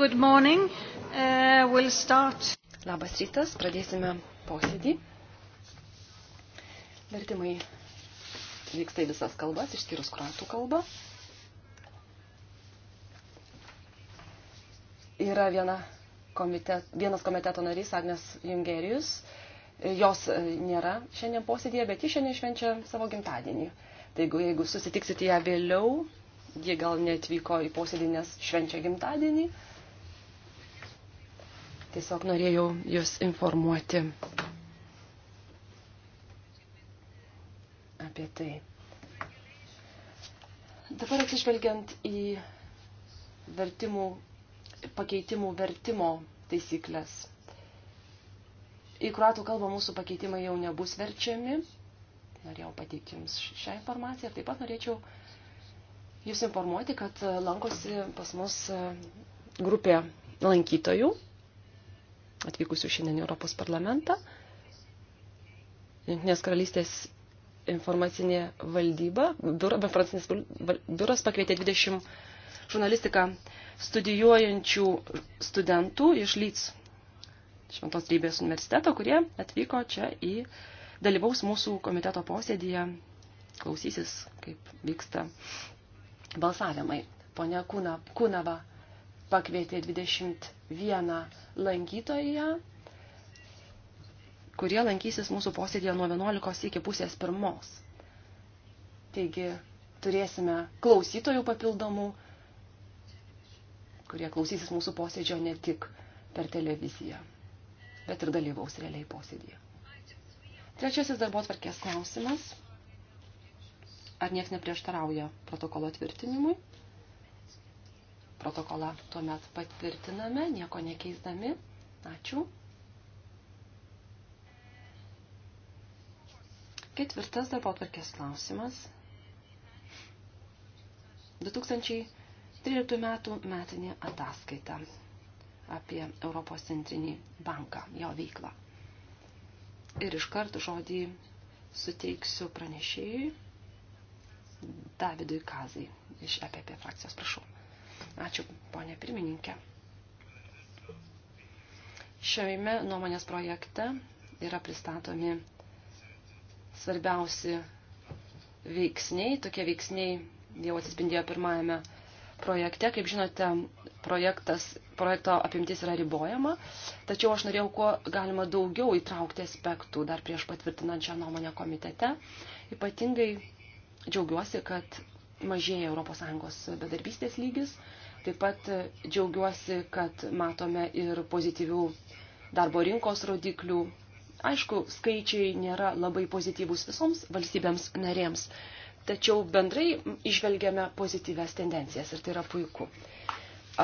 Good morning. Uh, we'll start. Labas rytas, pradėsime posėdį. Vertimai vyksta į visas kalbas, išskyrus kruatų kalbą. Yra viena komitet, vienas komiteto narys, Agnes Jungerijus. Jos e, nėra šiandien posėdėje, bet ji šiandien švenčia savo gimtadienį. Taigi, jeigu susitiksite ją vėliau, ji gal netvyko į posėdį, nes švenčia gimtadienį. Uh, Tiesiog norėjau jūs informuoti apie tai. Dabar atsižvelgiant į vertimų, pakeitimų vertimo taisyklės. Į kruatų kalbą mūsų pakeitimai jau nebus verčiami. Norėjau pateikti Jums šią informaciją ir taip pat norėčiau Jūs informuoti, kad lankosi pas mus e, grupė lankytojų atvykusių šiandien į Europos parlamentą. Junktinės karalystės informacinė valdyba, biuro, informacinis biuras pakvietė 20 žurnalistiką studijuojančių studentų iš Lyts Šventos Rybės universiteto, kurie atvyko čia į dalyvaus mūsų komiteto posėdėje, klausysis, kaip vyksta balsavimai. Pone Kūna, Kūnava pakvietė 21 lankytoje, kurie lankysis mūsų posėdėje nuo 11 iki pusės pirmos. Taigi turėsime klausytojų papildomų, kurie klausysis mūsų posėdžio ne tik per televiziją, bet ir dalyvaus realiai posėdėje. Trečiasis darbo tvarkės klausimas. Ar nieks neprieštarauja protokolo tvirtinimui? protokolą tuomet patvirtiname, nieko nekeisdami. Ačiū. Ketvirtas darbo atvarkės klausimas. 2013 metų metinė ataskaita apie Europos centrinį banką, jo veiklą. Ir iškart žodį suteiksiu pranešėjui Davidui Kazai iš EPP frakcijos. Prašau. Ačiū, ponė pirmininkė. Šiame nuomonės projekte yra pristatomi svarbiausi veiksniai. Tokie veiksniai jau atsispindėjo pirmajame projekte. Kaip žinote, projektas, projekto apimtis yra ribojama, tačiau aš norėjau kuo galima daugiau įtraukti aspektų dar prieš patvirtinant šią nuomonę komitete. Ypatingai džiaugiuosi, kad mažėja ES bedarbystės lygis, Taip pat džiaugiuosi, kad matome ir pozityvių darbo rinkos rodiklių. Aišku, skaičiai nėra labai pozityvūs visoms valstybėms narėms, tačiau bendrai išvelgiame pozityves tendencijas ir tai yra puiku.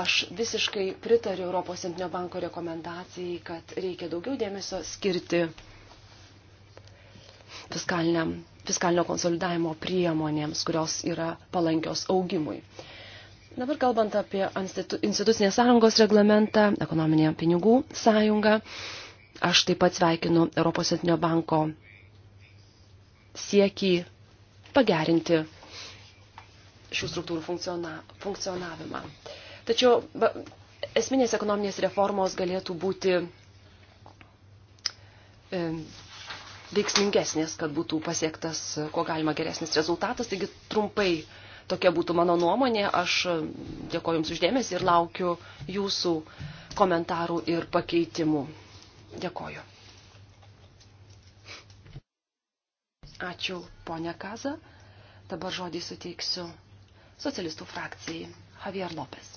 Aš visiškai pritariu Europos Centrinio banko rekomendacijai, kad reikia daugiau dėmesio skirti fiskalinio konsolidavimo priemonėms, kurios yra palankios augimui. Dabar kalbant apie institucinės sąjungos reglamentą, ekonominę pinigų sąjungą, aš taip pat sveikinu Europos Centrinio banko siekį pagerinti šių struktūrų funkciona, funkcionavimą. Tačiau ba, esminės ekonominės reformos galėtų būti e, veiksmingesnės, kad būtų pasiektas, kuo galima geresnis rezultatas. Taigi trumpai Tokia būtų mano nuomonė. Aš e, dėkoju Jums uždėmesi ir laukiu Jūsų komentarų ir pakeitimų. Dėkoju. Ačiū, ponia Kaza. Dabar žodį suteiksiu socialistų frakcijai Javier Lopes.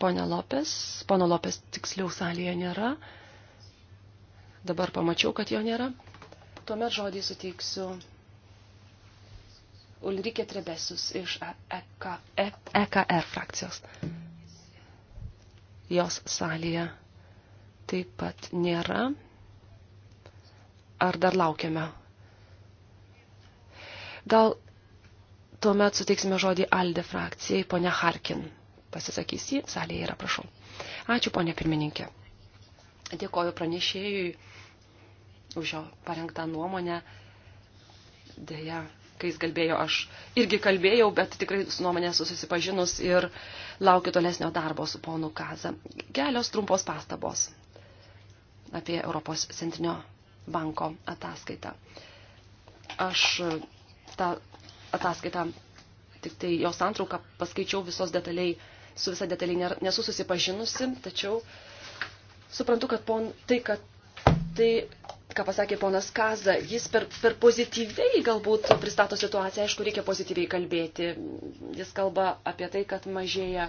Pone Lopes, pono Lopes tiksliau salėje nėra. Dabar pamačiau, kad jo nėra tuomet žodį suteiksiu Ulrike Trebesus iš EKR e e- e frakcijos. Jos salėje taip pat nėra. Ar dar laukiame? Gal tuomet suteiksime žodį Alde frakcijai, ponia Harkin. Pasisakys jį, salėje yra, prašau. Ačiū, ponia pirmininkė. Dėkoju pranešėjui už jo parengtą nuomonę. Deja, kai jis kalbėjo, aš irgi kalbėjau, bet tikrai su nuomonė susipažinus ir laukiu tolesnio darbo su ponu Kaza. Kelios trumpos pastabos apie Europos centrinio banko ataskaitą. Aš tą ataskaitą, tik tai jos antrauką paskaičiau visos detaliai, su visa detaliai nesu susipažinusi, tačiau suprantu, kad pon, tai, kad tai ką pasakė ponas Kaza, jis per, per pozityviai galbūt pristato situaciją, aišku, reikia pozityviai kalbėti. Jis kalba apie tai, kad mažėja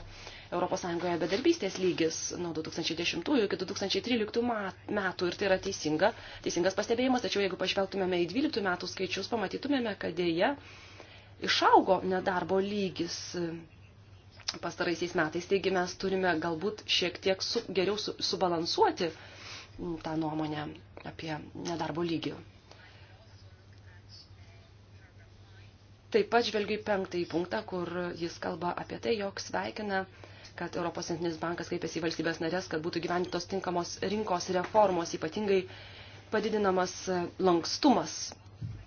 ES bedarbystės lygis nuo 2010 iki 2013 metų ir tai yra teisinga, teisingas pastebėjimas, tačiau jeigu pažvelgtumėme į 12 metų skaičius, pamatytumėme, kad dėja išaugo nedarbo lygis pastaraisiais metais, taigi mes turime galbūt šiek tiek su, geriau su, subalansuoti uh, tą nuomonę apie nedarbo lygį. Taip pat žvelgiu į penktąjį punktą, kur jis kalba apie tai, jog sveikina, kad Europos centrinis bankas kreipėsi į valstybės narės, kad būtų gyventos tinkamos rinkos reformos, ypatingai padidinamas lankstumas.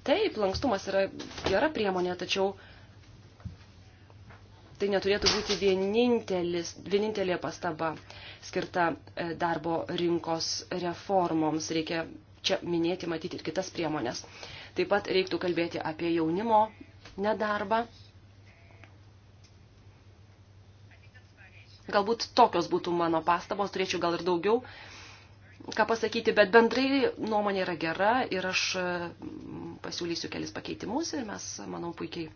Taip, lankstumas yra gera priemonė, tačiau tai neturėtų būti vienintelė pastaba skirta e, darbo rinkos reformoms. Reikia čia minėti, matyti ir kitas priemonės. Taip pat reiktų kalbėti apie jaunimo nedarbą. Galbūt tokios būtų mano pastabos, turėčiau gal ir daugiau ką pasakyti, bet bendrai nuomonė yra gera ir aš e, pasiūlysiu kelis pakeitimus ir mes, manau, puikiai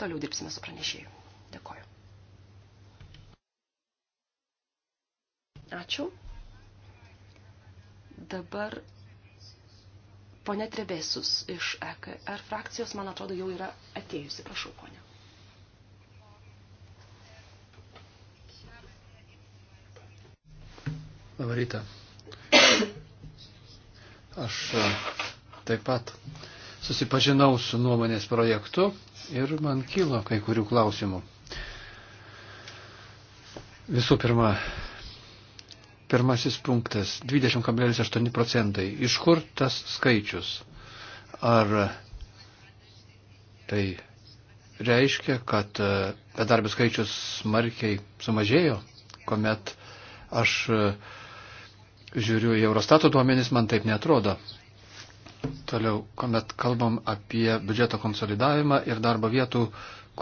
toliau dirbsime su pranešėju. Dėkoju. Ačiū. Dabar ponė Trebesus iš EKR frakcijos, man atrodo, jau yra atėjusi. Prašau, ponė. Labą rytą. Aš e, taip pat susipažinau su nuomonės projektu ir man kilo kai kurių klausimų. Visų pirma, Pirmasis punktas - 20,8 procentai. Iš kur tas skaičius? Ar tai reiškia, kad e, bedarbių skaičius smarkiai sumažėjo, kuomet aš e, žiūriu į Eurostato duomenis, man taip netrodo. Toliau, kuomet kalbam apie biudžeto konsolidavimą ir darbo vietų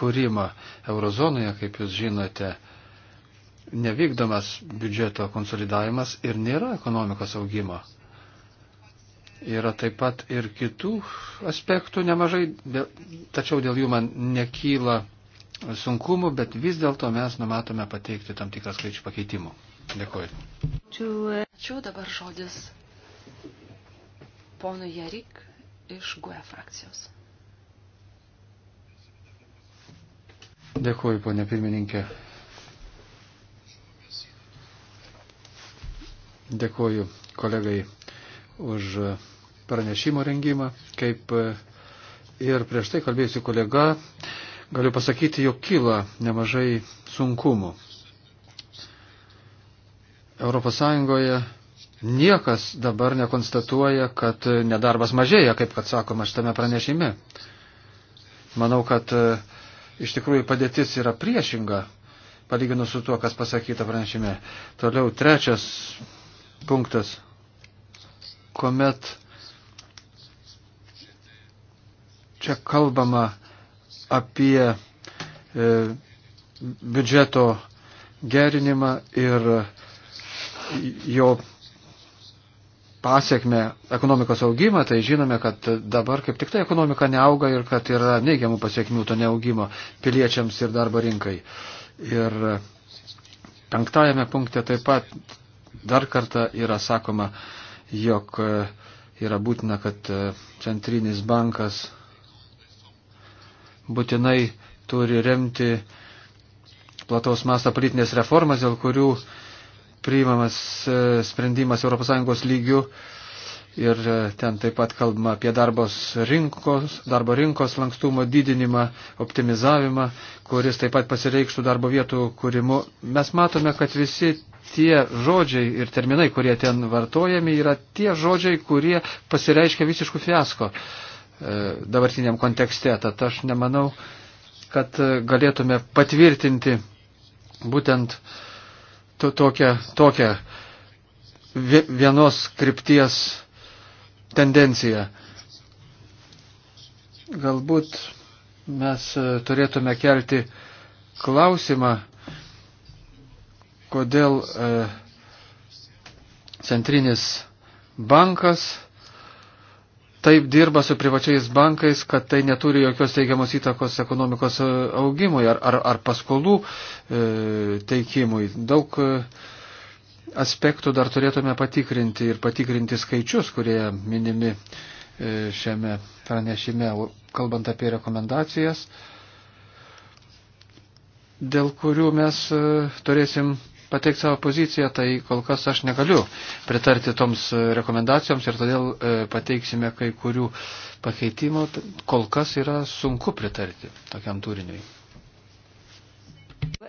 kūrimą eurozonoje, kaip jūs žinote, nevykdomas biudžeto konsolidavimas ir nėra ekonomikos augimo. Yra taip pat ir kitų aspektų nemažai, tačiau dėl jų man nekyla sunkumų, bet vis dėlto mes numatome pateikti tam tikrą skaičių pakeitimų. Dėkuoju. Ačiū dabar žodis ponui Jarik iš GUE frakcijos. Dėkuoju, ponė pirmininkė. Dėkuoju kolegai už pranešimo rengimą. Kaip ir prieš tai kalbėjusi kolega, galiu pasakyti, jog kyla nemažai sunkumų. Europos Sąjungoje niekas dabar nekonstatuoja, kad nedarbas mažėja, kaip kad sakoma šitame pranešime. Manau, kad e, iš tikrųjų padėtis yra priešinga, palyginus su tuo, kas pasakyta pranešime. Toliau trečias punktas, kuomet čia kalbama apie e, biudžeto gerinimą ir jo pasiekme ekonomikos augimą, tai žinome, kad dabar kaip tik tai ekonomika neauga ir kad yra neigiamų pasiekmių to neaugimo piliečiams ir darbo rinkai. Ir e, penktajame punkte taip pat Dar kartą yra sakoma, jog e, yra būtina, kad e, centrinis bankas būtinai turi remti plataus masto politinės reformas, dėl kurių priimamas e, sprendimas ES lygių Ir e, ten taip pat kalbama apie darbos rinkos, darbo rinkos lankstumo didinimą, optimizavimą, kuris taip pat pasireikštų darbo vietų kūrimu. Mes matome, kad visi tie žodžiai ir terminai, kurie ten vartojami, yra tie žodžiai, kurie pasireiškia visiškų fiasko e, dabartiniam kontekste. Tad aš nemanau, kad e, galėtume patvirtinti būtent to, tokią, tokią vienos krypties tendencija. Galbūt mes e, turėtume kelti klausimą, kodėl e, centrinis bankas taip dirba su privačiais bankais, kad tai neturi jokios teigiamos įtakos ekonomikos e, augimui ar, ar, ar paskolų e, teikimui. Daug e, aspektų dar turėtume patikrinti ir patikrinti skaičius, kurie minimi e, šiame pranešime, kalbant apie rekomendacijas, dėl kurių mes e, turėsim pateikti savo poziciją, tai kol kas aš negaliu pritarti toms e, rekomendacijoms ir todėl pateiksime kai kurių pakeitimų. Kol kas yra sunku pritarti tokiam turiniui.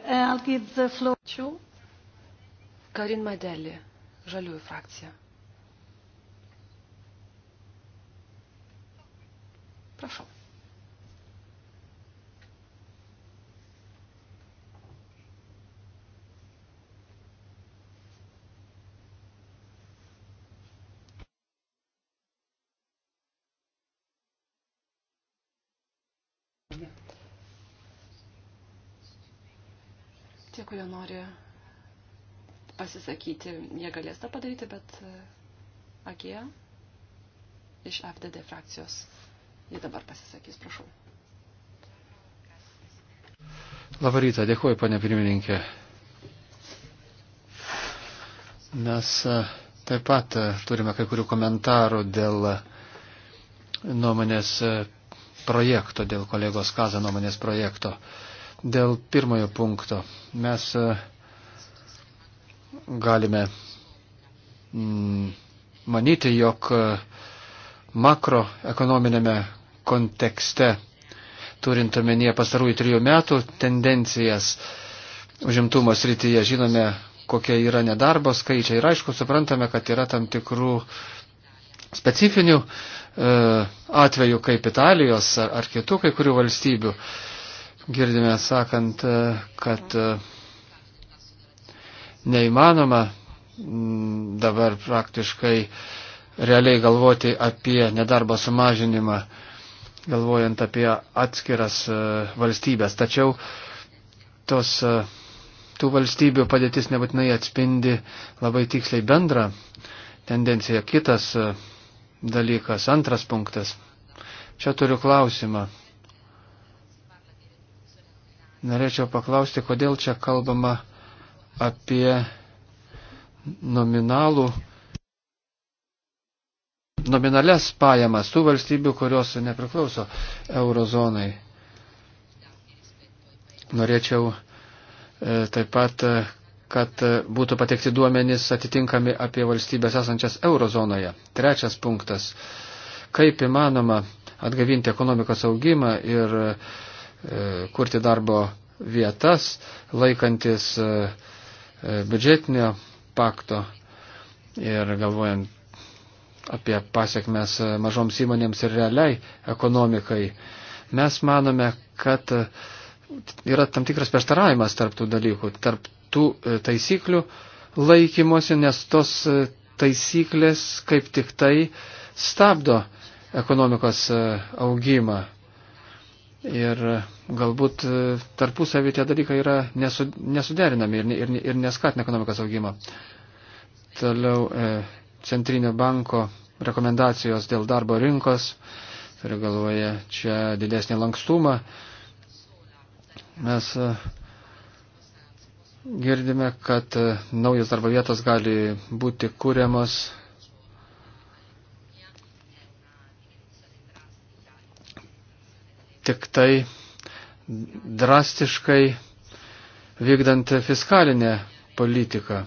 Uh, I'll give the floor to Karin Madeli, Žaliųjų frakcija. Prašau. Tie, kurie nori pasisakyti, jie galės tą padaryti, bet e, Agija iš FDD frakcijos, jie dabar pasisakys, prašau. Labą rytą, dėkuoju, pane pirmininkė. Mes e, taip pat e, turime kai kurių komentarų dėl nuomonės projekto, dėl kolegos Kaza nuomonės projekto. Dėl pirmojo punkto mes galime mm, manyti, jog e, makroekonominėme kontekste, turint omenyje pastarųjų trijų metų tendencijas užimtumo srityje, žinome, kokie yra nedarbo skaičiai ir aišku, suprantame, kad yra tam tikrų specifinių e, atvejų kaip Italijos ar, ar kitų kai kurių valstybių. Girdime sakant, e, kad e, neįmanoma mm, dabar praktiškai realiai galvoti apie nedarbo sumažinimą, galvojant apie atskiras e, valstybės. Tačiau tos, e, tų valstybių padėtis nebūtinai atspindi labai tiksliai bendrą tendenciją. Kitas e, dalykas, antras punktas. Čia turiu klausimą. Norėčiau paklausti, kodėl čia kalbama apie nominalų, nominales pajamas tų valstybių, kurios nepriklauso eurozonai. Norėčiau e, taip pat, e, kad būtų patekti duomenys atitinkami apie valstybės esančias eurozonoje. Trečias punktas. Kaip įmanoma atgavinti ekonomikos augimą ir e, kurti darbo vietas, laikantis e, E, biudžetinio pakto ir galvojant apie pasiekmes mažoms įmonėms ir realiai ekonomikai, mes manome, kad yra tam tikras prieštaravimas tarp tų dalykų, tarp tų e, taisyklių laikymosi, nes tos e, taisyklės kaip tik tai stabdo ekonomikos augimą. Ir e, galbūt e, tarpusavį tie dalykai yra nesu, nesuderinami ir, ir, ir neskatina ekonomikos augimą. Toliau e, Centrinio banko rekomendacijos dėl darbo rinkos, turiu galvoje čia didesnį lankstumą. Mes e, girdime, kad e, naujas darbo vietos gali būti kūriamos tik tai drastiškai vykdant fiskalinę politiką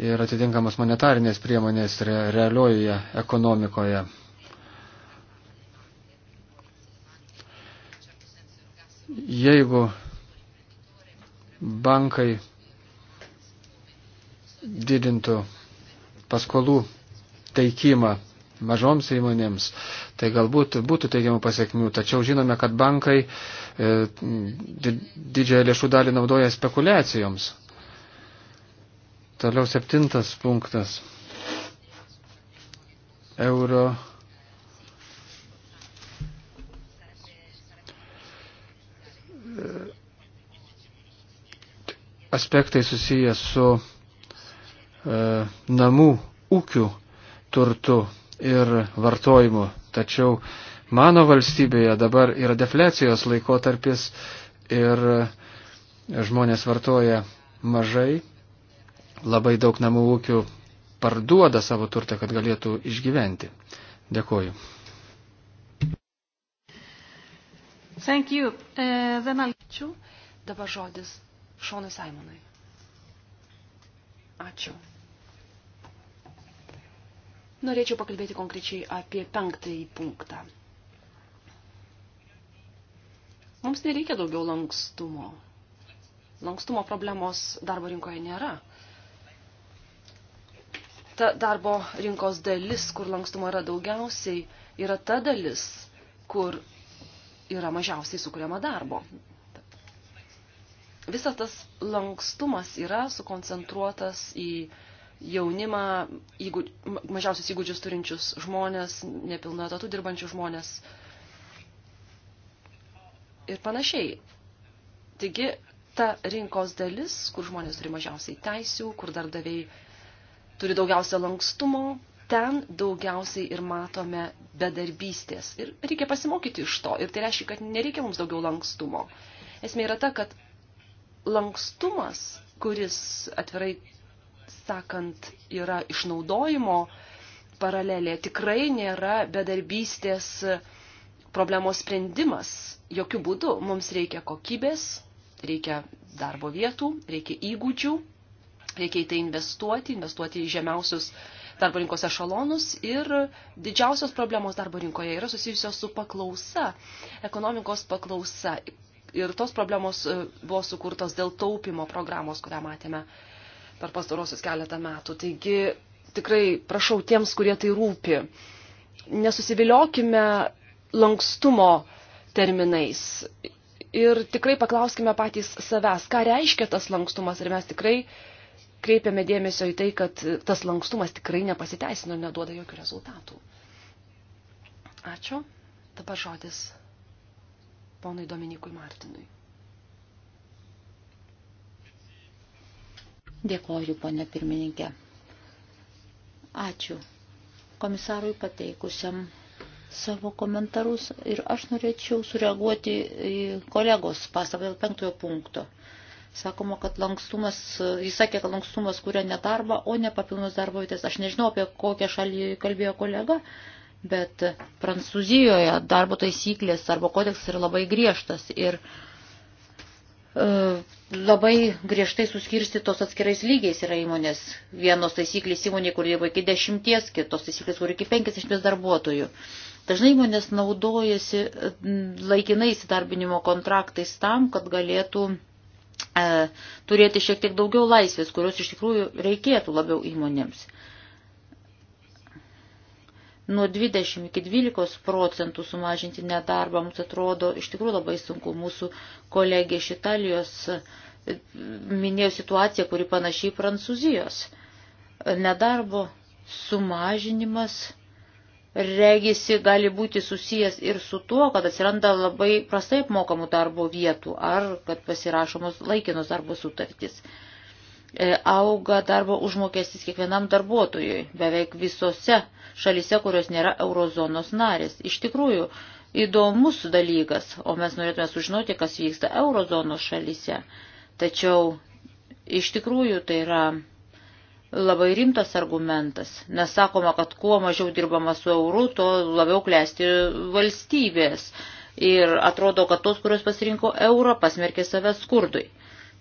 ir atitinkamas monetarinės priemonės re, realioje ekonomikoje. Jeigu bankai didintų paskolų teikimą mažoms įmonėms, tai galbūt būtų teigiamų pasiekmių, tačiau žinome, kad bankai e, didžiąją lėšų dalį naudoja spekulacijoms. Toliau septintas punktas. Euro aspektai susiję su e, namų ūkių turtu ir vartojimu. Tačiau mano valstybėje dabar yra deflecijos laikotarpis ir žmonės vartoja mažai, labai daug namų ūkių parduoda savo turtą, kad galėtų išgyventi. Dėkoju. Thank you. Uh, then I'll... Ačiū. Dabar žodis Šonui Simonui. Ačiū. Norėčiau pakalbėti konkrečiai apie penktąjį punktą. Mums nereikia daugiau lankstumo. Lankstumo problemos darbo rinkoje nėra. Ta darbo rinkos dalis, kur lankstumo yra daugiausiai, yra ta dalis, kur yra mažiausiai sukuriama darbo. Visas tas lankstumas yra sukoncentruotas į jaunimą, įgūd, mažiausias įgūdžius turinčius žmonės, nepilno etatų dirbančius žmonės ir panašiai. Taigi, ta rinkos dalis, kur žmonės turi mažiausiai teisių, kur darbdaviai turi daugiausia lankstumo, ten daugiausiai ir matome bedarbystės. Ir reikia pasimokyti iš to. Ir tai reiškia, kad nereikia mums daugiau lankstumo. Esmė yra ta, kad lankstumas, kuris atvirai sakant, yra išnaudojimo paralelė, tikrai nėra bedarbystės problemos sprendimas. Jokių būdų mums reikia kokybės, reikia darbo vietų, reikia įgūdžių, reikia į tai investuoti, investuoti į žemiausius darbo rinkos ešalonus ir didžiausios problemos darbo rinkoje yra susijusios su paklausa, ekonomikos paklausa. Ir tos problemos e, buvo sukurtos dėl taupimo programos, kurią matėme per pastarosius keletą metų. Taigi tikrai prašau tiems, kurie tai rūpi, nesusiviliokime lankstumo terminais ir tikrai paklauskime patys savęs, ką reiškia tas lankstumas ir mes tikrai kreipiame dėmesio į tai, kad tas lankstumas tikrai nepasiteisino ir neduoda jokių rezultatų. Ačiū. Dabar žodis ponui Dominikui Martinui. Dėkoju, ponė pirmininkė. Ačiū komisarui pateikusiam savo komentarus ir aš norėčiau sureaguoti į kolegos pastabą dėl penktojo punkto. Sakoma, kad lankstumas, jis sakė, kad lankstumas kuria nedarbą, o ne papilnos darbo vietės. Aš nežinau, apie kokią šalį kalbėjo kolega, bet Prancūzijoje darbo taisyklės, darbo kodeksas yra labai griežtas ir e, labai griežtai suskirstytos atskirais lygiais yra įmonės. Vienos taisyklės įmonė, kur dirba iki dešimties, kitos taisyklės, kur iki penkisdešimties darbuotojų. Dažnai įmonės naudojasi laikinai įsidarbinimo kontraktais tam, kad galėtų e, turėti šiek tiek daugiau laisvės, kurios iš tikrųjų reikėtų labiau įmonėms. E, nuo 20 iki 12 procentų sumažinti nedarbą, mums atrodo iš tikrųjų labai sunku. Mūsų kolegė iš Italijos e, minėjo situaciją, kuri panašiai Prancūzijos. Nedarbo sumažinimas regisi gali būti susijęs ir su tuo, kad atsiranda labai prastai apmokamų darbo vietų ar kad pasirašomos laikinos darbo sutartys. E, auga darbo užmokestis kiekvienam darbuotojui beveik visose šalise, kurios nėra eurozonos narės. Iš tikrųjų, įdomus dalykas, o mes norėtume sužinoti, kas vyksta eurozonos šalise. Tačiau iš tikrųjų tai yra labai rimtas argumentas, nes sakoma, kad kuo mažiau dirbama su euru, tuo labiau klesti valstybės. Ir atrodo, kad tos, kurios pasirinko eurą, pasmerkė save skurdui.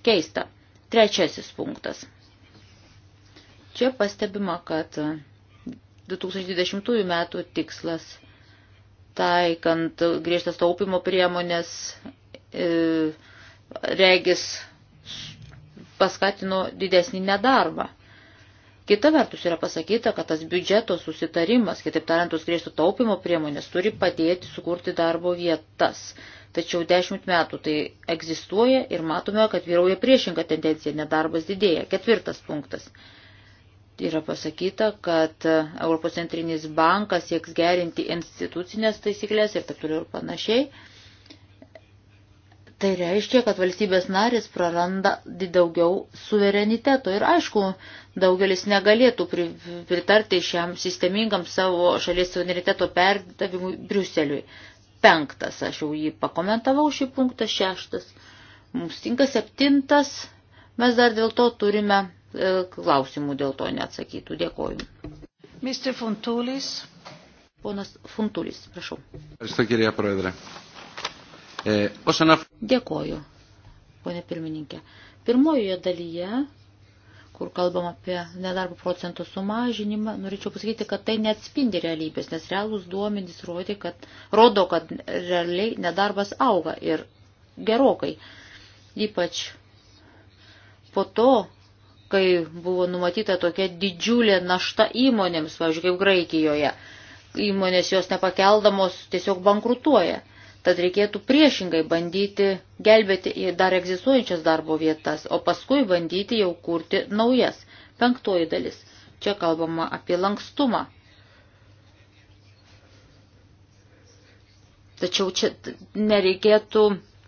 Keista. Trečiasis punktas. Čia pastebima, kad 2020 metų tikslas taikant griežtas taupimo priemonės e, regis paskatino didesnį nedarbą. Kita vertus yra pasakyta, kad tas biudžeto susitarimas, kitaip tariant, tos griežto taupimo priemonės turi padėti sukurti darbo vietas. Tačiau dešimt metų tai egzistuoja ir matome, kad vyrauja priešinga tendencija, nedarbas didėja. Ketvirtas punktas. Yra pasakyta, kad Europos centrinis bankas sieks gerinti institucinės taisyklės ir taip toliau ir panašiai. Tai reiškia, kad valstybės narės praranda daugiau suvereniteto. Ir aišku, daugelis negalėtų pritarti šiam sistemingam savo šalies suvereniteto perdavimui Briuseliui. Penktas, aš jau jį pakomentavau, šį punktą šeštas. Mums tinka septintas, mes dar dėl to turime e, klausimų dėl to neatsakytų. Dėkoju. Mr. Funtulis. Ponas Funtulis, prašau. Aš sakirė, pradarė. E, Dėkoju, ponė pirmininkė. Pirmojoje dalyje, kur kalbam apie nedarbo procentų sumažinimą, norėčiau pasakyti, kad tai neatspindi realybės, nes realūs duomenys rodi, kad, rodo, kad realiai nedarbas auga ir gerokai. Ypač po to, kai buvo numatyta tokia didžiulė našta įmonėms, važiuoju, kaip Graikijoje. Įmonės jos nepakeldamos tiesiog bankrutuoja. Tad reikėtų priešingai bandyti gelbėti į dar egzistuojančias darbo vietas, o paskui bandyti jau kurti naujas. Penktoji dalis. Čia kalbama apie lankstumą. Tačiau čia nereikėtų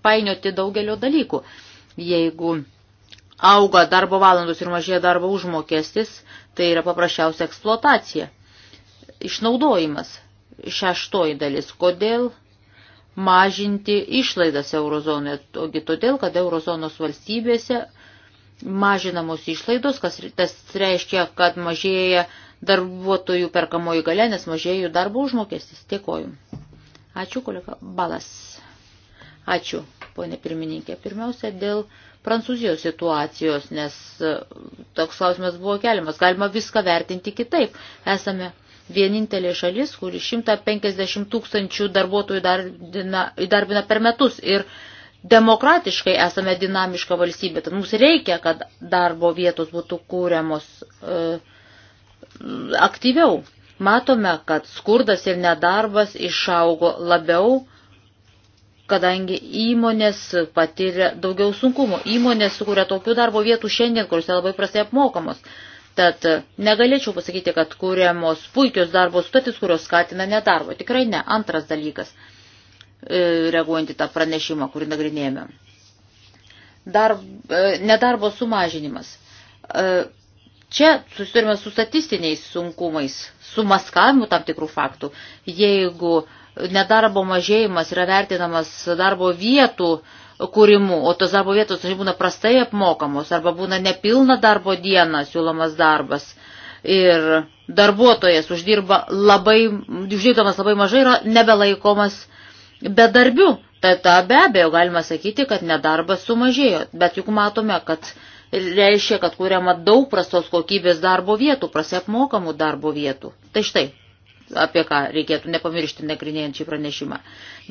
painioti daugelio dalykų. Jeigu auga darbo valandos ir mažėja darbo užmokestis, tai yra paprasčiausia eksploatacija. Išnaudojimas. Šeštoji dalis. Kodėl mažinti išlaidas eurozonoje, ogi todėl, kad eurozonos valstybėse mažinamos išlaidos, kas tas reiškia, kad mažėja darbuotojų perkamoji galia, nes mažėja jų darbo užmokestis. Dėkoju. Ačiū, kolega Balas. Ačiū, ponė pirmininkė. Pirmiausia, dėl Prancūzijos situacijos, nes toks klausimas buvo keliamas. Galima viską vertinti kitaip. Esame vienintelė šalis, kuri 150 tūkstančių darbuotojų darbina, įdarbina per metus ir demokratiškai esame dinamiška valstybė. Tad mums reikia, kad darbo vietos būtų kūriamos e, aktyviau. Matome, kad skurdas ir nedarbas išaugo labiau, kadangi įmonės patiria daugiau sunkumų. Įmonės sukuria tokių darbo vietų šiandien, kuriuose labai prastai apmokamos. E, Tad e, negalėčiau pasakyti, kad kūriamos puikios darbo sutartys, kurios skatina nedarbo. Tikrai ne. Antras dalykas, e, reaguojant į tą pranešimą, kurį nagrinėjome. Darb, e, nedarbo sumažinimas. Čia susidurime su statistiniais sunkumais, su maskavimu tam tikrų faktų. Jeigu nedarbo mažėjimas yra vertinamas darbo vietų, uh, kūrimu, o tos darbo vietos dažnai būna prastai apmokamos arba būna nepilna darbo diena siūlomas darbas ir darbuotojas uždirba labai, uždirbamas labai mažai yra nebelaikomas bedarbiu. Tai ta be abejo galima sakyti, kad nedarbas sumažėjo, bet juk matome, kad reiškia, kad kuriama daug prastos kokybės darbo vietų, prastai apmokamų darbo vietų. Tai štai, apie ką reikėtų nepamiršti nagrinėjant šį pranešimą.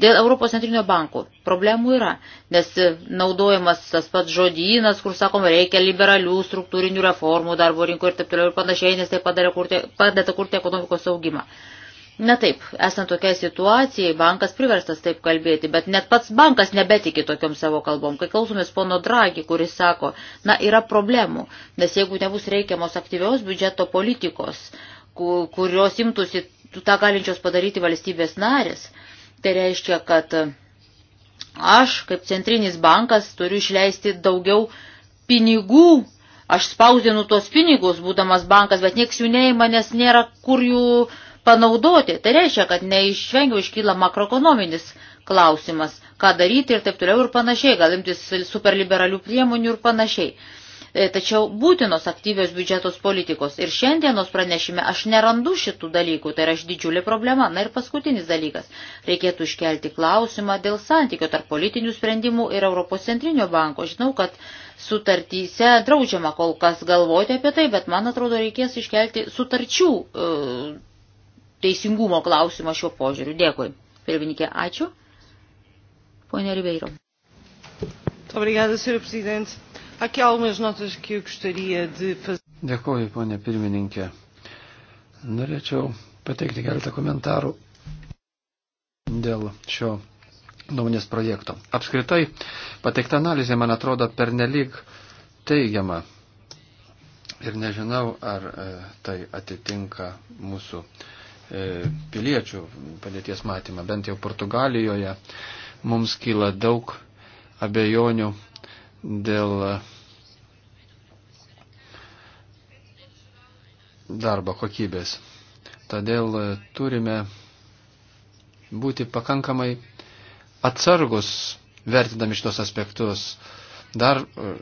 Dėl Europos centrinio banko problemų yra, nes naudojamas tas pats žodynas, kur sakoma, reikia liberalių struktūrinių reformų darbo rinkoje ir taip toliau ir panašiai, nes tai padeda kurti, padeda kurti ekonomikos augimą. Na taip, esant tokiai situacijai, bankas priverstas taip kalbėti, bet net pats bankas nebetiki tokiom savo kalbom. Kai klausomės pono Dragi, kuris sako, na yra problemų, nes jeigu nebus reikiamos aktyvios biudžeto politikos, kurios imtųsi tą galinčios padaryti valstybės narės. Tai reiškia, kad aš kaip centrinis bankas turiu išleisti daugiau pinigų, aš spausdinu tuos pinigus, būdamas bankas, bet nieks jų neima, nes nėra kur jų panaudoti. Tai reiškia, kad neišvengiau iškyla makroekonominis klausimas, ką daryti ir taip toliau ir panašiai, galimtis superliberalių priemonių ir panašiai. E, tačiau būtinos aktyvios biudžetos politikos. Ir šiandienos pranešime aš nerandu šitų dalykų, tai yra didžiulė problema. Na ir paskutinis dalykas. Reikėtų iškelti klausimą dėl santykio tarp politinių sprendimų ir Europos centrinio banko. Žinau, kad sutartyse draudžiama kol kas galvoti apie tai, bet man atrodo reikės iškelti sutarčių e, teisingumo klausimą šiuo požiūriu. Dėkui. Pirmininkė, ačiū. Pone Ribeiro. Obrigada, Sr. Presidente. Dėkuoju, ponė pirmininkė. Norėčiau pateikti keletą komentarų dėl šio nuomonės projekto. Apskritai, pateikta analizė, man atrodo, pernelyg teigiama. Ir nežinau, ar e, tai atitinka mūsų e, piliečių padėties matymą. Bent jau Portugalijoje mums kyla daug abejonių dėl e, darbo kokybės. Todėl e, turime būti pakankamai atsargus vertinami šitos aspektus. Dar e,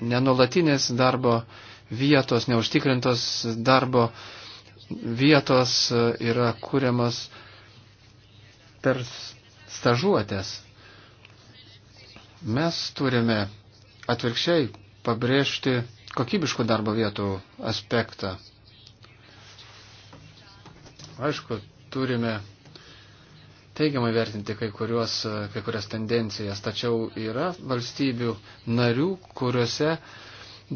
nenulatinės darbo vietos, neužtikrintos darbo vietos yra kūriamas per stažuotės. Mes turime atvirkščiai pabrėžti kokybiškų darbo vietų aspektą. Aišku, turime teigiamai vertinti kai, kuriuos, kai kurias tendencijas, tačiau yra valstybių narių, kuriuose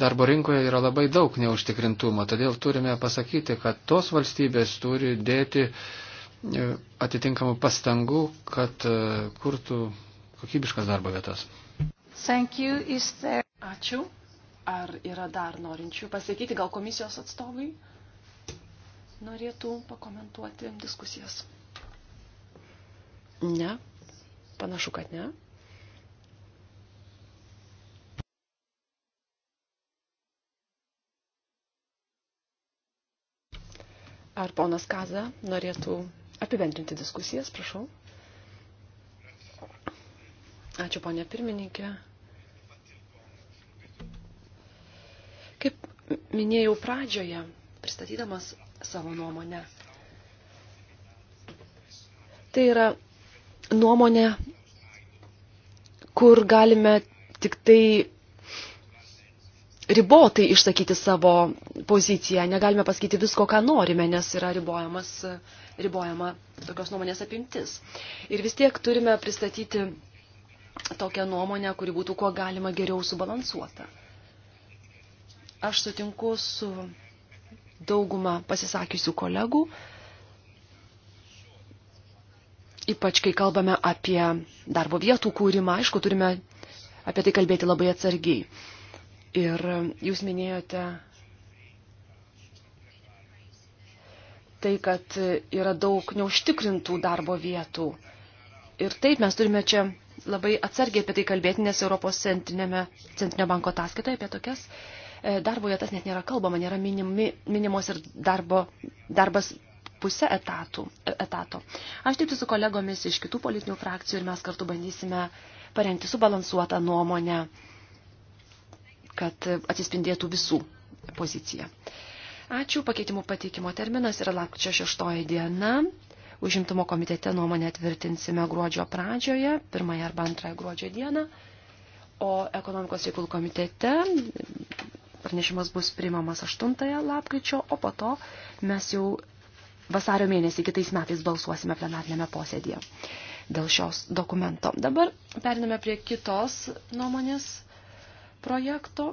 darbo rinkoje yra labai daug neužtikrintumo. Todėl turime pasakyti, kad tos valstybės turi dėti e, atitinkamų pastangų, kad e, kurtų kokybiškas darbo vietas. Thank you, there... Ačiū. Ar yra dar norinčių pasakyti, gal komisijos atstovai norėtų pakomentuoti diskusijas? Ne, panašu, kad ne. Ar ponas Kaza norėtų apibendrinti diskusijas, prašau? Ačiū, ponė pirmininkė. Kaip minėjau pradžioje, pristatydamas savo nuomonę, tai yra nuomonė, kur galime tik tai ribotai išsakyti savo poziciją, negalime pasakyti visko, ką norime, nes yra ribojamas, ribojama tokios nuomonės apimtis. Ir vis tiek turime pristatyti tokią nuomonę, kuri būtų kuo galima geriau subalansuota. Aš sutinku su dauguma pasisakysių kolegų, ypač kai kalbame apie darbo vietų kūrimą, aišku, turime apie tai kalbėti labai atsargiai. Ir jūs minėjote tai, kad yra daug neužtikrintų darbo vietų. Ir taip mes turime čia labai atsargiai apie tai kalbėti, nes Europos centrinio banko ataskaitoje apie tokias e, darbo vietas net nėra kalbama, nėra minimi, minimos ir darbo, darbas pusę etatų, e, etato. Aš dirbsiu su kolegomis iš kitų politinių frakcijų ir mes kartu bandysime parengti subalansuotą nuomonę, kad atsispindėtų visų pozicija. Ačiū, pakeitimų pateikimo terminas yra lapkričio 6 diena. Užimtumo komitete nuomonę tvirtinsime gruodžio pradžioje, pirmąją arba antrąją gruodžio dieną, o ekonomikos reikalų komitete pranešimas bus priimamas 8 lapkričio, o po to mes jau vasario mėnesį kitais metais balsuosime plenarnėme posėdėje dėl šios dokumento. Dabar periname prie kitos nuomonės projekto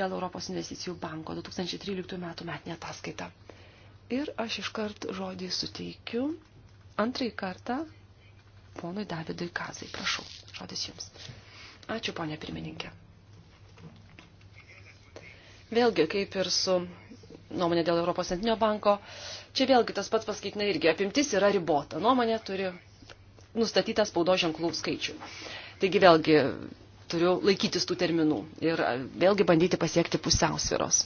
dėl Europos investicijų banko 2013 metų metinė ataskaita. Ir aš iškart žodį suteikiu antrąjį kartą ponui Davidui Kazai. Prašau, žodis jums. Ačiū, ponė pirmininkė. Vėlgi, kaip ir su nuomonė dėl Europos centrinio banko, čia vėlgi tas pats paskaitina irgi, apimtis yra ribota, nuomonė turi nustatytą spaudo ženklų skaičių. Taigi vėlgi turiu laikytis tų terminų ir vėlgi bandyti pasiekti pusiausviros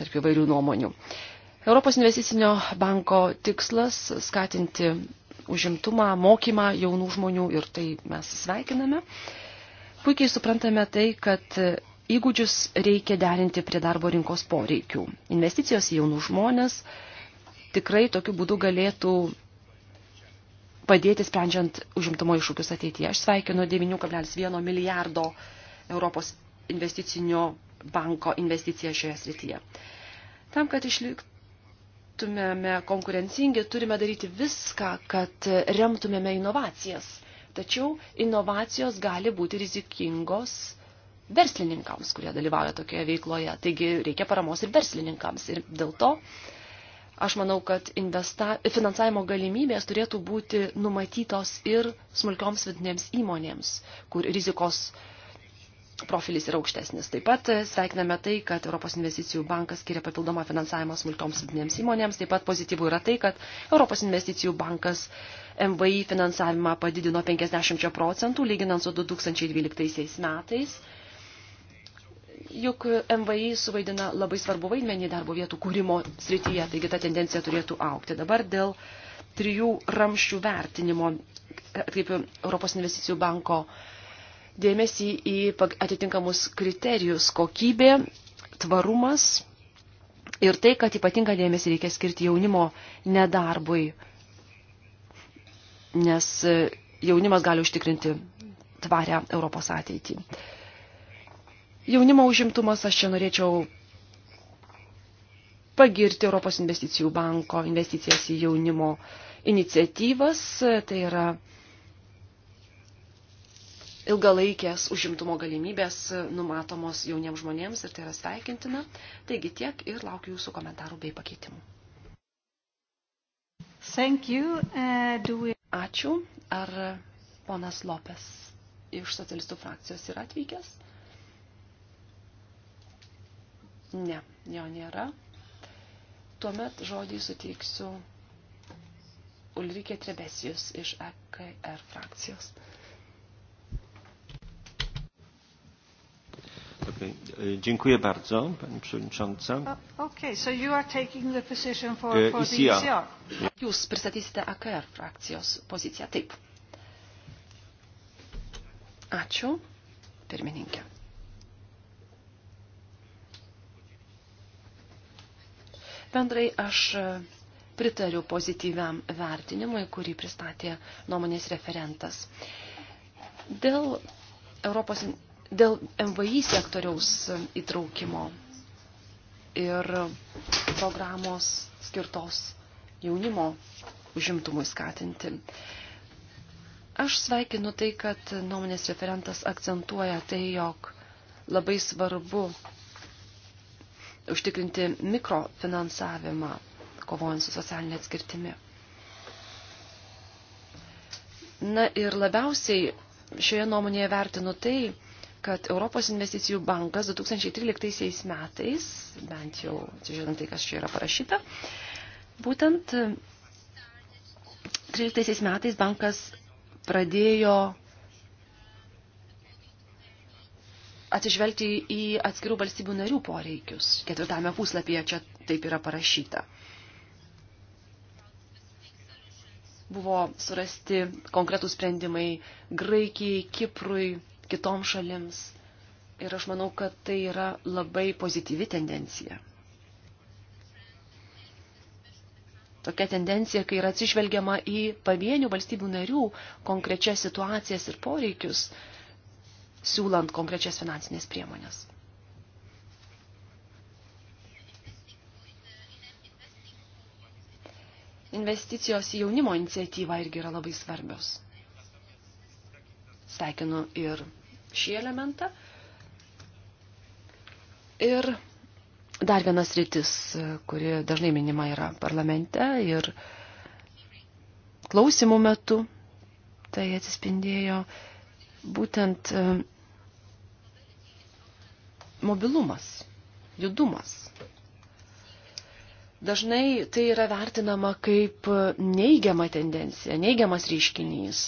tarp įvairių nuomonių. Uh, Europos investicinio banko tikslas skatinti užimtumą, mokymą jaunų žmonių ir tai mes sveikiname. Puikiai suprantame tai, kad įgūdžius reikia derinti prie darbo rinkos poreikių. Investicijos į jaunų žmonės tikrai tokiu būdu galėtų padėti sprendžiant užimtumo iššūkius ateityje. Aš sveikinu 9,1 milijardo Europos investicinio banko investiciją šioje srityje. Tam, kad išliktų būtumėme konkurencingi, turime daryti viską, kad remtumėme inovacijas. Tačiau inovacijos gali būti rizikingos verslininkams, kurie dalyvauja tokioje veikloje. Taigi reikia paramos ir verslininkams. Ir dėl to aš manau, kad investa, finansavimo galimybės turėtų būti numatytos ir smulkioms vidinėms įmonėms, kur rizikos uh, profilis yra aukštesnis. Taip pat e, sveikiname tai, kad Europos investicijų bankas skiria papildomą finansavimą smulkioms vidinėms įmonėms. Taip pat pozityvų yra tai, kad Europos investicijų bankas MVI finansavimą padidino 50 procentų, lyginant su 2012 metais. Juk MVI suvaidina labai svarbu vaidmenį darbo vietų kūrimo srityje, taigi ta tendencija turėtų aukti. Dabar dėl trijų ramščių vertinimo, kaip Europos investicijų banko uh, dėmesį į atitinkamus kriterijus - kokybė, tvarumas ir tai, kad ypatingą dėmesį reikia skirti jaunimo nedarbui, nes e, jaunimas gali užtikrinti tvarę Europos ateitį. Jaunimo užimtumas aš čia norėčiau pagirti Europos investicijų banko investicijas į jaunimo iniciatyvas. Tai yra ilgalaikės užimtumo galimybės numatomos jauniems žmonėms ir tai yra sveikintina. Taigi tiek ir laukiu jūsų komentarų bei pakeitimų. Thank you. Uh, do we... Ačiū. Ar ponas Lopes iš socialistų frakcijos yra atvykęs? Ne, jo nėra. Tuomet žodį suteiksiu Ulrike Trebesijus iš EKR frakcijos. Uh, Okay. Dziękuję bardzo, Pani Przewodnicząca. Uh, okay, so you are taking the position for, for ECR. the ECR. E Jūs pristatysite AKR frakcijos poziciją. Taip. Ačiū, pirmininkė. Bendrai aš e, pritariu pozityviam vertinimui, kurį pristatė nuomonės referentas. Dėl Europos dėl MVI sektoriaus įtraukimo ir programos skirtos jaunimo užimtumui skatinti. Aš sveikinu tai, kad nuomonės referentas akcentuoja tai, jog labai svarbu užtikrinti mikrofinansavimą, kovojant su socialinė atskirtimi. Na ir labiausiai šioje nuomonėje vertinu tai, kad Europos investicijų bankas 2013 metais, bent jau atsižiūrint tai, kas čia yra parašyta, būtent 2013 metais bankas pradėjo atsižvelgti į atskirų valstybių narių poreikius. Ketvirtame puslapyje čia taip yra parašyta. Buvo surasti konkretų sprendimai Graikijai, Kiprui, kitom šalims. Ir aš manau, kad tai yra labai pozityvi tendencija. Tokia tendencija, kai yra atsižvelgiama į pavienių valstybių narių konkrečias situacijas ir poreikius, siūlant konkrečias finansinės priemonės. Investicijos į jaunimo iniciatyvą irgi yra labai svarbios. Sveikinu ir šį elementą. Ir dar vienas rytis, kuri dažnai minima yra parlamente ir klausimų metu, tai atsispindėjo būtent e, mobilumas, judumas, Dažnai tai yra vertinama kaip neigiama tendencija, neigiamas reiškinys.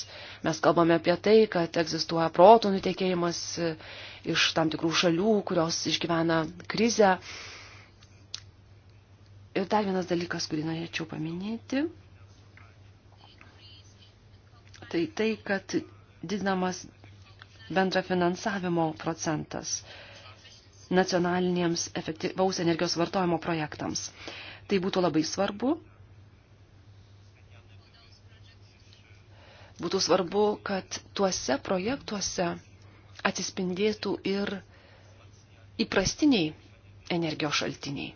Mes kalbame apie tai, kad egzistuoja proto nutekėjimas e, iš tam tikrų šalių, kurios išgyvena krizę. Ir dar vienas dalykas, kurį norėčiau paminėti, tai tai, kad didinamas bendra finansavimo procentas nacionalinėms efektyvaus energijos vartojimo projektams. Tai būtų labai svarbu. Būtų svarbu, kad tuose projektuose atsispindėtų ir įprastiniai energijos šaltiniai.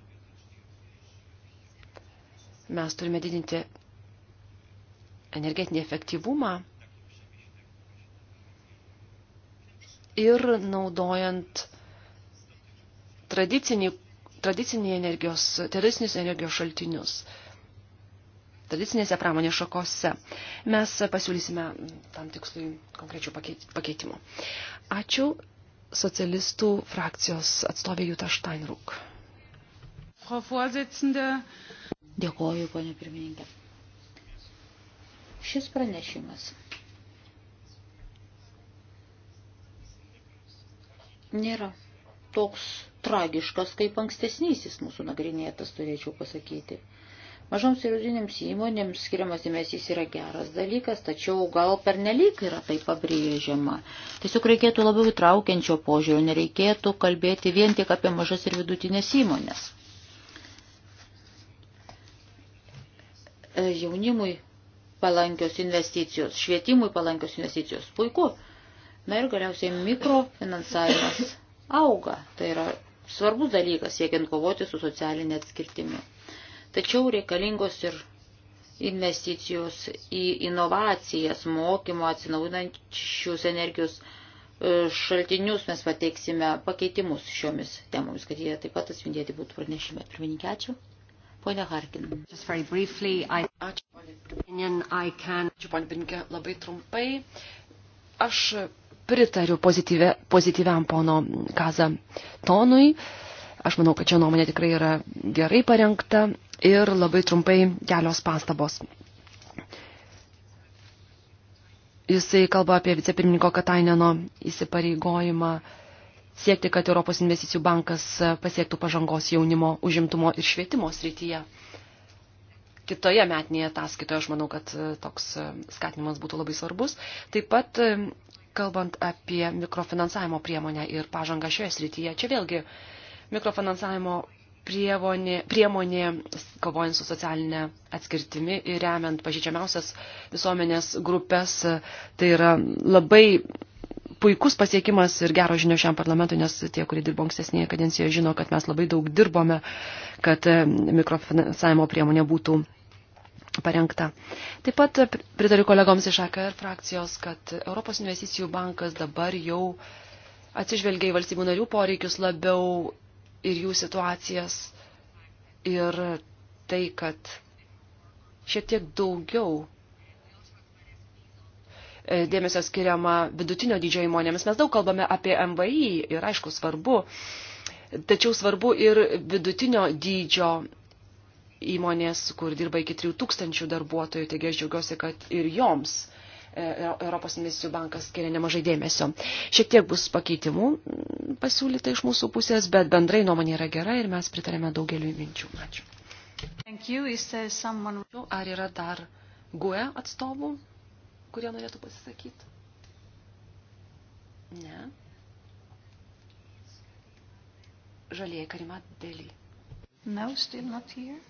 Mes turime didinti energetinį efektyvumą ir naudojant tradicinį tradicinį energijos, tradicinius energijos šaltinius tradicinėse pramonės šakose. Mes pasiūlysime tam tikslui konkrečių pakeitimų. Ačiū socialistų frakcijos atstovė Juta Steinruk. Dėkoju, ponė pirmininkė. Šis pranešimas nėra toks tragiškas kaip ankstesnysis mūsų nagrinėtas, turėčiau pasakyti. Mažoms ir vidinėms įmonėms skiriamas dėmesys yra geras dalykas, tačiau gal per nelik yra tai pabrėžiama. Tiesiog reikėtų labiau įtraukiančio požiūrio, nereikėtų kalbėti vien tik apie mažas ir vidutinės įmonės. E, jaunimui palankios investicijos, švietimui palankios investicijos, puiku. Na ir galiausiai mikrofinansavimas auga. Tai yra svarbus dalykas siekiant kovoti su socialinė atskirtimi. Tačiau reikalingos ir investicijos į inovacijas, mokymo atsinaujinančius energijos e, šaltinius mes pateiksime pakeitimus šiomis temomis, kad jie taip pat atspindėti būtų pranešime. Pirmininkė, ačiū. Pone Harkin. Briefly, I... Ačiū, ponė Pirmininkė. Can... Ačiū, ponė Pirmininkė. Labai trumpai. Aš pritariu pozityvė, pozityviam pono Kaza tonui. Aš manau, kad čia nuomonė tikrai yra gerai parengta ir labai trumpai kelios pastabos. Jisai kalba apie vicepirmininko Kataineno įsipareigojimą siekti, kad Europos investicijų bankas pasiektų pažangos jaunimo, užimtumo ir švietimo srityje. Kitoje metinėje ataskaitoje aš manau, kad toks skatinimas būtų labai svarbus. Taip pat kalbant apie mikrofinansavimo priemonę ir pažangą šioje srityje, čia vėlgi mikrofinansavimo priemonė, priemonė kovojant su socialinė atskirtimi ir remiant pažydžiamiausias visuomenės grupės, tai yra labai puikus pasiekimas ir gero žinio šiam parlamentui, nes tie, kurie dirbo ankstesnėje kadencijoje, žino, kad mes labai daug dirbome, kad mikrofinansavimo priemonė būtų parengta. Taip pat pritariu kolegoms iš AKR frakcijos, kad Europos investicijų bankas dabar jau atsižvelgia į valstybių narių poreikius labiau ir jų situacijas ir tai, kad šiek tiek daugiau e, dėmesio skiriama vidutinio dydžio įmonėmis. Mes daug kalbame apie MVI ir aišku svarbu, tačiau svarbu ir vidutinio dydžio įmonės, kur dirba iki 3000 darbuotojų, taigi aš džiaugiuosi, kad ir joms e, e, Europos investicijų bankas skiria nemažai dėmesio. Šiek tiek bus pakeitimų mm, pasiūlyta iš mūsų pusės, bet bendrai nuomonė yra gera ir mes pritarėme daugeliu minčių. Ačiū. Someone... Ar yra dar GUE atstovų, kurie norėtų pasisakyti? Ne. Žalieji Karima Deli. No, still not here.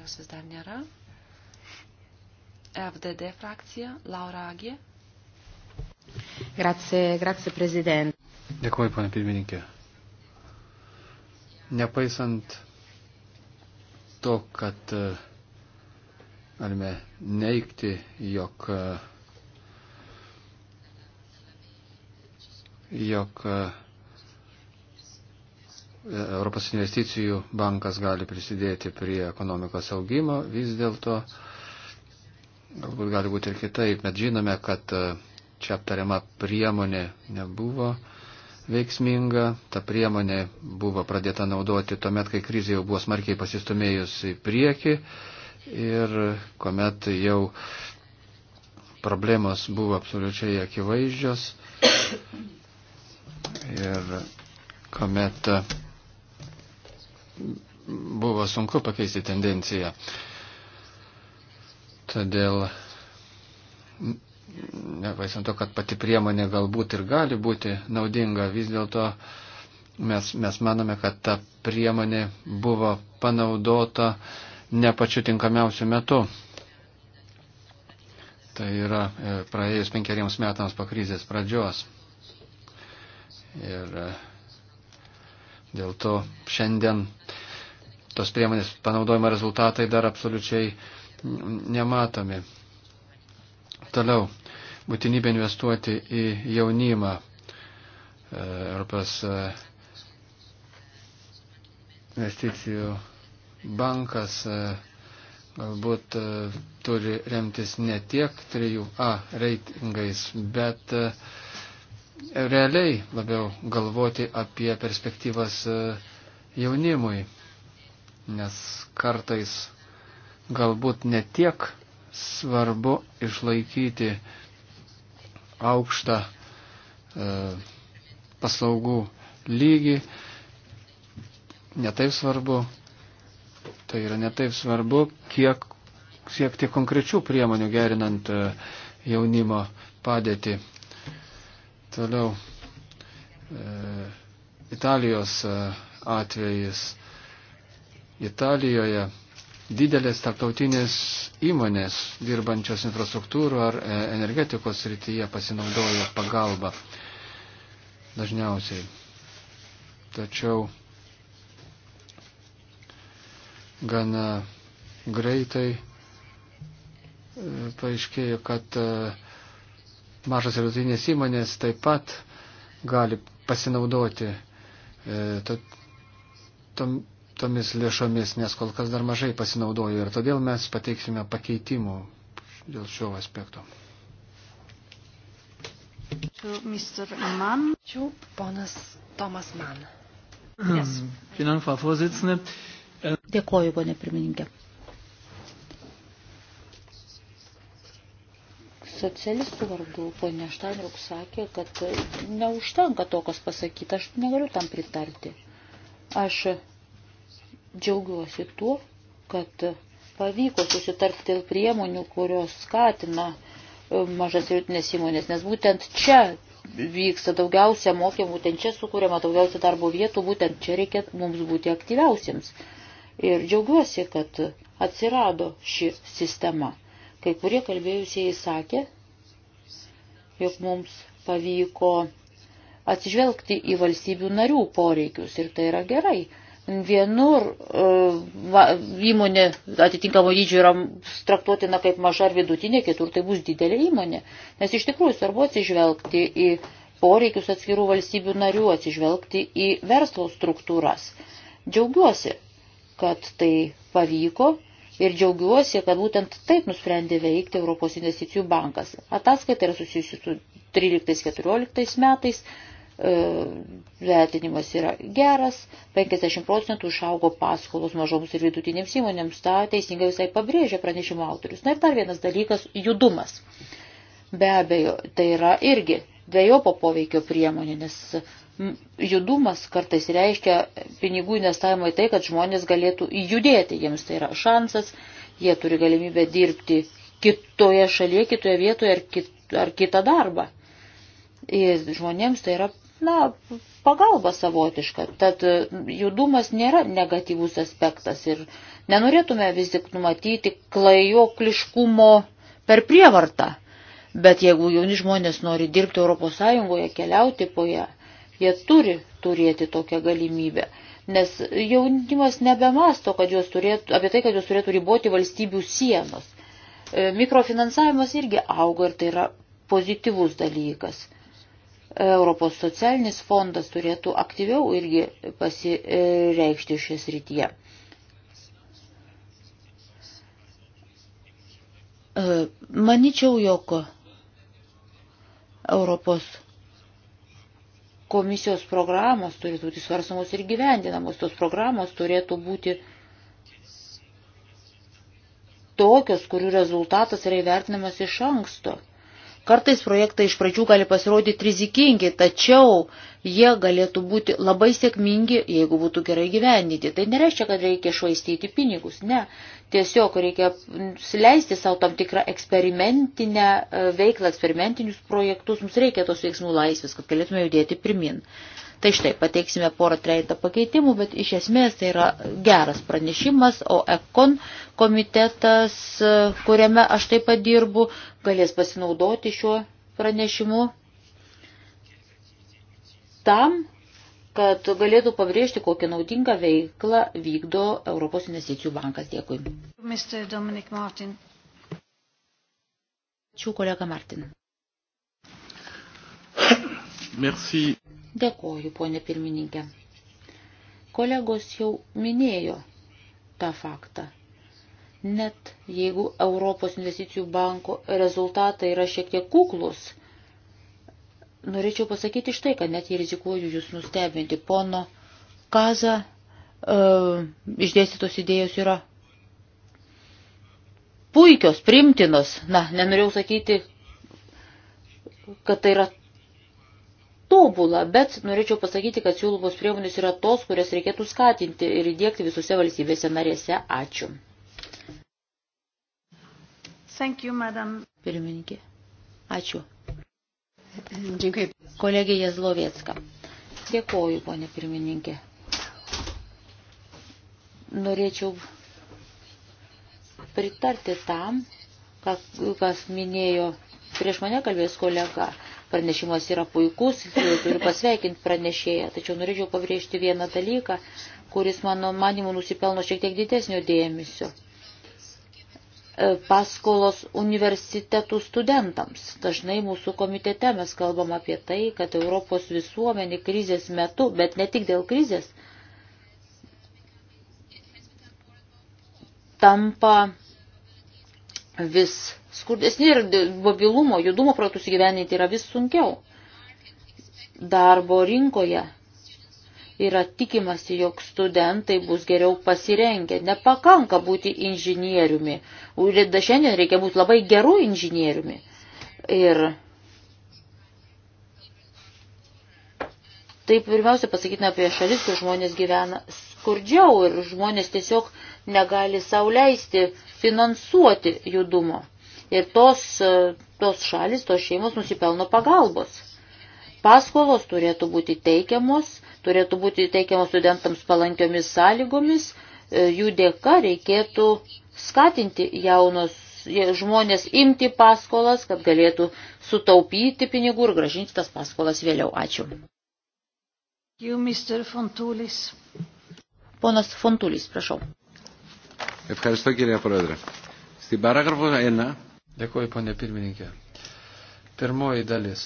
Jos vis dar nėra. FDD frakcija, Laura Agė. Grazie, grazie prezident. Dėkuoju, ponė pirmininkė. Nepaisant to, kad e, galime neikti, jog, e, jog e, Europos investicijų bankas gali prisidėti prie ekonomikos augimo, vis dėlto galbūt gali būti ir kitaip, bet žinome, kad e, čia aptariama priemonė nebuvo veiksminga, ta priemonė buvo pradėta naudoti tuomet, kai krizė jau buvo smarkiai pasistumėjus į priekį ir kuomet jau problemos buvo absoliučiai akivaizdžios ir kuomet buvo sunku pakeisti tendenciją. Todėl, nepaisant to, kad pati priemonė galbūt ir gali būti naudinga, vis dėlto mes, mes manome, kad ta priemonė buvo panaudota ne pačiu tinkamiausiu metu. Tai yra e, praėjus penkeriems metams po krizės pradžios. Ir e, dėl to šiandien tos priemonės panaudojimo rezultatai dar absoliučiai nematomi. Toliau, būtinybė investuoti į jaunimą. E, Europos e, investicijų bankas e, galbūt turi remtis ne tiek 3A reitingais, bet realiai labiau galvoti apie perspektyvas jaunimui nes kartais galbūt netiek svarbu išlaikyti aukštą e, paslaugų lygį, netaip svarbu, tai yra netaip svarbu, kiek siekti konkrečių priemonių gerinant e, jaunimo padėtį. Toliau e, Italijos e, atvejis Italijoje didelės tarptautinės įmonės dirbančios infrastruktūrų ar e, energetikos srityje pasinaudoja pagalba dažniausiai. Tačiau gana greitai e, paaiškėjo, kad e, mažas ir vidutinės įmonės taip pat gali pasinaudoti to, tom, tomis lėšomis, nes kol kas dar mažai pasinaudojo ir todėl mes pateiksime pakeitimų dėl šio aspekto. Ačiū, ponas Tomas Mann. Yes. Dėkuoju, ponė pirmininkė. socialistų vardu ponia Štaniuk sakė, kad neužtenka to, kas pasakyta, aš negaliu tam pritarti. Aš Džiaugiuosi tuo, kad pavyko susitarti dėl priemonių, kurios skatina e, mažas ir vidutinės įmonės, nes būtent čia vyksta daugiausia mokymų, būtent čia sukūrėma daugiausia darbo vietų, būtent čia reikia mums būti aktyviausiems. Ir džiaugiuosi, kad atsirado ši sistema. Kai kurie kalbėjusieji sakė, jog mums pavyko atsižvelgti į valstybių narių poreikius ir tai yra gerai. Vienur e, va, įmonė atitinkamo dydžio yra traktuotina kaip maža ar vidutinė, kitur tai bus didelė įmonė. Nes iš tikrųjų svarbu atsižvelgti į poreikius atskirų valstybių narių, atsižvelgti į verslo struktūras. Džiaugiuosi, kad tai pavyko ir džiaugiuosi, kad būtent taip nusprendė veikti Europos investicijų bankas. Ataskaita yra susijusi su 13-14 metais E, vertinimas yra geras, 50 procentų išaugo paskolos mažoms ir vidutinėms įmonėms, tą teisingai visai pabrėžė pranešimo autorius. Na ir dar vienas dalykas – judumas. Be abejo, tai yra irgi dviejopo poveikio priemonė, nes judumas kartais reiškia pinigų investavimą į tai, kad žmonės galėtų judėti, jiems tai yra šansas, jie turi galimybę dirbti kitoje šalyje, kitoje vietoje ar, kit, ar kitą darbą. Ir žmonėms tai yra na, pagalba savotiška. Tad e, judumas nėra negatyvus aspektas ir nenorėtume vis tik numatyti klajokliškumo per prievartą. Bet jeigu jauni žmonės nori dirbti Europos Sąjungoje, keliauti po ją, jie turi turėti tokią galimybę. Nes jaunimas nebemasto, kad jos turėtų, apie tai, kad jos turėtų riboti valstybių sienos. E, Mikrofinansavimas irgi auga ir tai yra pozityvus dalykas. Europos socialinis fondas turėtų aktyviau irgi pasireikšti šias rytyje. E, Maničiau, jog Europos komisijos programos turi būti svarsamos ir gyvendinamos. Tos programos turėtų būti tokios, kurių rezultatas yra įvertinamas iš anksto. Kartais projektai iš pradžių gali pasirodyti rizikingi, tačiau jie galėtų būti labai sėkmingi, jeigu būtų gerai gyvendyti. Tai nereiškia, kad reikia švaistyti pinigus, ne. Tiesiog reikia leisti savo tam tikrą eksperimentinę e, veiklą, eksperimentinius projektus. Mums reikia tos veiksmų laisvės, kad galėtume judėti pirmin. Tai štai pateiksime porą treitą pakeitimų, bet iš esmės tai yra geras pranešimas, o ECON komitetas, kuriame aš taip pat dirbu, galės pasinaudoti šiuo pranešimu tam, kad galėtų pabrėžti, kokią naudingą veiklą vykdo Europos investicijų bankas. Dėkui. Mr. Dominic Martin. Ačiū, kolega Martin. Merci. Dėkoju, ponė pirmininkė. Kolegos jau minėjo tą faktą. Net jeigu Europos investicijų banko rezultatai yra šiek tiek kuklus, norėčiau pasakyti štai, kad net jei rizikuoju jūs nustebinti, pono Kaza e, išdėstytos idėjos yra puikios, primtinos, na, nenorėjau sakyti, kad tai yra tobula, bet norėčiau pasakyti, kad siūlomos priemonės yra tos, kurias reikėtų skatinti ir įdėkti visose valstybėse narėse. Ačiū. Thank you, madam. Pirmininkė. Ačiū. Dėkui. Kolegė Jezlovietska. Dėkoju, ponė pirmininkė. Norėčiau pritarti tam, kas minėjo prieš mane kalbės kolega pranešimas yra puikus, turiu pasveikinti pranešėją, tačiau norėčiau pabrėžti vieną dalyką, kuris mano manimu nusipelno šiek tiek didesnio dėmesio. E, paskolos universitetų studentams. Dažnai mūsų komitete mes kalbam apie tai, kad Europos visuomenė krizės metu, bet ne tik dėl krizės, tampa vis skurdesni ir mobilumo, judumo projektus įgyveninti yra vis sunkiau. Darbo rinkoje yra tikimasi, jog studentai bus geriau pasirengę. Nepakanka būti inžinieriumi. Urida šiandien reikia būti labai gerų inžinieriumi. Ir tai pirmiausia pasakyti apie šalis, kur žmonės gyvena skurdžiau ir žmonės tiesiog negali sauliaisti finansuoti judumo. Ir tos, e, tos šalis, tos šeimos nusipelno pagalbos. Paskolos turėtų būti teikiamos, turėtų būti teikiamos studentams palankiomis sąlygomis, e, jų dėka reikėtų skatinti jaunus žmonės imti paskolas, kad galėtų sutaupyti pinigų ir gražinti tas paskolas vėliau. Ačiū. You, Mr. Fontulis. Ponas Fontulis, prašau. Ευχαριστώ κυρία Πρόεδρε. Στην παράγραφο 1 Dėkuoju, ponė pirmininkė. Pirmoji dalis.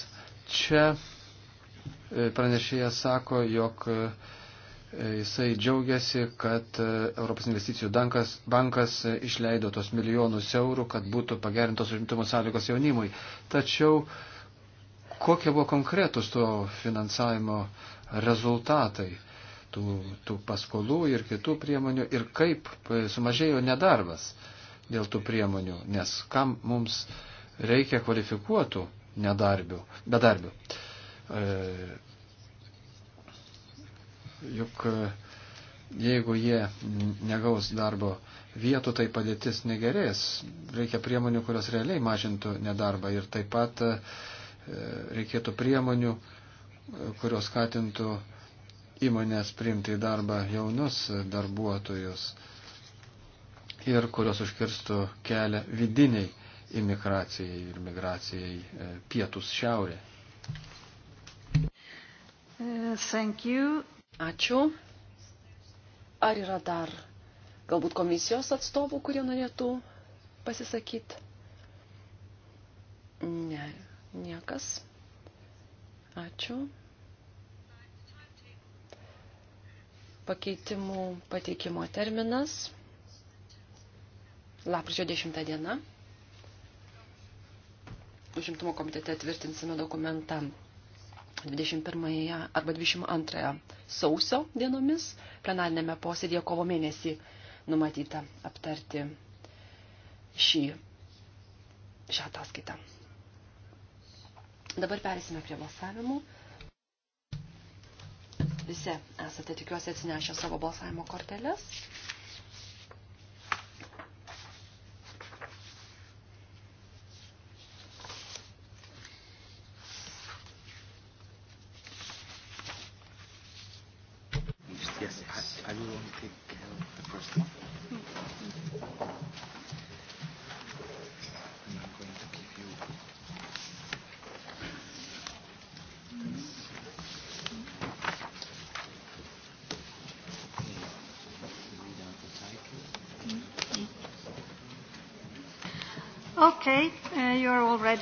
Čia e, pranešėjas sako, jog e, jisai džiaugiasi, kad e, Europos investicijų bankas, bankas išleido tos milijonus eurų, kad būtų pagerintos užimtumo sąlygos jaunimui. Tačiau kokie buvo konkretus to finansavimo rezultatai, tų, tų paskolų ir kitų priemonių ir kaip sumažėjo nedarbas. Uh, dėl tų priemonių, nes kam mums reikia kvalifikuotų nedarbių, bedarbių. E, juk e, jeigu jie negaus darbo vietų, tai padėtis negerės. Reikia priemonių, kurios realiai mažintų nedarbą ir taip pat e, reikėtų priemonių, e, kurios skatintų įmonės priimti į darbą jaunus darbuotojus. E, ir kurios užkirstų kelią vidiniai imigracijai ir migracijai e, pietus šiaurė. E, thank you. Ačiū. Ar yra dar galbūt komisijos atstovų, kurie norėtų pasisakyti? Ne, niekas. Ačiū. Pakeitimų pateikimo terminas lapkričio 10 diena. Užimtumo komitete tvirtinsime dokumentą 21 arba 22 sausio dienomis. Plenarinėme posėdėje kovo mėnesį numatyta aptarti šį, šią ataskaitą. Dabar perėsime prie balsavimų. Visi esate tikiuosi atsinešę savo balsavimo korteles.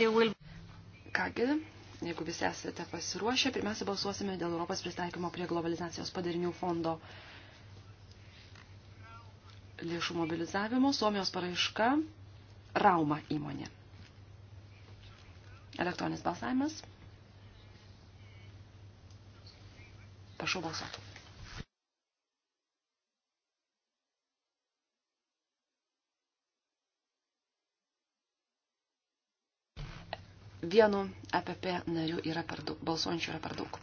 everybody will... Kągi, jeigu visi esate pasiruošę, pirmiausia balsuosime dėl Europos pristaikymo prie globalizacijos padarinių fondo lėšų mobilizavimo, Suomijos paraiška, Rauma įmonė. Elektroninis balsavimas. Prašau balsuoti. vienu APP nariu yra per daug, balsuojančių yra per daug.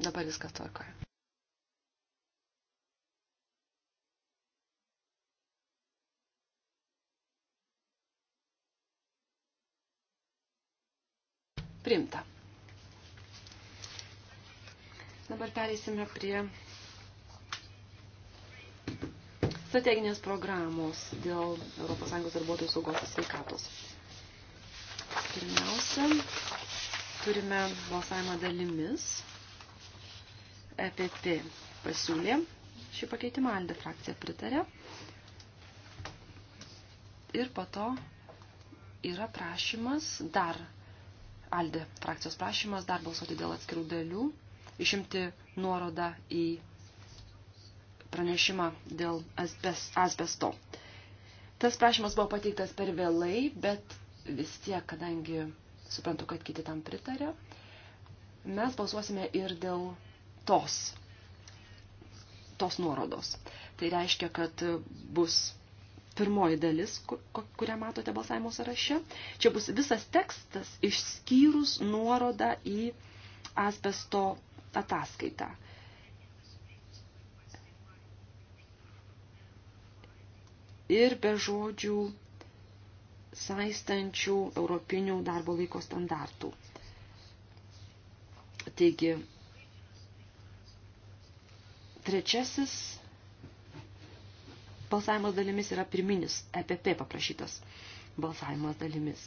Dabar viskas tvarkoja. Primta. Dabar pereisime prie strateginės programos dėl ES darbuotojų saugos ir sveikatos. Pirmiausia, turime balsavimą dalimis. EPP pasiūlė šį pakeitimą, Alde frakcija pritarė. Ir po to yra prašymas dar, Alde frakcijos prašymas dar balsuoti dėl atskirų dalių, išimti nuorodą į pranešimą dėl asbesto. Tas prašymas buvo pateiktas per vėlai, bet vis tiek, kadangi suprantu, kad kiti tam pritarė, mes balsuosime ir dėl tos, tos nuorodos. Tai reiškia, kad bus pirmoji dalis, kurią matote balsavimo sąraše. Čia bus visas tekstas išskyrus nuorodą į asbesto ataskaitą. Ir be žodžių saistančių europinių darbo laiko standartų. Taigi, trečiasis balsavimas dalimis yra pirminis, EPP paprašytas balsavimas dalimis.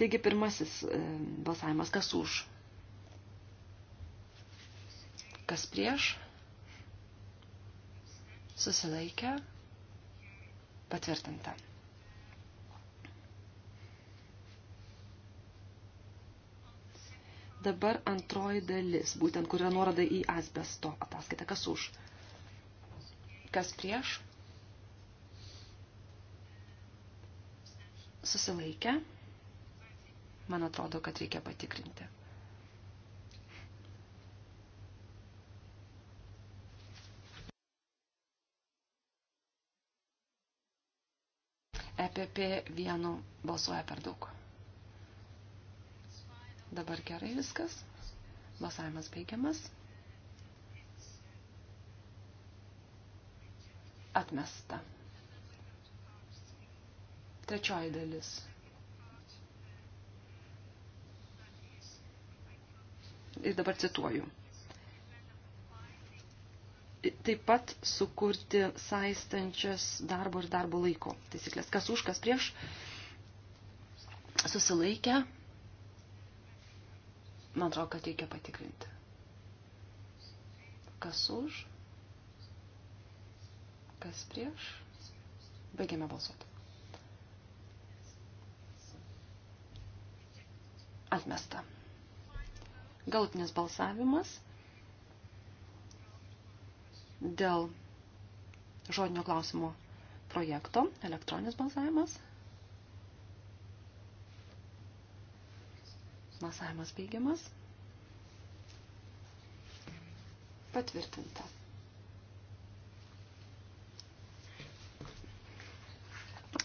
Taigi, pirmasis e, balsavimas, kas už, kas prieš, susilaikę, patvirtinta. Dabar antroji dalis, būtent kur yra nuorada į asbesto ataskaitą. Kas už? Kas prieš? Susilaikę. Man atrodo, kad reikia patikrinti. EPP vienu balsuoja per daug. Dabar gerai viskas. Balsavimas baigiamas. Atmesta. Trečioji dalis. Ir dabar cituoju taip pat sukurti saistančias darbo ir darbo laiko taisyklės. Kas už, kas prieš susilaikę Man atrodo, kad reikia patikrinti. Kas už? Kas prieš? Baigiame balsuoti. Atmesta. Galutinis balsavimas dėl žodinio klausimo projekto, elektroninis balsavimas. Balsavimas baigiamas. Patvirtinta.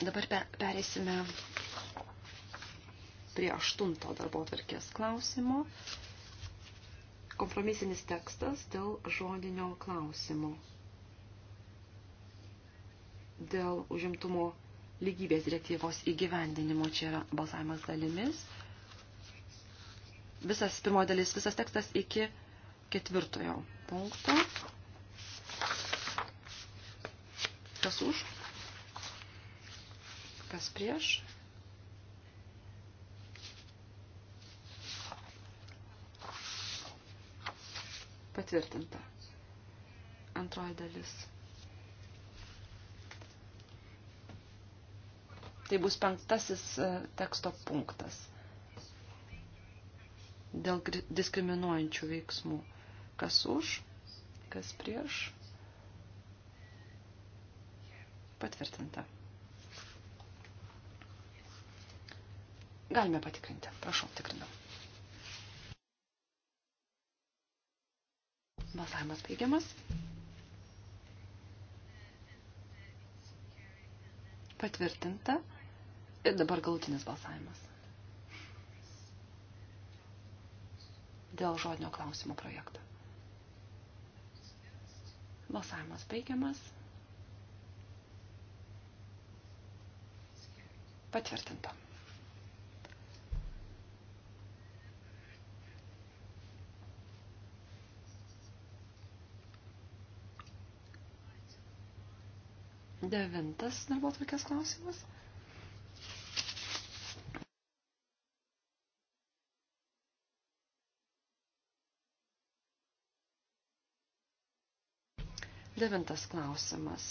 Dabar perėsime prie aštunto darbo atvarkės klausimo. Kompromisinis tekstas dėl žodinio klausimo. Dėl užimtumo lygybės direktyvos įgyvendinimo čia yra balsavimas dalimis visas pirmoji dalis, visas tekstas iki ketvirtojo punkto. Kas už? Kas prieš? Patvirtinta. Antroji dalis. Tai bus penktasis e, teksto punktas dėl diskriminuojančių veiksmų. Kas už, kas prieš. Patvirtinta. Galime patikrinti. Prašau, tikrinam. Balsavimas baigiamas. Patvirtinta. Ir dabar galutinis balsavimas. dėl žodinio klausimo projekto. Balsavimas baigiamas. Patvirtinta. Devintas darbo atvarkės klausimas. Devintas klausimas.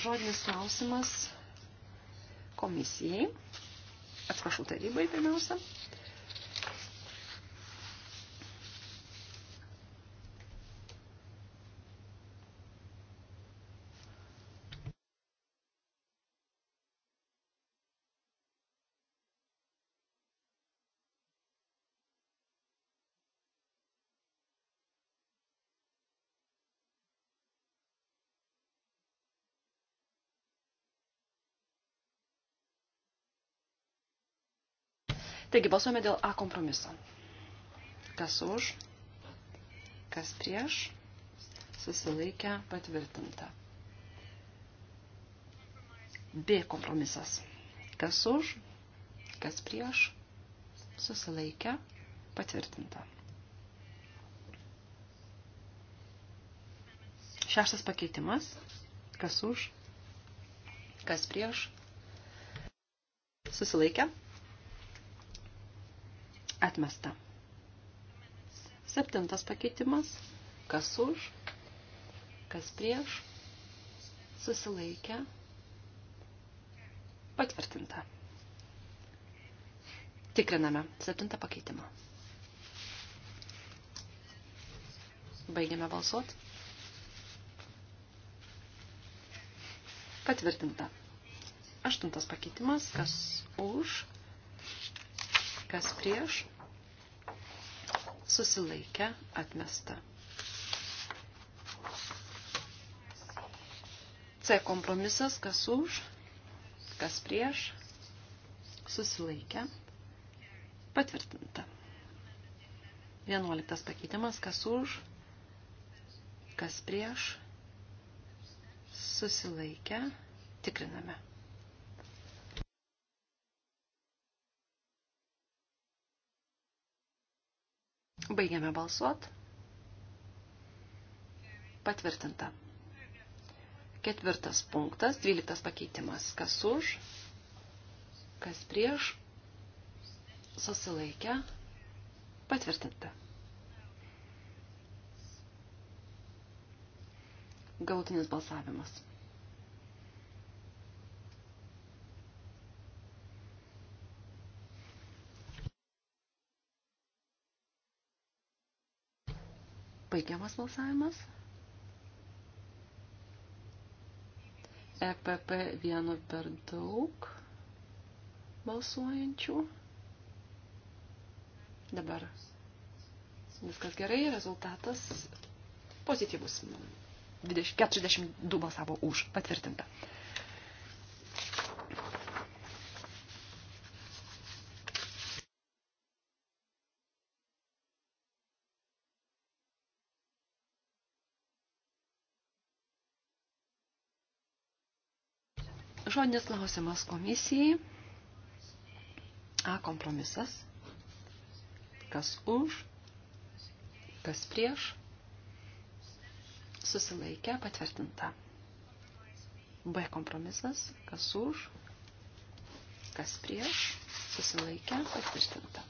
Žodinis klausimas komisijai. Atsiprašau, tarybai pirmiausia. Taigi balsuojame dėl A kompromiso. Kas už, kas prieš, susilaikę patvirtinta. B kompromisas. Kas už, kas prieš, susilaikę patvirtinta. Šeštas pakeitimas. Kas už, kas prieš, susilaikę patvirtinta Atmesta. Septintas pakeitimas. Kas už, kas prieš, susilaikę, patvirtinta. Tikriname septintą pakeitimą. Baigiame balsuoti. Patvirtinta. Aštuntas pakeitimas. Kas už, kas prieš, susilaikę, atmesta. C kompromisas, kas už, kas prieš, susilaikę, patvirtinta. 11 pakeitimas, kas už, kas prieš, susilaikę, tikriname. Baigiame balsuot. Patvirtinta. Ketvirtas punktas, dvyliktas pakeitimas. Kas už, kas prieš, susilaikę, patvirtinta. Galutinis balsavimas. Baigiamas balsavimas. EPP vienu per daug balsuojančių. Dabar viskas gerai, rezultatas pozityvus. 42 balsavo už, patvirtinta. Žodinis klausimas komisijai. A kompromisas. Kas už, kas prieš. Susilaikė patvirtinta. B kompromisas. Kas už, kas prieš. Susilaikė patvirtinta.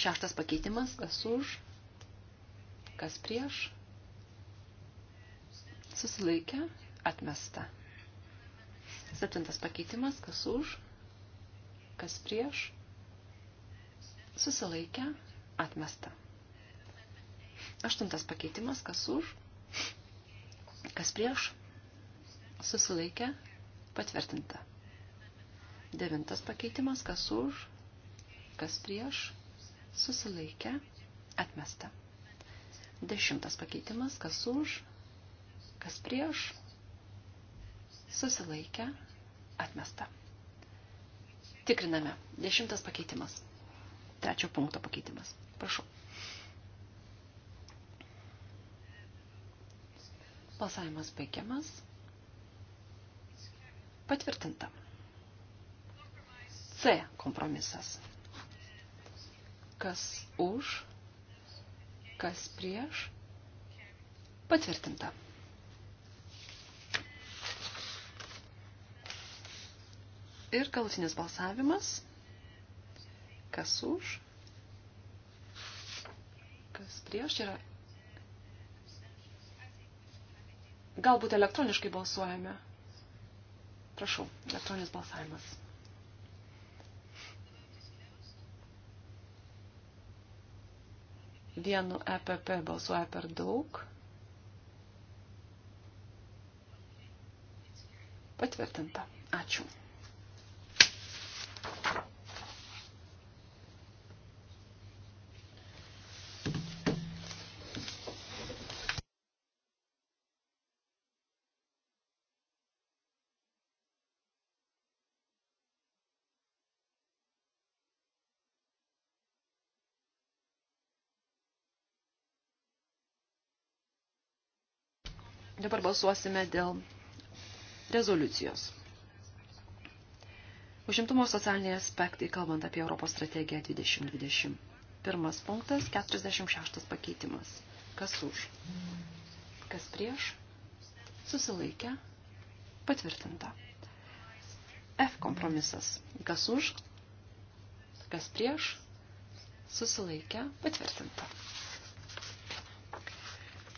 Šeštas pakeitimas. Kas už, kas prieš. Susilaikė atmesta. Septintas pakeitimas, kas už, kas prieš, susilaikę, atmesta. Aštuntas pakeitimas, kas už, kas prieš, susilaikę, patvirtinta. Devintas pakeitimas, kas už, kas prieš, susilaikę, atmesta. Dešimtas pakeitimas, kas už, kas prieš, susilaikę, atmesta. Tikriname. Dešimtas pakeitimas. Trečio punkto pakeitimas. Prašau. Balsavimas baigiamas. Patvirtinta. C kompromisas. Kas už, kas prieš. Patvirtinta. Ir galutinis balsavimas. Kas už? Kas prieš yra? Galbūt elektroniškai balsuojame. Prašau, elektroninis balsavimas. Vienu EPP balsuoja per daug. Patvirtinta. Ačiū. Dabar balsuosime dėl rezoliucijos. Užimtumo socialiniai aspektai, kalbant apie Europos strategiją 2020. Pirmas punktas, 46 pakeitimas. Kas už? Kas prieš? Susilaikę? Patvirtinta. F kompromisas. Kas už? Kas prieš? Susilaikę? Patvirtinta.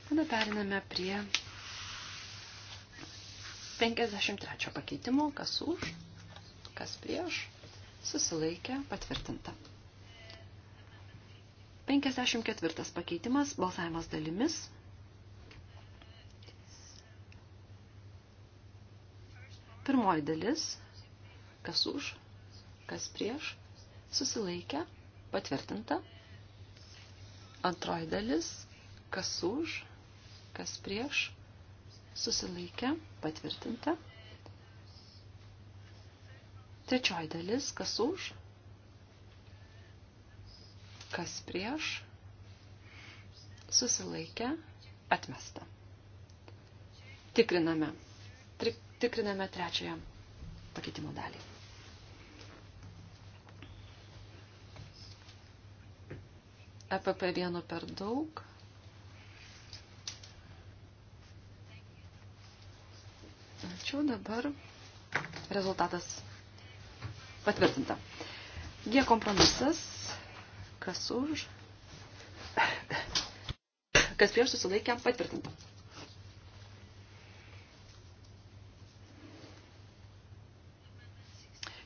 Tada periname prie 53 pakeitimo. Kas už? kas prieš, susilaikė, patvirtinta. 54 pakeitimas, balsavimas dalimis. Pirmoji dalis, kas už, kas prieš, susilaikė, patvirtinta. Antroji dalis, kas už, kas prieš, susilaikė, patvirtinta. Trečioji dalis, kas už, kas prieš, susilaikę, atmesta. Tikriname. Tri, tikriname trečiąją pakeitimo dalį. EPP vieno per daug. Ačiū dabar. Rezultatas Patvirtinta. G kompromisas. Kas už? Kas prieš susilaikė? Patvirtinta.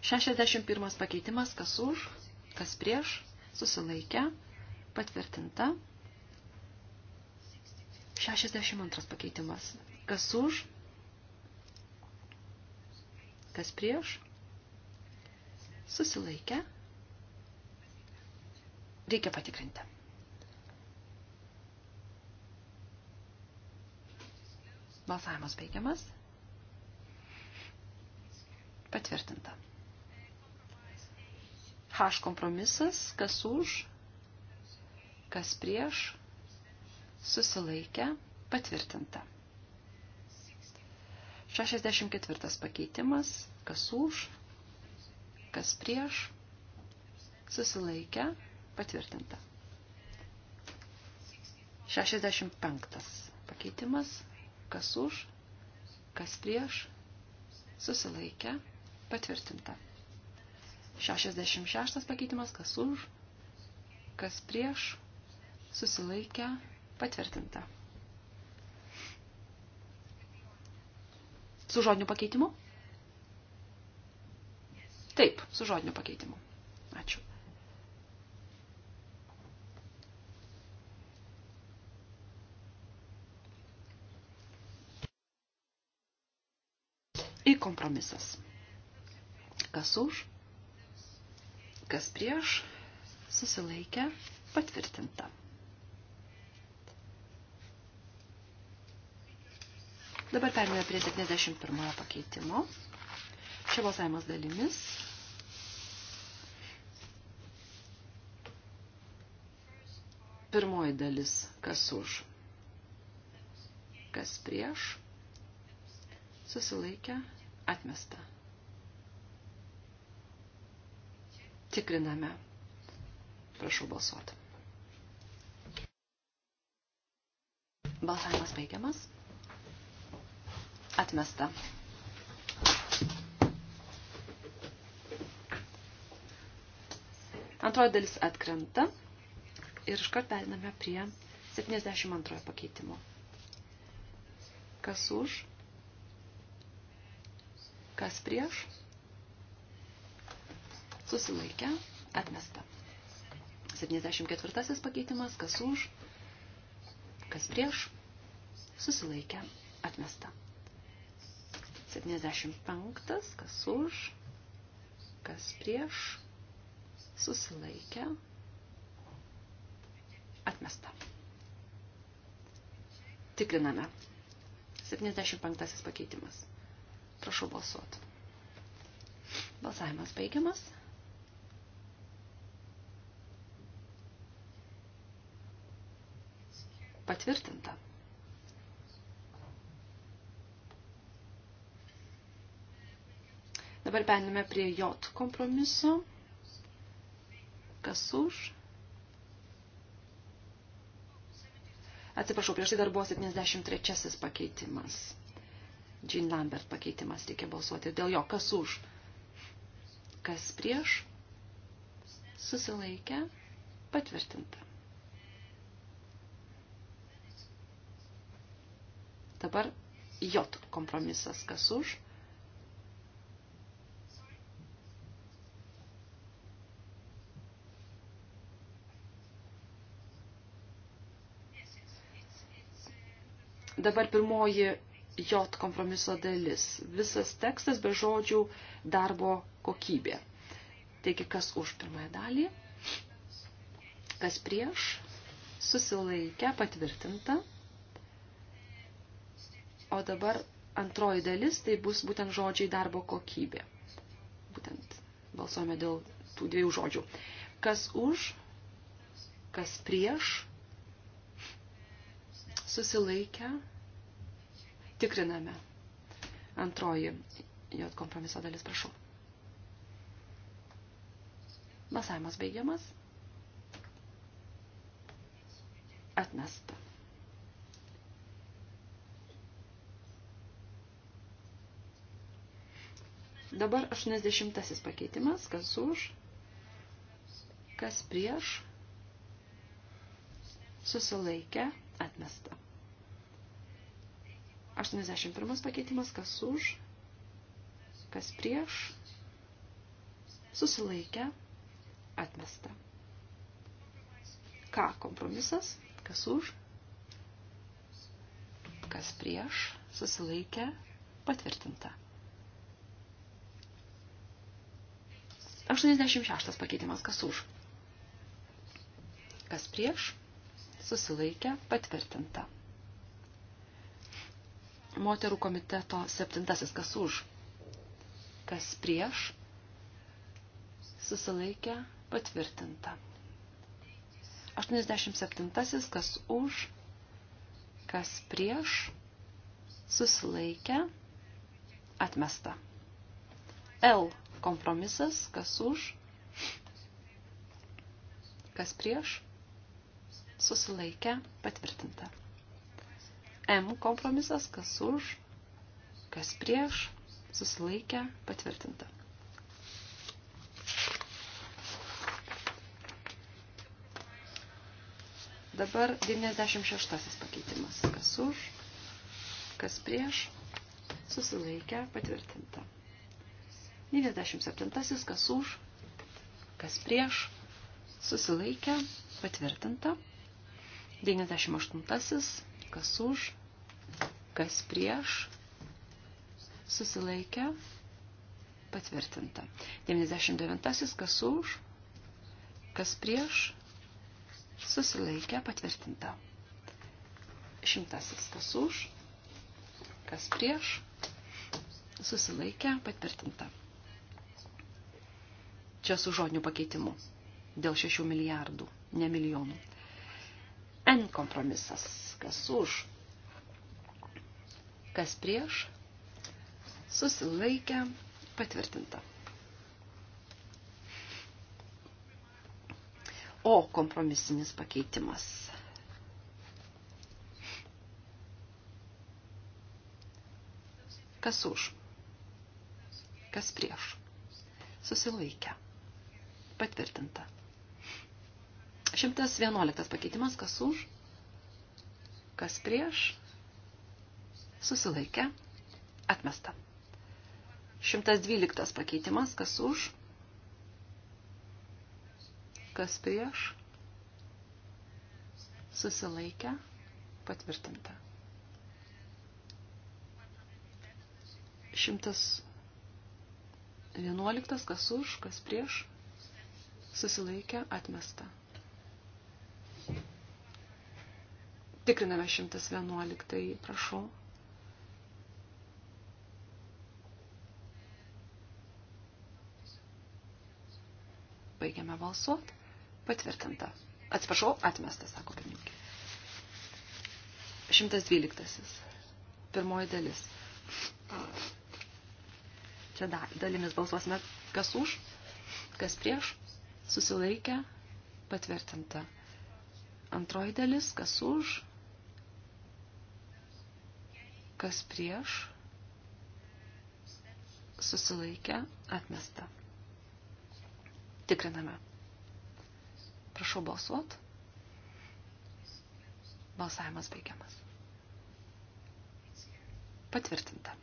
Šešiasdešimt pirmas pakeitimas. Kas už? Kas prieš? Susilaikė. Patvirtinta. 62 pakeitimas. Kas už? Kas prieš? susilaikę, reikia patikrinti. Balsavimas baigiamas. Patvirtinta. H kompromisas, kas už, kas prieš, susilaikę, patvirtinta. 64 pakeitimas, kas už, kas prieš, susilaikę, patvirtinta. 65 pakeitimas, kas už, kas prieš, susilaikę, patvirtinta. 66 pakeitimas, kas už, kas prieš, susilaikę, patvirtinta. Su žodiniu pakeitimu? Taip, su žodiniu pakeitimu. Ačiū. Į kompromisas. Kas už, kas prieš, susilaikę, patvirtinta. Dabar perėmėme prie 71 pakeitimo. Čia balsavimas dalimis. Pirmoji dalis, kas už, kas prieš, susilaikę, atmesta. Tikriname. Prašau balsuoti. Balsavimas baigiamas. Atmesta. Antroji dalis atkrenta ir iškart periname prie 72 pakeitimo. Kas už? Kas prieš? Susilaikę, atmesta. 74 pakeitimas, kas už? Kas prieš? Susilaikę, atmesta. 75, kas už? Kas prieš? Susilaikę, atmesta Atmesta. Tikriname. 75 pakeitimas. Prašau balsuoti. Balsavimas baigiamas. Patvirtinta. Dabar perėmėme prie J kompromiso. Kas už? Atsiprašau, prieš tai dar buvo 73 pakeitimas. Jean Lambert pakeitimas reikia balsuoti. Dėl jo, kas už? Kas prieš? Susilaikę? Patvirtinta. Dabar J kompromisas, kas už? Dabar pirmoji J kompromiso dalis. Visas tekstas be žodžių darbo kokybė. Taigi, kas už pirmąją dalį, kas prieš, susilaikę, patvirtinta. O dabar antroji dalis, tai bus būtent žodžiai darbo kokybė. Būtent balsuojame dėl tų dviejų žodžių. Kas už, kas prieš, susilaikę, tikriname. Antroji jo kompromiso dalis, prašau. Balsavimas baigiamas. Atmesta. Dabar 80 pakeitimas, kas už, kas prieš, susilaikę, atmesta. 81 pakeitimas, kas už, kas prieš, susilaikę, atmesta. Ką kompromisas, kas už, kas prieš, susilaikę, patvirtinta. 86 pakeitimas, kas už, kas prieš, susilaikė, patvirtinta. Moterų komiteto septintasis, kas už, kas prieš, susilaikė, patvirtinta. 87, kas už, kas prieš, susilaikė, atmesta. L kompromisas, kas už, kas prieš, susilaikę, patvirtinta. M kompromisas, kas už, kas prieš, susilaikę, patvirtinta. Dabar 96 pakeitimas. Kas už, kas prieš, susilaikę, patvirtinta. 97 kas už, kas prieš, susilaikę, patvirtinta. 98. Kas už, kas prieš, susilaikė, patvirtinta. 99. Kas už, kas prieš, susilaikė, patvirtinta. 100. Kas už, kas prieš, susilaikė, patvirtinta. Čia su žodiniu pakeitimu. Dėl 6 milijardų, ne milijonų. N kompromisas. Kas už? Kas prieš? Susilaikę patvirtinta. O kompromisinis pakeitimas. Kas už? Kas prieš? Susilaikę. Patvirtinta. 111 pakeitimas, kas už, kas prieš, susilaikė, atmesta. 112 pakeitimas, kas už, kas prieš, susilaikė, patvirtinta. 111, kas už, kas prieš, susilaikė, atmesta. Tikriname 111, prašau. Baigiame balsuoti. Patvirtinta. Atsiprašau, atmestas, sako pirmininkė. 112. Pirmoji dalis. Čia dalimis balsuosime, kas už, kas prieš, susilaikę, patvirtinta. Antroji dalis, kas už, kas prieš, susilaikę, atmesta. Tikriname. Prašau balsuot. Balsavimas baigiamas. Patvirtinta.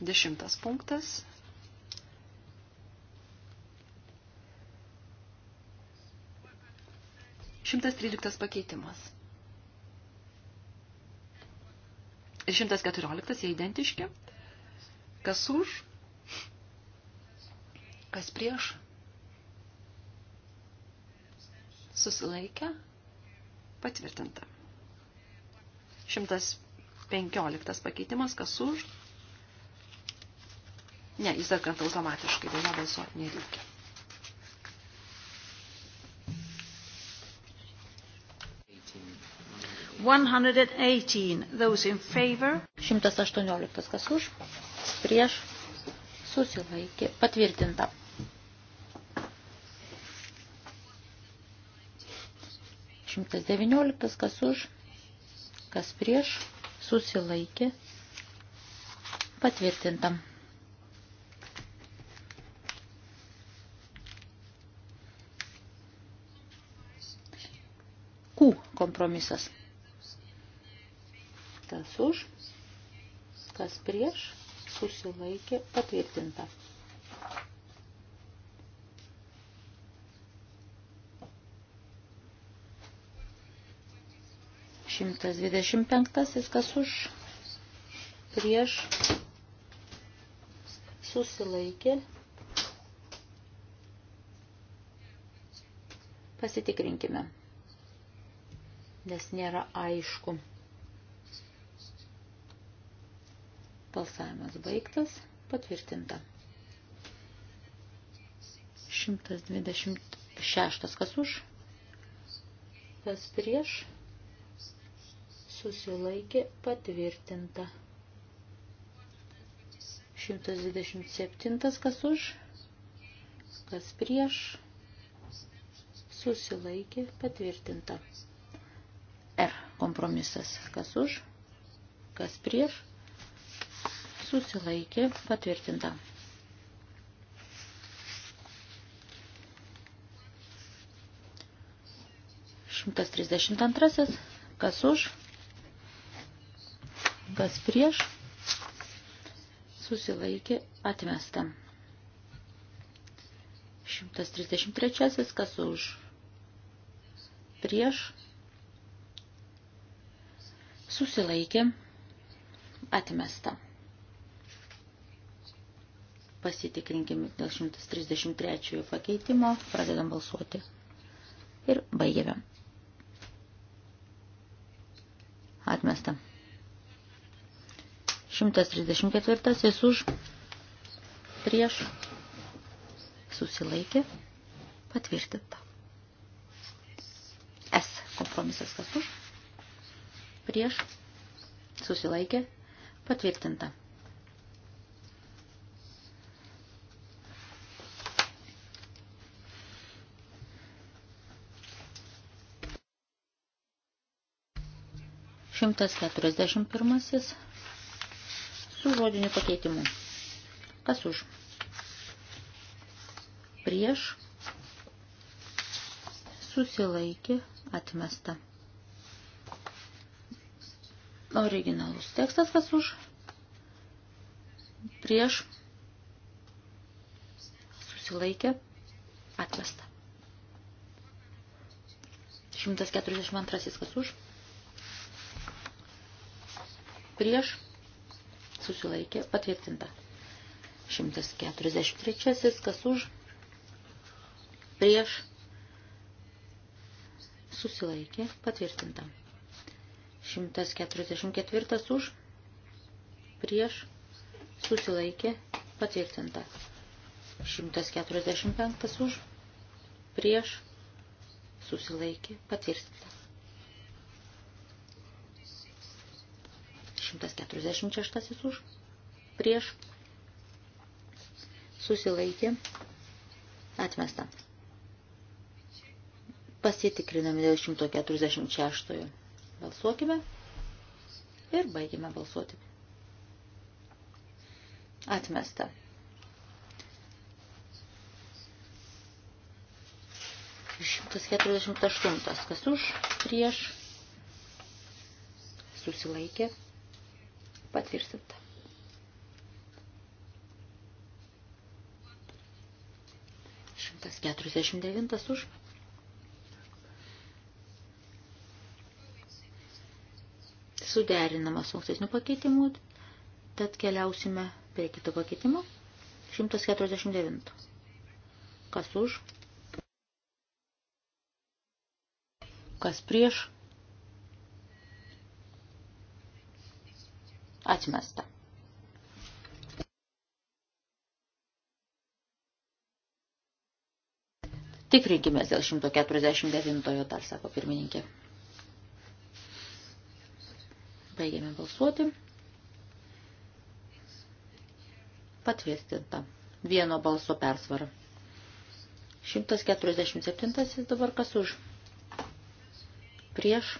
Dešimtas punktas. Šimtas tryliktas pakeitimas. 114, jie identiški. Kas už, kas prieš, susilaikę, patvirtinta. 115 pakeitimas, kas už. Ne, jis atkrenta automatiškai, dėl jo balsuoti nereikia. 118. Those in favor. 118. Kas už? Prieš. Susilaikė. Patvirtinta. Šimtas devynioliktas, kas už, kas prieš, susilaikė, patvirtintam. Q kompromisas. Kas už, kas prieš, susilaikė patvirtinta. Šimtas dvidešimt penktasis, kas už, prieš, susilaikė. Pasitikrinkime, nes nėra aišku. Balsavimas baigtas, patvirtinta. 126 kas už, kas prieš, susilaikė patvirtinta. 127 kas už, kas prieš, susilaikė patvirtinta. R kompromisas kas už, kas prieš, susilaikė patvirtinta. Šimtas trisdešimt antrasis, kas už, kas prieš, susilaikė atmesta. 133, kas už prieš susilaikė atmesta pasitikrinkime dėl 133 pakeitimo, pradedam balsuoti ir baigėme. Atmesta. 134 už prieš susilaikė patvirtinta. S kompromisas kas už prieš susilaikė patvirtinta. 141 su žodiniu pakeitimu. Kas už? Prieš susilaikė atmesta. Originalus tekstas kas už? Prieš susilaikė atmesta. 142 kas už? prieš, susilaikė, patvirtinta. 143, kas už, prieš, susilaikė, patvirtinta. 144 už, prieš, susilaikė, patvirtinta. 145 už, prieš, susilaikė, patvirtinta. 146 už, prieš, susilaikė, atmesta. Pasitikriname dėl 146. Balsuokime ir baigime balsuoti. Atmesta. Šimtas keturiasdešimt aštuntas. Kas už? Prieš. Susilaikė. Patvirtinta. Šimtas keturiasdešimt devintas už. Suderinamas ankstesnių pakeitimų, tad keliausime prie kito pakeitimo. 149. Kas už? Kas prieš? Atmesta. Tikrinkime dėl 149-ojo dar, sako pirmininkė. Baigėme balsuoti. Patvirtinta. Vieno balso persvara. 147 dabar kas už. Prieš.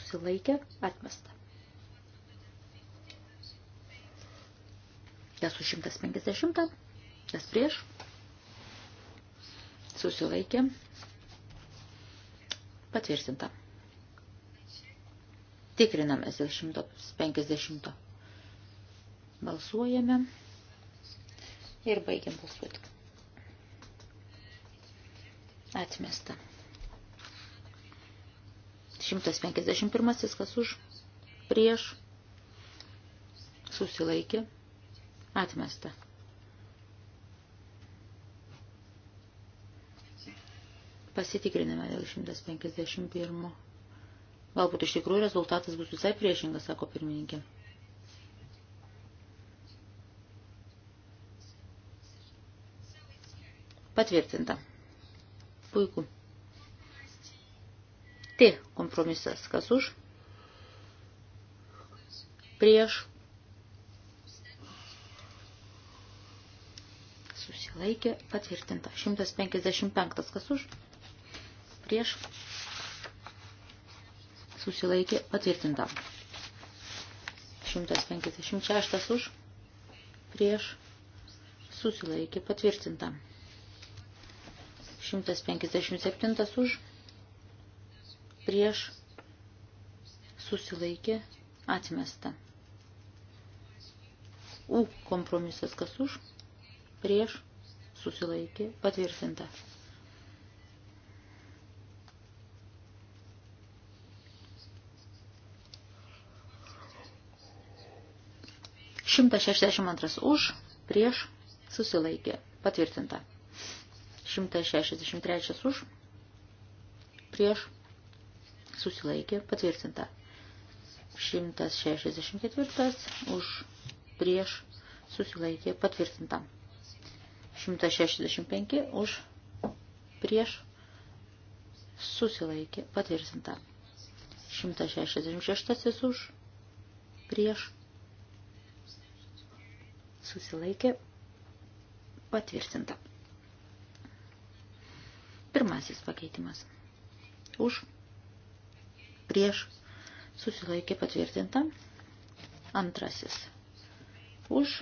Susilaikė. Atmesta. Kas už 150, kas prieš, susilaikė, patvirtinta. Tikrinamės dėl 150. Balsuojame ir baigiam balsuoti. Atmesta. 151. Kas už, prieš, susilaikė, patvirtinta Atmesta. Pasitikriname dėl 151. Galbūt iš tikrųjų rezultatas bus visai priešingas, sako pirmininkė. Patvirtinta. Puiku. T kompromisas. Kas už? Prieš susilaikė patvirtinta. 155 kas už, prieš susilaikė patvirtinta. 156 už, prieš susilaikė patvirtinta. 157 už, prieš susilaikė atmesta. U kompromisas kas už, prieš susilaikė, patvirtinta. Šimtas šešdešimt antras už, prieš, susilaikė, patvirtinta. Šimtas šešdešimt trečias už, prieš, susilaikė, patvirtinta. 164 už prieš susilaikė patvirtintam. 165 už prieš susilaikė patvirtinta. 166 už prieš susilaikė patvirtinta. Pirmasis pakeitimas. Už prieš susilaikė patvirtinta. Antrasis. Už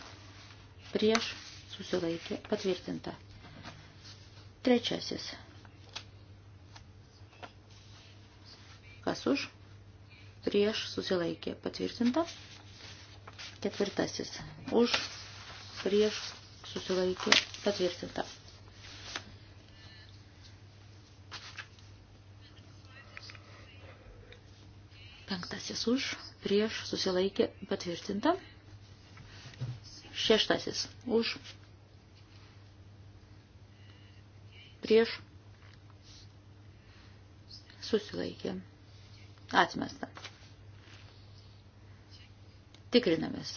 prieš susilaikė patvirtinta. Trečiasis. Kas už? Prieš susilaikė patvirtinta. Ketvirtasis. Už prieš susilaikė patvirtinta. Penktasis už prieš susilaikė patvirtinta. Šeštasis už prieš susilaikė. Atmesta. Tikrinamės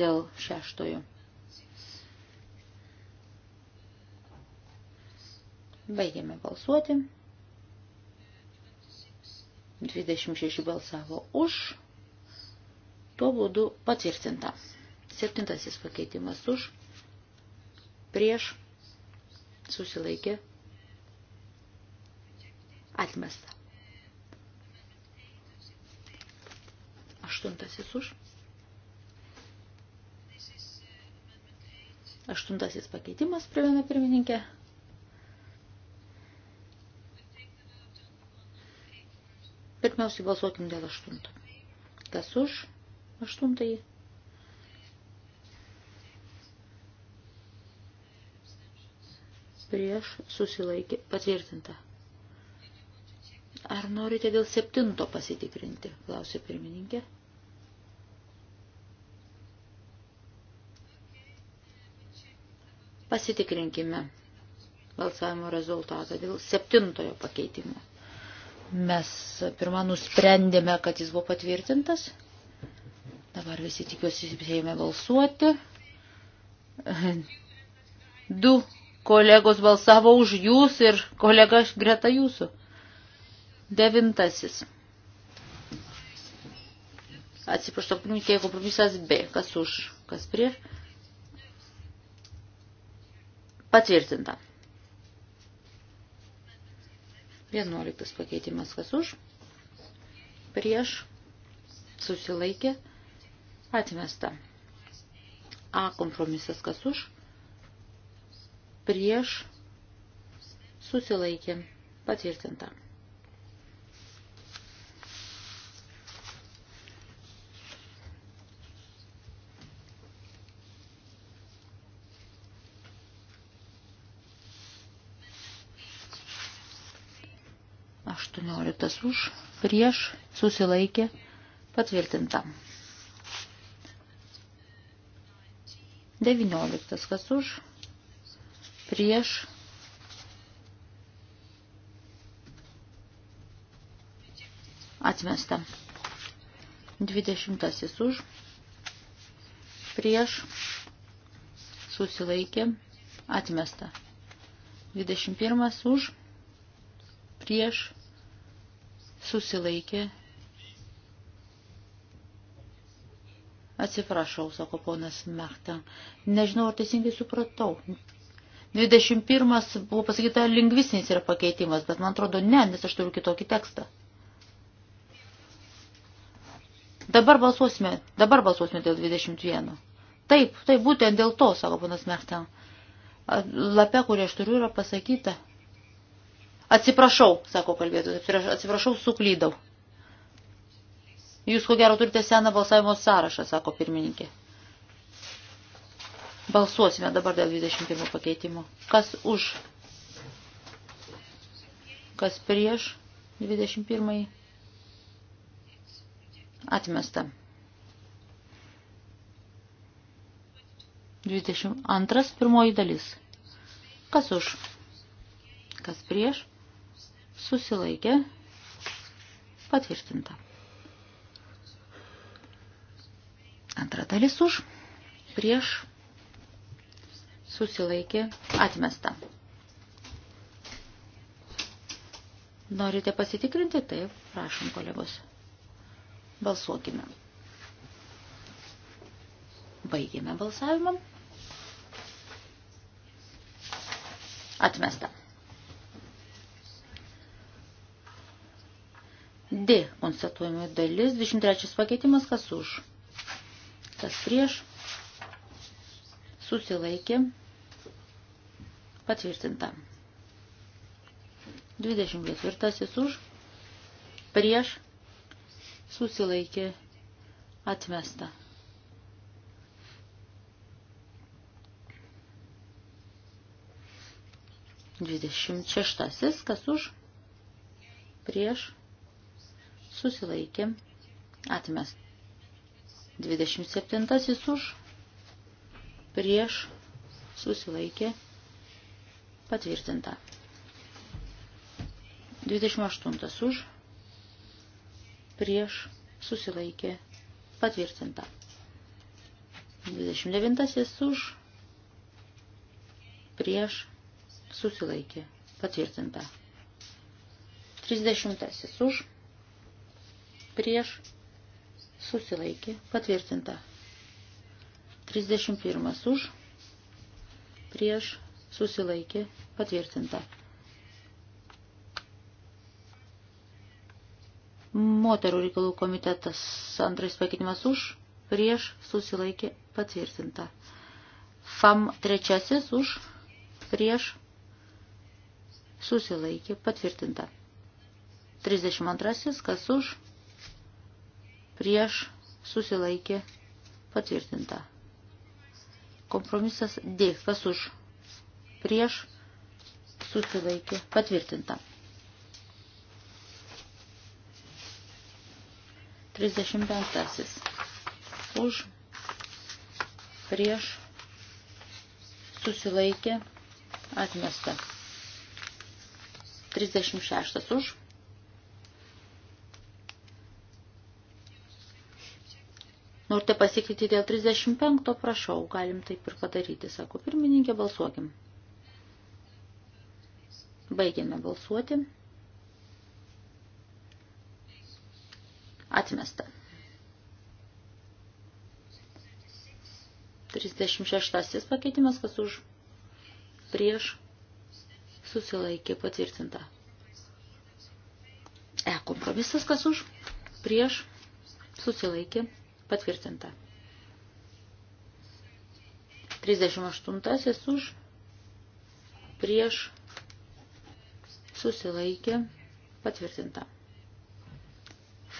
dėl šeštojo. Baigėme balsuoti. 26 balsavo už. Tuo būdu patvirtinta. Septintasis pakeitimas už. Prieš susilaikė Atmesta. Aštuntasis už. Aštuntasis pakeitimas, primena pirmininkė. Pirmiausiai balsuokim dėl aštunto. Kas už aštuntąjį? Prieš susilaikė patvirtinta. Ar norite dėl septinto pasitikrinti, klausė pirmininkė. Pasitikrinkime balsavimo rezultatą dėl septintojo pakeitimo. Mes pirmą nusprendėme, kad jis buvo patvirtintas. Dabar visi tikiuosi įsipsėjome balsuoti. Du kolegos balsavo už jūs ir kolega greta jūsų. Devintasis. Atsiprašau, pirmininkė, kompromisas B. Kas už, kas prieš? Patvirtinta. Vienuoliktas pakeitimas. Kas už? Prieš. Susilaikė. Atmesta. A kompromisas. Kas už? Prieš. Susilaikė. Patvirtinta. 112 už, prieš, susilaikė, patvirtinta. 19 kas už, prieš, atmesta. 20 už, prieš, susilaikė, atmesta. 21 už, prieš, susilaikė. Atsiprašau, sako ponas Mechta. Nežinau, ar teisingai supratau. 21 buvo pasakyta lingvistinis yra pakeitimas, bet man atrodo ne, nes aš turiu kitokį tekstą. Dabar balsuosime, dabar balsuosime dėl 21. Taip, taip būtent dėl to, sako ponas Mechta. Lape, kurį aš turiu, yra pasakyta, Atsiprašau, sako kalbėtojas, atsiprašau, suklydau. Jūs ko gero turite seną balsavimo sąrašą, sako pirmininkė. Balsuosime dabar dėl 21 pakeitimo. Kas už? Kas prieš 21? Atmesta. 22 pirmoji dalis. Kas už? Kas prieš? susilaikė, patvirtinta. Antra dalis už, prieš, susilaikė, atmesta. Norite pasitikrinti? Taip, prašom, kolegos. Balsuokime. Baigėme balsavimą. Atmesta. D konstatuojama dalis, 23 pakeitimas, kas už, kas prieš, susilaikė, patvirtinta. 24 už, prieš, susilaikė, atmesta. Dvidešimt šeštasis, kas už, prieš, susilaikė, atmes. 27 už, prieš, susilaikė, patvirtinta. 28 už, prieš, susilaikė, patvirtinta. 29 už, prieš, susilaikė, patvirtinta. 30 už, prieš susilaikė patvirtinta. 31 už prieš susilaikė patvirtinta. Moterų reikalų komitetas antras pakeitimas už, prieš susilaikė patvirtinta. FAM trečiasis už, prieš susilaikė patvirtinta. 32 kas už, prieš susilaikė patvirtinta. Kompromisas D, kas už, prieš susilaikė patvirtinta. 35. Už, prieš susilaikė atmesta. 36 už Norite pasikyti dėl 35, prašau, galim taip ir padaryti, sako pirmininkė, balsuokim. Baigiame balsuoti. Atmesta. 36 pakeitimas, kas už prieš susilaikė patvirtinta. E kompromisas, kas už prieš susilaikė patvirtinta Patvirtinta. 38 už prieš susilaikė patvirtinta.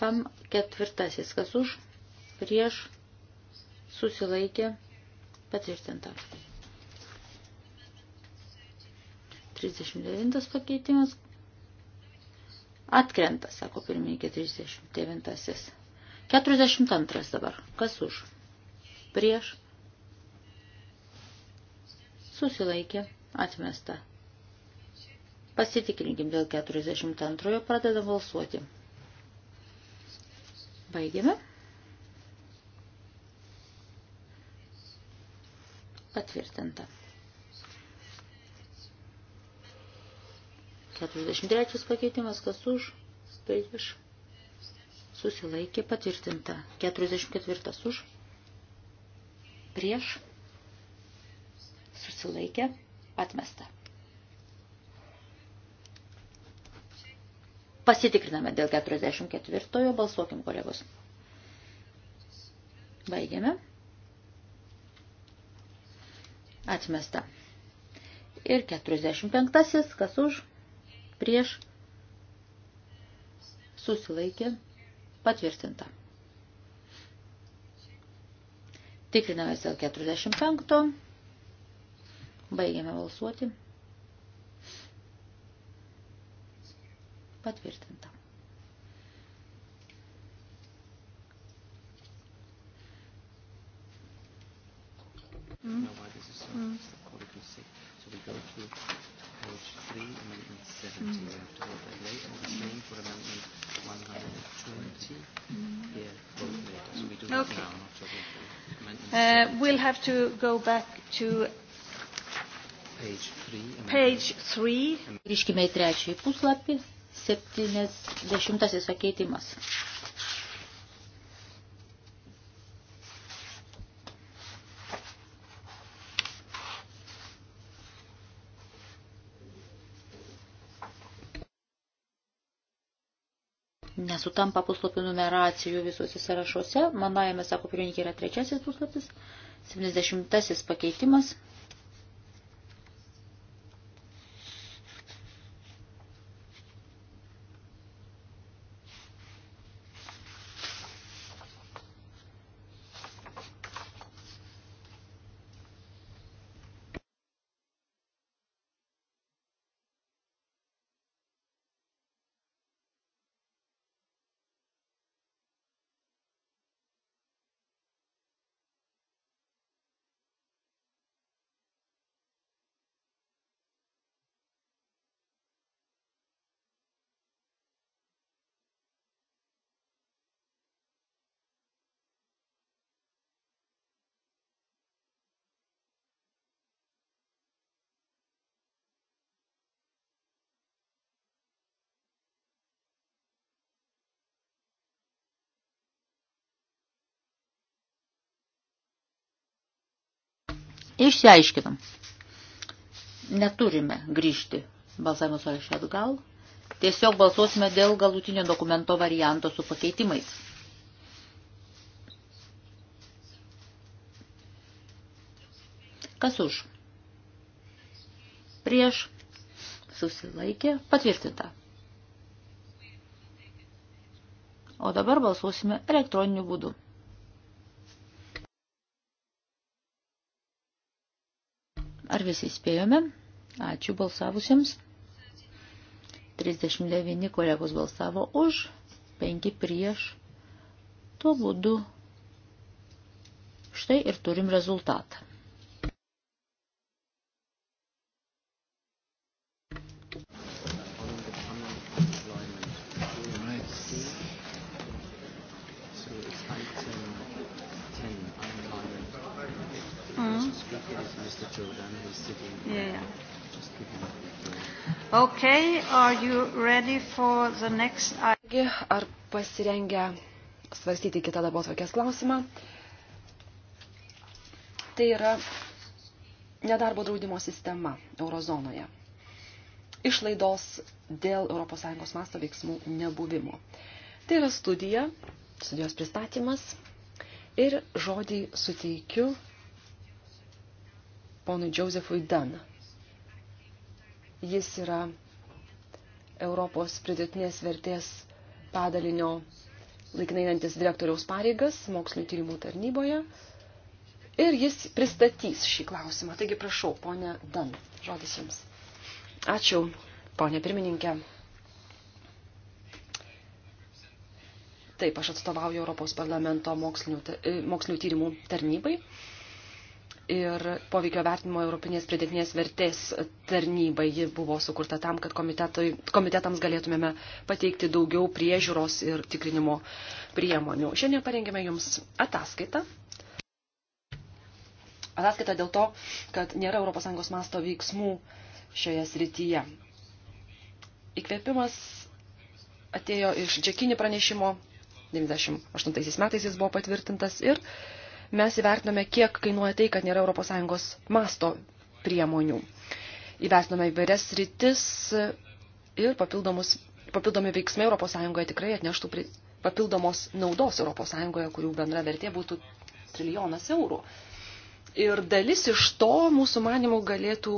FAM ketvirtasis, kas už prieš susilaikė patvirtinta. 39 pakeitimas atkrenta, sako pirmininkė 39. 42 dabar. Kas už? Prieš. Susilaikė. Atmesta. Pasitikrinkim dėl 42. Pradeda balsuoti. Baigėme. Patvirtinta. 43 pakeitimas. Kas už? Prieš susilaikė patvirtinta. 44 už, prieš, susilaikė atmesta. Pasitikriname dėl 44-ojo, balsuokim kolegos. Baigiame. Atmesta. Ir 45-asis, kas už, prieš, susilaikė, Patvirtinta. Tikrinamės dėl 45. Baigiame balsuoti. Patvirtinta. Mm. Mm. So we go to page 3, amendment 70. Mm. We have to vote that way. And the same for amendment Okay. Uh, we'll have to go back to page 3. Grįžkime į trečiąjį puslapį, septynesdešimtasis pakeitimas. sutampa puslapių numeracijų visuose sąrašuose. Manajame, sako pirmininkė, yra trečiasis puslapis, 70 pakeitimas. Išsiaiškinam. Neturime grįžti balsavimo sąrašą atgal. Tiesiog balsuosime dėl galutinio dokumento varianto su pakeitimais. Kas už? Prieš susilaikė patvirtinta. O dabar balsuosime elektroniniu būdu. Ar visi spėjome? Ačiū balsavusiems. 39 kolegos balsavo už, 5 prieš. Tuo būdu štai ir turim rezultatą. Mr. Jordan, who's sitting there. Yeah, yeah. Just give him a Okay, are you ready for the next... Ar pasirengę svarstyti kitą darbo tvarkės klausimą? Tai yra nedarbo draudimo sistema eurozonoje. Išlaidos dėl ES masto veiksmų nebuvimo. Tai yra studija, studijos pristatymas ir žodį suteikiu ponui Josefui Daną. Jis yra Europos pridėtinės vertės padalinio laikinainantis direktoriaus pareigas mokslinio tyrimų tarnyboje. Ir jis pristatys šį klausimą. Taigi prašau, ponė Dan, žodis jums. Ačiū, ponė pirmininkė. Taip, aš atstovauju Europos parlamento mokslinių, e, mokslinių tyrimų tarnybai ir poveikio vertinimo Europinės pridėtinės vertės tarnybai. Ji buvo sukurta tam, kad komitetams galėtumėme pateikti daugiau priežiūros ir tikrinimo priemonių. Šiandien parengėme Jums ataskaitą. Ataskaita dėl to, kad nėra ES masto veiksmų šioje srityje. Įkvėpimas atėjo iš Džekini pranešimo, 98 metais jis buvo patvirtintas ir mes įvertinome, kiek kainuoja tai, kad nėra ES masto priemonių. Įvertinome įvairias rytis ir papildomi veiksmai ES tikrai atneštų papildomos naudos ES, kurių bendra vertė būtų trilijonas eurų. Ir dalis iš to mūsų manimų galėtų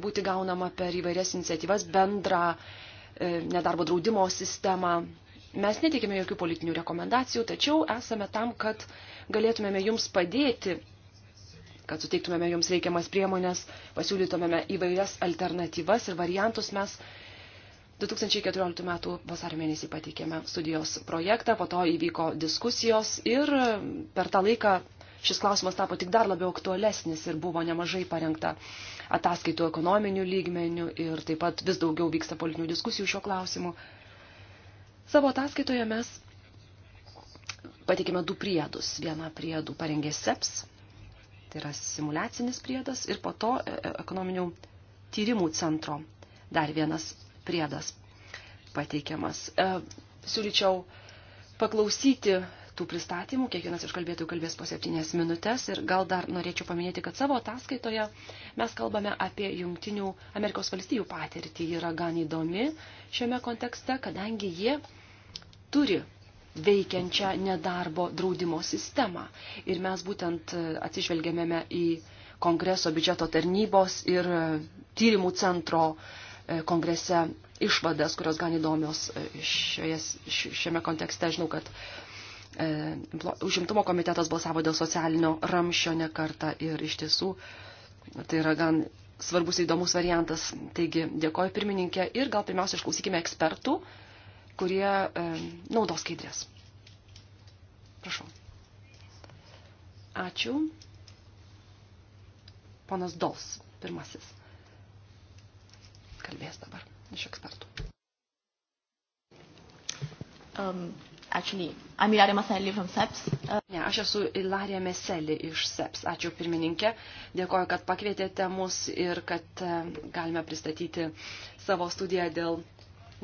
būti gaunama per įvairias iniciatyvas bendrą e, nedarbo draudimo sistemą, Mes netikime jokių politinių rekomendacijų, tačiau esame tam, kad galėtumėme jums padėti, kad suteiktumėme jums reikiamas priemonės, pasiūlytumėme įvairias alternatyvas ir variantus. Mes 2014 m. vasario mėnesį pateikėme studijos projektą, po to įvyko diskusijos ir per tą laiką šis klausimas tapo tik dar labiau aktualesnis ir buvo nemažai parengta ataskaitų ekonominių lygmenių ir taip pat vis daugiau vyksta politinių diskusijų šiuo klausimu. Savo ataskaitoje mes patikime du priedus. Vieną priedų parengė SEPS, e tai yra simulacinis priedas, ir po to e, e, ekonominių tyrimų centro dar vienas priedas pateikiamas. Siūlyčiau paklausyti tų pristatymų. Kiekvienas iš kalbėtojų kalbės po septynės minutės. Ir gal dar norėčiau paminėti, kad savo ataskaitoje mes kalbame apie Jungtinių Amerikos valstijų patirtį. Ji yra gan įdomi šiame kontekste, kadangi jie turi veikiančią nedarbo draudimo sistemą. Ir mes būtent atsižvelgėme į Kongreso biudžeto tarnybos ir tyrimų centro e, kongrese išvadas, kurios gan įdomios e, šioje, šiame kontekste. Žinau, kad E, užimtumo komitetas balsavo dėl socialinio ramščio nekartą ir iš tiesų tai yra gan svarbus įdomus variantas. Taigi dėkoju pirmininkė ir gal pirmiausia išklausykime ekspertų, kurie e, naudos skaidrės. Prašau. Ačiū. Ponas Dols, pirmasis. Kalbės dabar iš ekspertų. Um, actually, I'm Ilaria Maselli from SEPS. Uh... Ne, aš esu Ilaria Meselli iš SEPS. Ačiū pirmininkė. Dėkoju, kad pakvietėte mus ir kad uh, galime pristatyti savo studiją dėl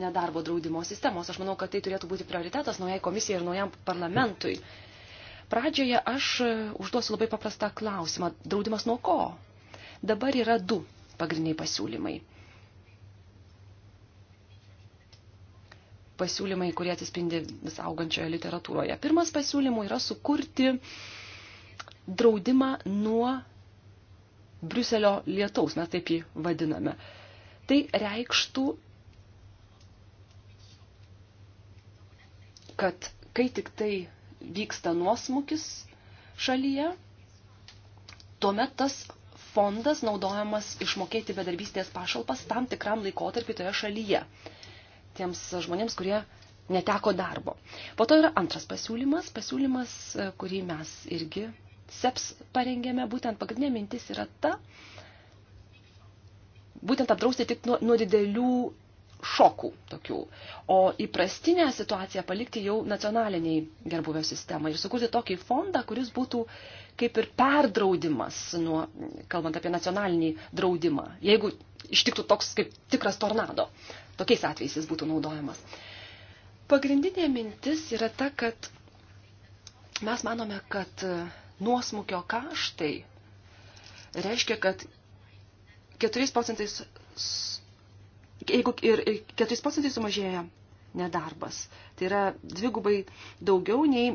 nedarbo draudimo sistemos. Aš manau, kad tai turėtų būti prioritetas naujai komisijai ir naujam parlamentui. Pradžioje aš uh, užduosiu labai paprastą klausimą. Draudimas nuo ko? Dabar yra du pagrindiniai pasiūlymai pasiūlymai, kurie atsispindi vis augančioje literatūroje. Pirmas pasiūlymų yra sukurti draudimą nuo Briuselio lietaus, mes taip jį vadiname. Tai reikštų, kad kai tik tai vyksta nuosmukis šalyje, tuomet tas fondas naudojamas išmokėti bedarbystės pašalpas tam tikram laikotarpį toje šalyje tiems žmonėms, kurie neteko darbo. Po to yra antras pasiūlymas, pasiūlymas, e, kurį mes irgi SEPS e parengėme, būtent pagrindinė mintis yra ta, būtent apdrausti tik nuo, nuo didelių šokų tokių, o įprastinę situaciją palikti jau nacionaliniai gerbuvio sistemai ir sukurti tokį fondą, kuris būtų kaip ir perdraudimas, nuo, kalbant apie nacionalinį draudimą, jeigu ištiktų toks kaip tikras tornado. Tokiais atvejais jis būtų naudojamas. Pagrindinė mintis yra ta, kad mes manome, kad nuosmukio kaštai reiškia, kad 4 procentais jeigu ir 4 procentai sumažėja nedarbas. Tai yra dvigubai daugiau nei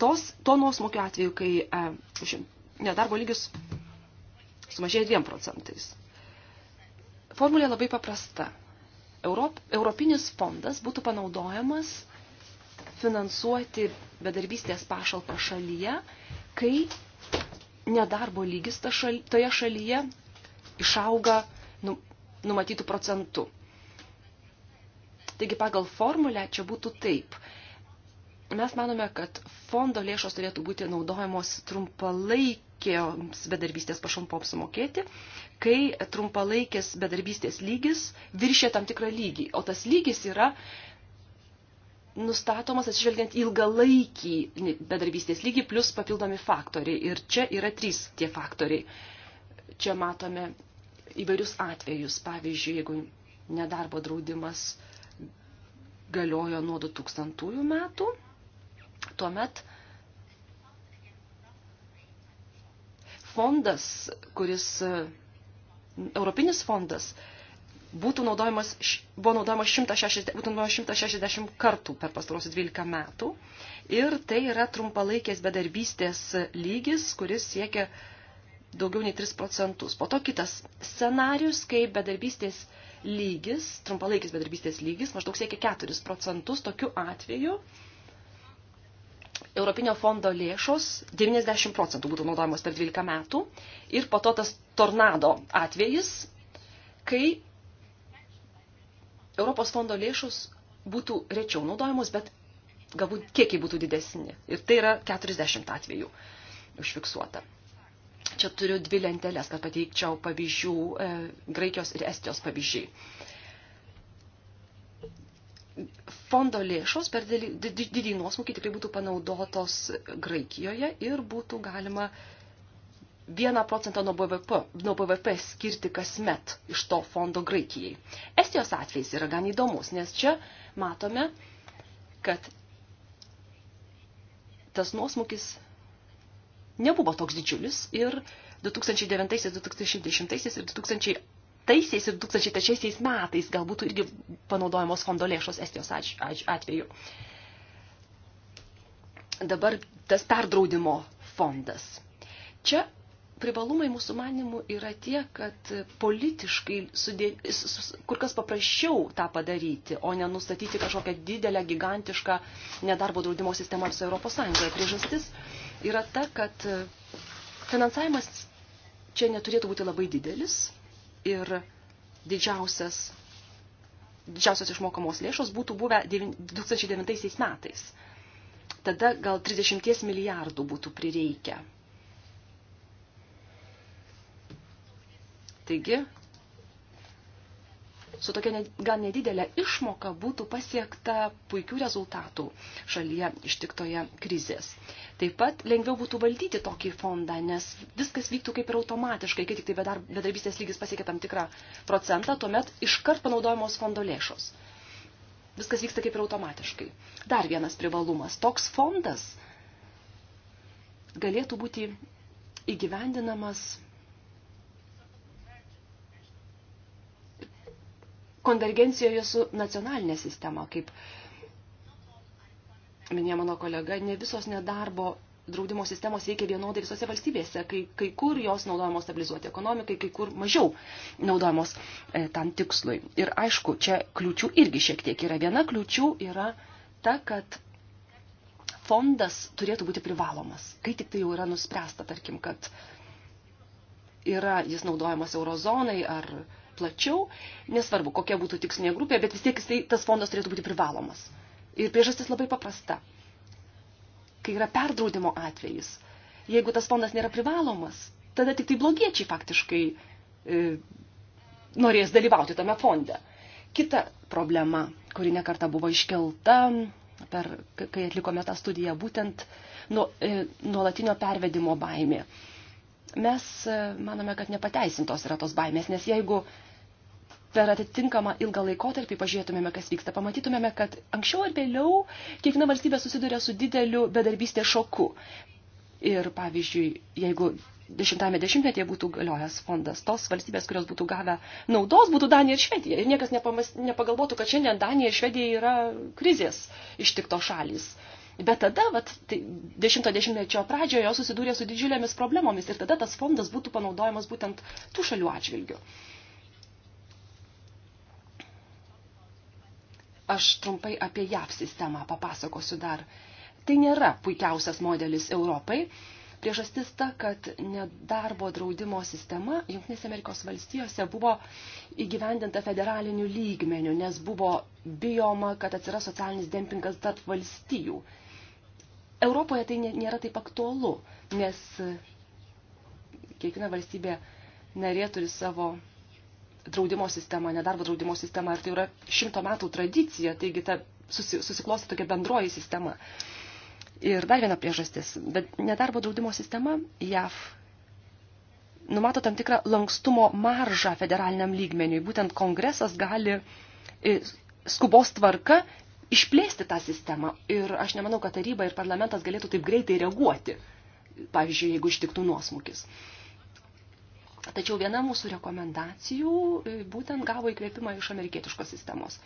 tos, to nuosmokio atveju, kai e, nedarbo lygis sumažėja 2 procentais. Formulė labai paprasta. Europ, Europinis fondas būtų panaudojamas finansuoti bedarbystės pašalpą šalyje, kai nedarbo lygis ta šal, toje šalyje išauga nu, numatytų procentų. Taigi pagal formulę čia būtų taip. Mes manome, kad fondo lėšos turėtų būti naudojamos trumpalaikėms bedarbystės pašalpoms sumokėti, kai trumpalaikės bedarbystės lygis viršė tam tikrą lygį. O tas lygis yra nustatomas atsižvelgiant ilgalaikį bedarbystės lygį plus papildomi faktoriai. Ir čia yra trys tie faktoriai. Čia matome įvairius atvejus. Pavyzdžiui, jeigu nedarbo draudimas galiojo nuo 2000 metų, tuomet fondas, kuris, Europinis fondas, būtų naudojamas, buvo naudojamas 160, būtų naudojamas 160 kartų per pastarosius 12 metų. Ir tai yra trumpalaikės bedarbystės lygis, kuris siekia daugiau nei 3 procentus. Po to kitas scenarius, kai bedarbystės lygis, trumpalaikis bedarbystės lygis, maždaug siekia 4 procentus. Tokiu atveju Europinio fondo lėšos 90 procentų būtų naudojamos per 12 metų. Ir po to tas tornado atvejis, kai Europos fondo lėšos būtų rečiau naudojamos, bet galbūt kiekiai būtų didesni. Ir tai yra 40 atvejų užfiksuota. Čia turiu dvi lentelės, kad pateikčiau pavyzdžių, e, Graikijos ir Estijos pavyzdžiai. Fondo lėšos per didį nuosmukį tikrai būtų panaudotos Graikijoje ir būtų galima 1 procentą nuo BVP, nuo BVP skirti kasmet iš to fondo Graikijai. Estijos atvejs yra gan įdomus, nes čia matome, kad tas nuosmukis nebuvo toks didžiulis ir 2009, 2010 ir 2000 2000 ir 2003 metais galbūt irgi panaudojamos fondo lėšos Estijos atveju. Dabar tas perdraudimo fondas. Čia privalumai mūsų manimų yra tie, kad politiškai sudė... kur kas paprasčiau tą padaryti, o ne nustatyti kažkokią didelę, gigantišką nedarbo draudimo sistemą visoje Europos Sąjungoje. Priežastis yra ta, kad e, finansavimas čia neturėtų būti labai didelis ir didžiausias, didžiausios išmokamos lėšos būtų buvę 2009 metais. Tada gal 30 milijardų būtų prireikę. Taigi, su tokia ne, gan nedidelė išmoka būtų pasiekta puikių rezultatų šalyje ištiktoje krizės. Taip pat lengviau būtų valdyti tokį fondą, nes viskas vyktų kaip ir automatiškai, kai tik tai bedar, bedarbystės lygis pasiekia tam tikrą procentą, tuomet iškart panaudojamos fondo lėšos. Viskas vyksta kaip ir automatiškai. Dar vienas privalumas. Toks fondas galėtų būti įgyvendinamas konvergencijoje su nacionalinė sistema, kaip minėjo mano kolega, ne visos nedarbo draudimo sistemos veikia vienodai visose valstybėse, kai, kai kur jos naudojamos stabilizuoti ekonomikai, kai kur mažiau naudojamos e, tam tikslui. Ir aišku, čia kliūčių irgi šiek tiek yra. Viena kliūčių yra ta, kad fondas turėtų būti privalomas, kai tik tai jau yra nuspręsta, tarkim, kad yra jis naudojamas eurozonai ar plačiau, nesvarbu, kokia būtų tikslinė grupė, bet vis tiek jisai, tas fondas turėtų būti privalomas. Ir priežastis labai paprasta. Kai yra perdraudimo atvejis, jeigu tas fondas nėra privalomas, tada tik tai blogiečiai faktiškai e, norės dalyvauti tame fonde. Kita problema, kuri nekarta buvo iškelta, per, kai atlikome tą studiją, būtent nu, e, nuolatinio pervedimo baimė. Mes e, manome, kad nepateisintos yra tos baimės, nes jeigu per atitinkamą ilgą laikotarpį pažiūrėtumėme, kas vyksta, pamatytumėme, kad anksčiau ar vėliau kiekviena valstybė susiduria su dideliu bedarbystės šoku. Ir pavyzdžiui, jeigu dešimtame dešimtmetyje būtų galiojęs fondas, tos valstybės, kurios būtų gavę naudos, būtų Danija ir Švedija. Ir niekas nepamas, nepagalvotų, kad šiandien Danija ir Švedija yra krizės ištikto šalys. Bet tada, vat, tai dešimto dešimtmečio pradžioje jos susidūrė su didžiulėmis problemomis ir tada tas fondas būtų panaudojamas būtent tų šalių atžvilgių. Aš trumpai apie JAV sistemą papasakosiu dar. Tai nėra puikiausias modelis Europai. Priežastis ta, kad nedarbo draudimo sistema Junktinėse Amerikos valstijose buvo įgyvendinta federaliniu lygmeniu, nes buvo bijoma, kad atsiras socialinis dempingas tarp valstijų. Europoje tai nėra taip aktualu, nes kiekviena valstybė narė turi savo draudimo sistemą, nedarbo draudimo sistemą ir tai yra šimto metų tradicija, taigi ta susi, susiklosti tokia bendroji sistema. Ir dar viena priežastis, bet nedarbo draudimo sistema JAV numato tam tikrą lankstumo maržą federaliniam lygmeniui. Būtent kongresas gali e, skubos tvarka išplėsti tą sistemą. Ir aš nemanau, kad taryba ir parlamentas galėtų taip greitai reaguoti, pavyzdžiui, jeigu ištiktų nuosmukis. Uh, Tačiau viena mūsų rekomendacijų e, būtent gavo įkvėpimą iš amerikietiškos sistemos.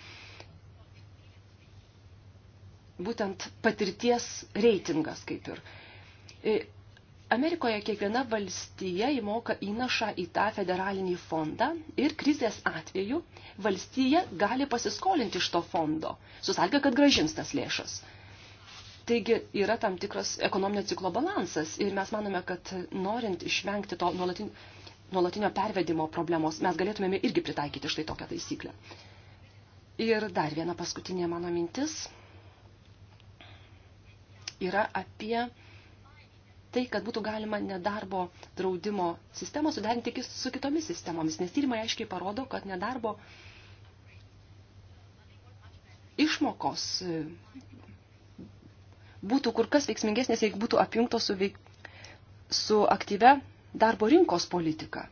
Būtent patirties reitingas kaip ir. E, Amerikoje kiekviena valstija įmoka įnašą į tą federalinį fondą ir krizės atveju valstija gali pasiskolinti iš to fondo, susalgia, kad gražins tas lėšas. Taigi yra tam tikras ekonominio ciklo balansas ir mes manome, kad norint išvengti to nuolatinio nuolatinio pervedimo problemos mes galėtumėme irgi pritaikyti štai tokią taisyklę. Ir dar viena paskutinė mano mintis yra apie tai, kad būtų galima nedarbo draudimo sistemą suderinti su kitomis sistemomis, nes tyrimai aiškiai parodo, kad nedarbo išmokos e, būtų kur kas veiksmingesnės, jeigu būtų apjungtos su, veik... su aktyve darbo rinkos politiką.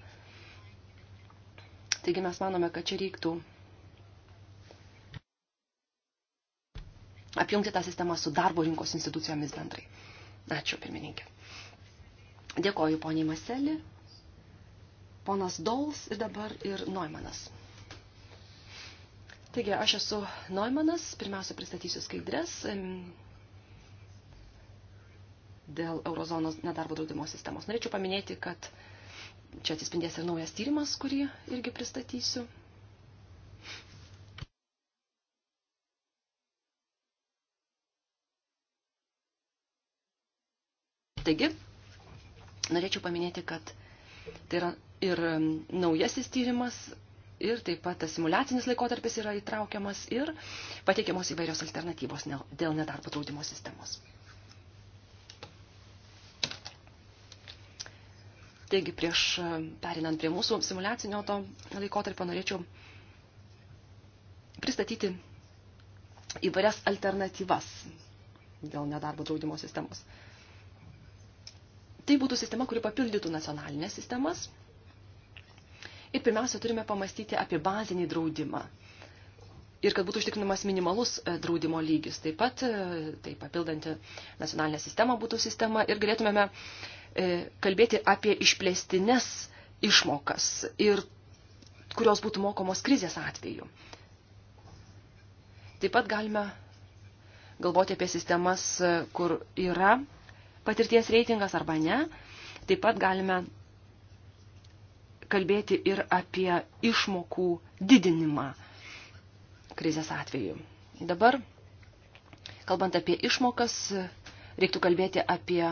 Taigi mes manome, kad čia reiktų apjungti tą sistemą su darbo rinkos institucijomis bendrai. Ačiū, pirmininkė. Dėkoju, poniai Maseli, ponas Dols ir dabar ir Noimanas. Taigi, aš esu Noimanas, pirmiausia pristatysiu skaidrės, dėl eurozonos nedarbo draudimo sistemos. Norėčiau paminėti, kad čia atsispindės ir naujas tyrimas, kurį irgi pristatysiu. Taigi, norėčiau paminėti, kad tai yra ir um, naujasis tyrimas, ir taip pat tas simulacinis laikotarpis yra įtraukiamas ir pateikiamos įvairios alternatyvos dėl nedarbo draudimo sistemos. Taigi prieš e, perinant prie mūsų simulacinio to laikotarpio norėčiau pristatyti įvairias alternatyvas dėl nedarbo draudimo sistemos. Tai būtų sistema, kuri papildytų nacionalinės sistemas. Ir pirmiausia, turime pamastyti apie bazinį draudimą – ir kad būtų užtikrinamas minimalus e, draudimo lygis. Taip pat, e, tai papildanti nacionalinę sistemą būtų sistema ir galėtumėme e, kalbėti apie išplėstines išmokas, ir kurios būtų mokomos krizės atveju. Taip pat galime galvoti apie sistemas, kur yra patirties reitingas arba ne. Taip pat galime kalbėti ir apie išmokų didinimą krizės atveju. Dabar, kalbant apie išmokas, reiktų kalbėti apie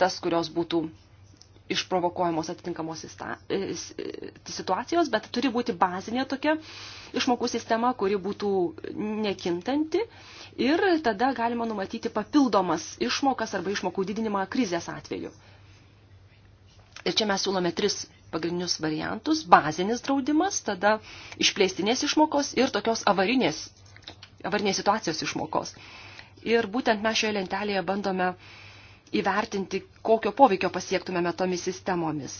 tas, kurios būtų išprovokuojamos atitinkamos e, e, situacijos, bet turi būti bazinė tokia išmokų sistema, kuri būtų nekintanti ir tada galima numatyti papildomas išmokas arba išmokų didinimą krizės atveju. Ir čia mes siūlome tris pagrindinius variantus – bazinis draudimas, tada išplėstinės išmokos ir tokios avarinės, avarinės situacijos išmokos. Ir būtent mes šioje lentelėje bandome įvertinti, kokio poveikio pasiektumėme tomis sistemomis.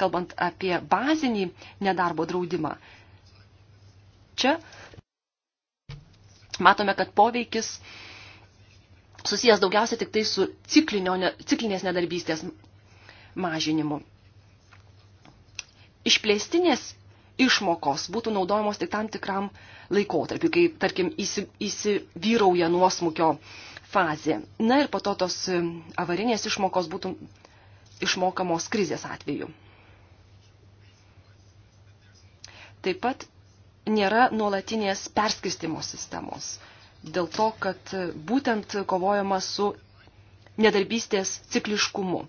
Kalbant apie bazinį nedarbo draudimą, čia matome, kad poveikis susijęs daugiausia tik tai su ciklinės nedarbystės mažinimu išplėstinės išmokos būtų naudojamos tik tam tikram laikotarpiu, kai, tarkim, įsi, įsivyrauja nuosmukio fazė. Na ir po to tos avarinės išmokos būtų išmokamos krizės atveju. Taip pat nėra nuolatinės perskirstimo sistemos. Dėl to, kad būtent kovojama su nedarbystės cikliškumu.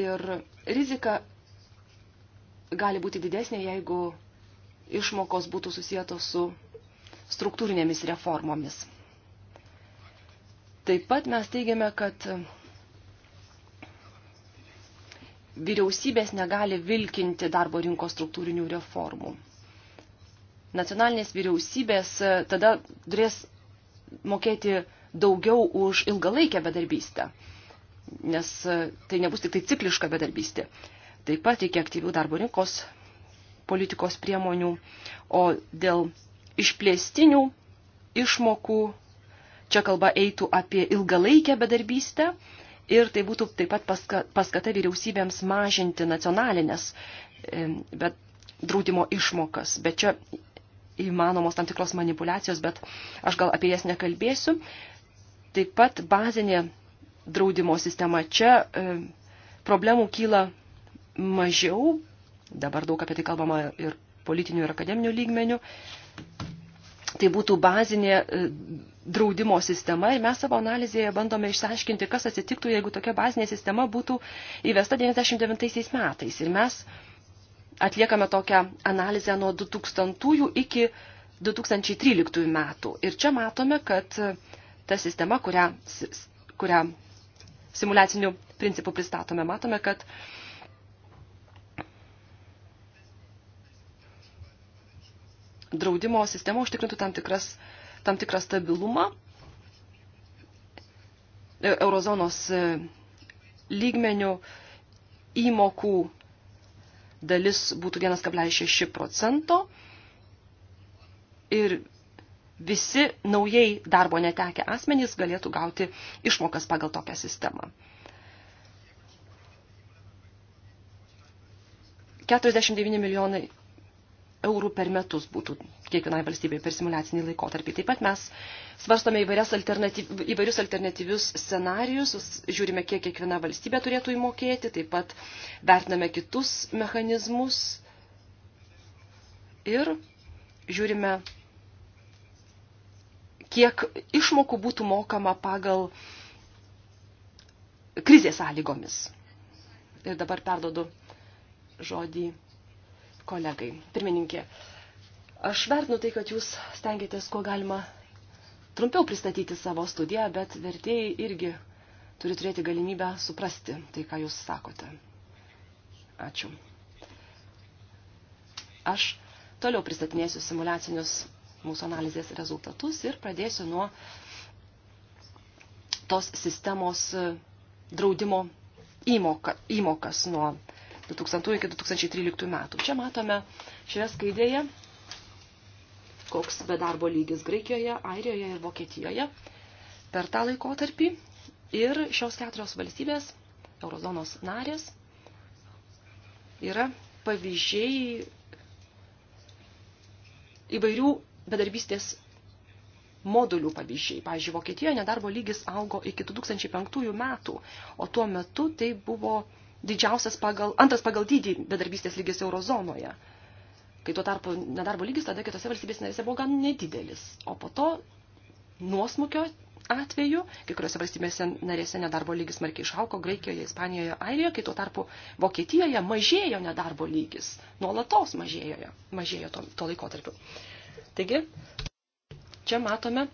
Ir rizika gali būti didesnė, jeigu išmokos būtų susijėtos su struktūrinėmis reformomis. Taip pat mes teigiame, kad vyriausybės negali vilkinti darbo rinkos struktūrinių reformų. Nacionalinės vyriausybės e, tada turės mokėti daugiau už ilgalaikę bedarbystę nes e, tai nebus tik tai cikliška bedarbystė. Taip pat reikia aktyvių darbo rinkos politikos priemonių, o dėl išplėstinių išmokų čia kalba eitų apie ilgalaikę bedarbystę ir tai būtų taip pat paska, paskata vyriausybėms mažinti nacionalinės e, bet, draudimo išmokas. Bet čia įmanomos tam tikros manipulacijos, bet aš gal apie jas nekalbėsiu. Taip pat bazinė draudimo sistema. Čia e, problemų kyla mažiau, dabar daug apie tai kalbama ir politinių ir akademinių lygmenių. Tai būtų bazinė e, draudimo sistema ir mes savo analizėje bandome išsiaiškinti, kas atsitiktų, jeigu tokia bazinė sistema būtų įvesta 99 metais. Ir mes atliekame tokią analizę nuo 2000 iki 2013 metų. Ir čia matome, kad ta sistema, kurią, kurią simulacinių principų pristatome. Matome, kad draudimo sistema užtikrintų tam, tikras, tam tikrą stabilumą e, eurozonos e, lygmenių įmokų dalis būtų 1,6 procento ir visi naujai darbo netekę asmenys galėtų gauti išmokas pagal tokią sistemą. 49 milijonai eurų per metus būtų kiekvienai valstybei per simulacinį laikotarpį. Taip pat mes svarstome alternatyv, įvairius alternatyvius scenarius, žiūrime, kiek kiekviena valstybė turėtų įmokėti, taip pat vertiname kitus mechanizmus ir žiūrime, kiek išmokų būtų mokama pagal krizės sąlygomis. Ir dabar perdodu žodį kolegai. Pirmininkė, aš vertinu tai, kad jūs stengiatės, kuo galima trumpiau pristatyti savo studiją, bet vertėjai irgi turi turėti galimybę suprasti tai, ką jūs sakote. Ačiū. Aš toliau pristatinėsiu simulacinius mūsų analizės rezultatus ir pradėsiu nuo tos sistemos e, draudimo įmoka, įmokas nuo 2000 iki 2013 metų. Čia matome šioje skaidrėje, koks bedarbo lygis Graikijoje, Airijoje ir Vokietijoje per tą laikotarpį. Ir šios keturios valstybės, eurozonos narės, yra pavyzdžiai įvairių bedarbystės modulių pavyzdžiai. Pavyzdžiui, Vokietijoje nedarbo lygis augo iki 2005 metų, o tuo metu tai buvo didžiausias pagal, antras pagal dydį bedarbystės lygis eurozonoje. Kai tuo tarpu nedarbo lygis tada kitose valstybės narėse buvo gan nedidelis. O po to nuosmukio atveju, kai kuriuose valstybėse narėse nedarbo lygis smarkiai išauko, Graikijoje, Ispanijoje, Airijoje, kai tuo tarpu Vokietijoje mažėjo nedarbo lygis, nuolatos mažėjo, mažėjo to, to laikotarpiu. tarpiu. Taigi, čia matome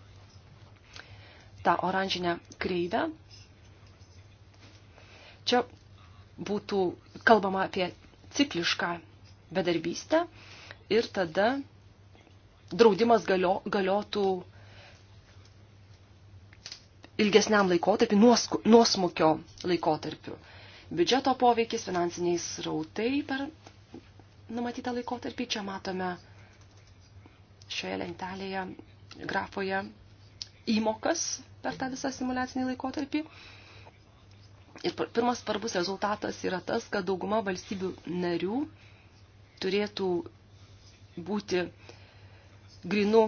tą oranžinę kreivę. Čia būtų kalbama apie ciklišką bedarbystę ir tada draudimas galio, galiotų ilgesniam laikotarpiu, nuosmukio laikotarpiu. Biudžeto poveikis, finansiniai srautai per numatytą laikotarpį, čia matome šioje lentelėje grafoje įmokas per tą visą simulacinį laikotarpį. Ir pirmas svarbus rezultatas yra tas, kad dauguma valstybių narių turėtų būti grinu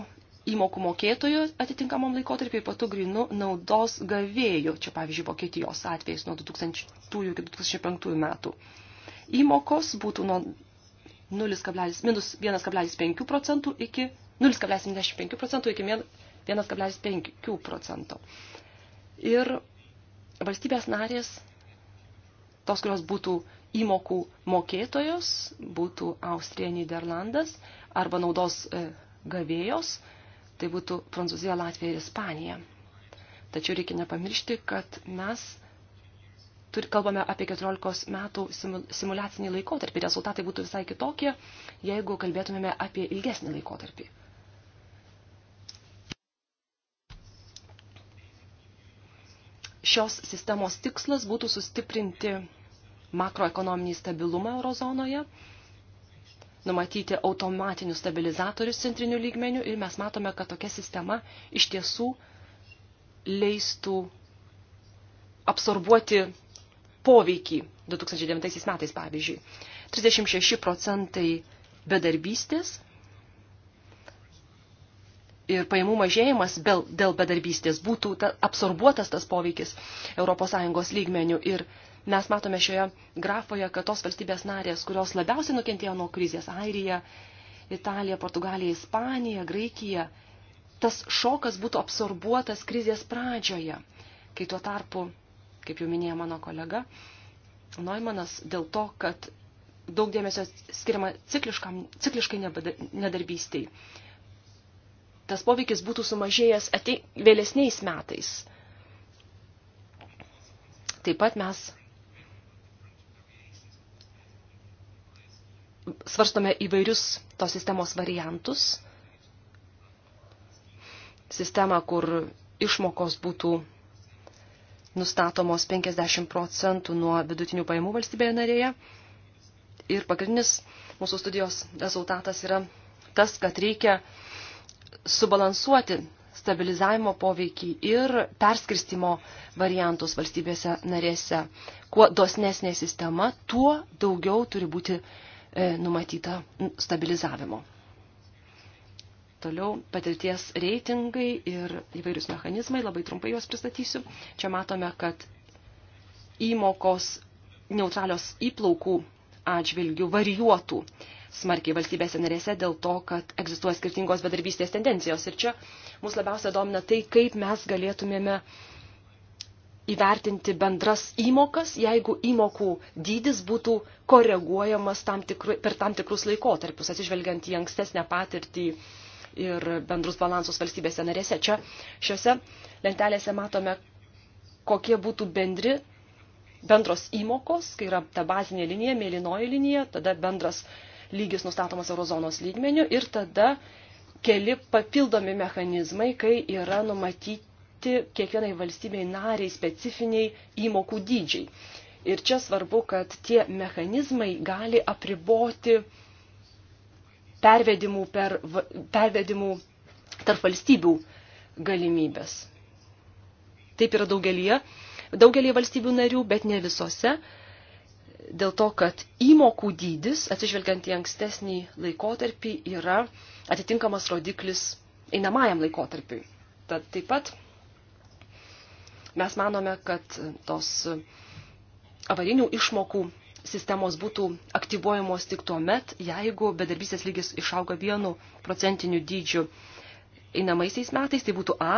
įmokų mokėtojų atitinkamam laikotarpiai, patų grinu naudos gavėjų, čia pavyzdžiui Vokietijos atvejais nuo 2000 iki 2005 metų. Įmokos būtų nuo 0, minus 1,5 procentų iki 0,75 procentų iki 1,5 procento. Ir valstybės narės, tos, kurios būtų įmokų mokėtojos, būtų Austrija, Niderlandas arba naudos e, gavėjos, tai būtų Prancūzija, Latvija ir Ispanija. Tačiau reikia nepamiršti, kad mes turi, kalbame apie 14 metų simulacinį laikotarpį. Rezultatai būtų visai kitokie, jeigu kalbėtumėme apie ilgesnį laikotarpį. šios sistemos tikslas būtų sustiprinti makroekonominį stabilumą eurozonoje, numatyti automatinius stabilizatorius centrinių lygmenių ir mes matome, kad tokia sistema iš tiesų leistų absorbuoti poveikį 2009 metais, pavyzdžiui. 36 procentai bedarbystės ir pajamų mažėjimas dėl bedarbystės būtų ta, absorbuotas tas poveikis ES lygmenių. Ir mes matome šioje grafoje, kad tos valstybės narės, kurios labiausiai nukentėjo nuo krizės – Airija, Italija, Portugalija, Ispanija, Graikija – tas šokas būtų absorbuotas krizės pradžioje, kai tuo tarpu, kaip jau minėjo mano kolega Noimanas, dėl to, kad daug dėmesio skiriama cikliškai nedarbystei tas poveikis būtų sumažėjęs atei, vėlesniais metais. Taip pat mes svarstome įvairius tos sistemos variantus. Sistema, kur išmokos būtų nustatomos 50 procentų nuo vidutinių pajamų valstybėje narėje. Ir pagrindinis mūsų studijos rezultatas yra tas, kad reikia uh, subalansuoti stabilizavimo poveikį ir perskirstimo variantus valstybėse narėse. Kuo dosnesnė sistema, tuo daugiau turi būti e, numatyta stabilizavimo. Toliau patirties reitingai ir įvairius mechanizmai, labai trumpai juos pristatysiu. Čia matome, kad įmokos neutralios įplaukų atžvilgių varijuotų smarkiai valstybėse narėse dėl to, kad egzistuoja skirtingos bedarbystės tendencijos. Ir čia mus labiausia domina tai, kaip mes galėtumėme įvertinti bendras įmokas, jeigu įmokų dydis būtų koreguojamas tam tikru, per tam tikrus laikotarpius, atsižvelgiant į ankstesnę patirtį ir bendrus balansus valstybėse narėse. Čia šiuose lentelėse matome, kokie būtų bendri bendros įmokos, kai yra ta bazinė linija, mėlynoji linija, tada bendras lygis nustatomas eurozonos lygmeniu ir tada keli papildomi mechanizmai, kai yra numatyti kiekvienai valstybei nariai specifiniai įmokų dydžiai. Ir čia svarbu, kad tie mechanizmai gali apriboti pervedimų, per, pervedimų tarp valstybių galimybės. Taip yra daugelie, daugelie valstybių narių, bet ne visose dėl to, kad įmokų dydis, atsižvelgiant į ankstesnį laikotarpį, yra atitinkamas rodiklis einamajam laikotarpiui. Tad taip pat mes manome, kad tos avarinių išmokų sistemos būtų aktyvuojamos tik tuo met, jeigu bedarbysės lygis išauga vienu procentiniu dydžiu einamaisiais metais, tai būtų A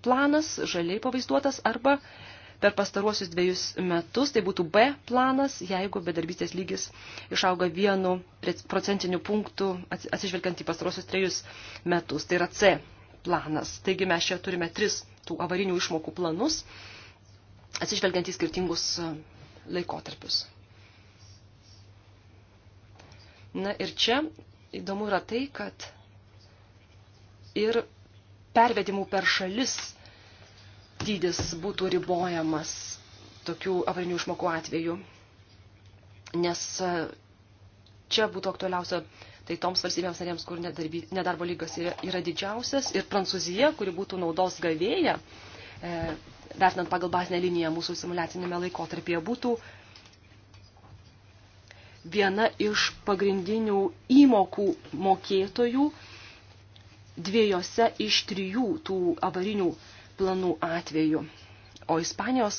planas, žaliai pavaizduotas, arba per pastaruosius dviejus metus. Tai būtų B planas, jeigu bedarbystės lygis išauga vienu procentiniu punktu atsižvelgiant į pastaruosius trejus metus. Tai yra C planas. Taigi mes čia turime tris tų avarinių išmokų planus atsižvelgiant į skirtingus e, laikotarpius. Na ir čia įdomu yra tai, kad ir pervedimų per šalis dydis būtų ribojamas tokių avarinių išmokų atveju. Nes e, čia būtų aktualiausia tai toms valstybėms narėms, kur nedarbo lygas yra didžiausias ir Prancūzija, kuri būtų naudos gavėja, e, vertinant pagal bazinę liniją mūsų simulacinėme laikotarpyje, būtų viena iš pagrindinių įmokų mokėtojų dviejose iš trijų tų avarinių planų atveju. O Ispanijos,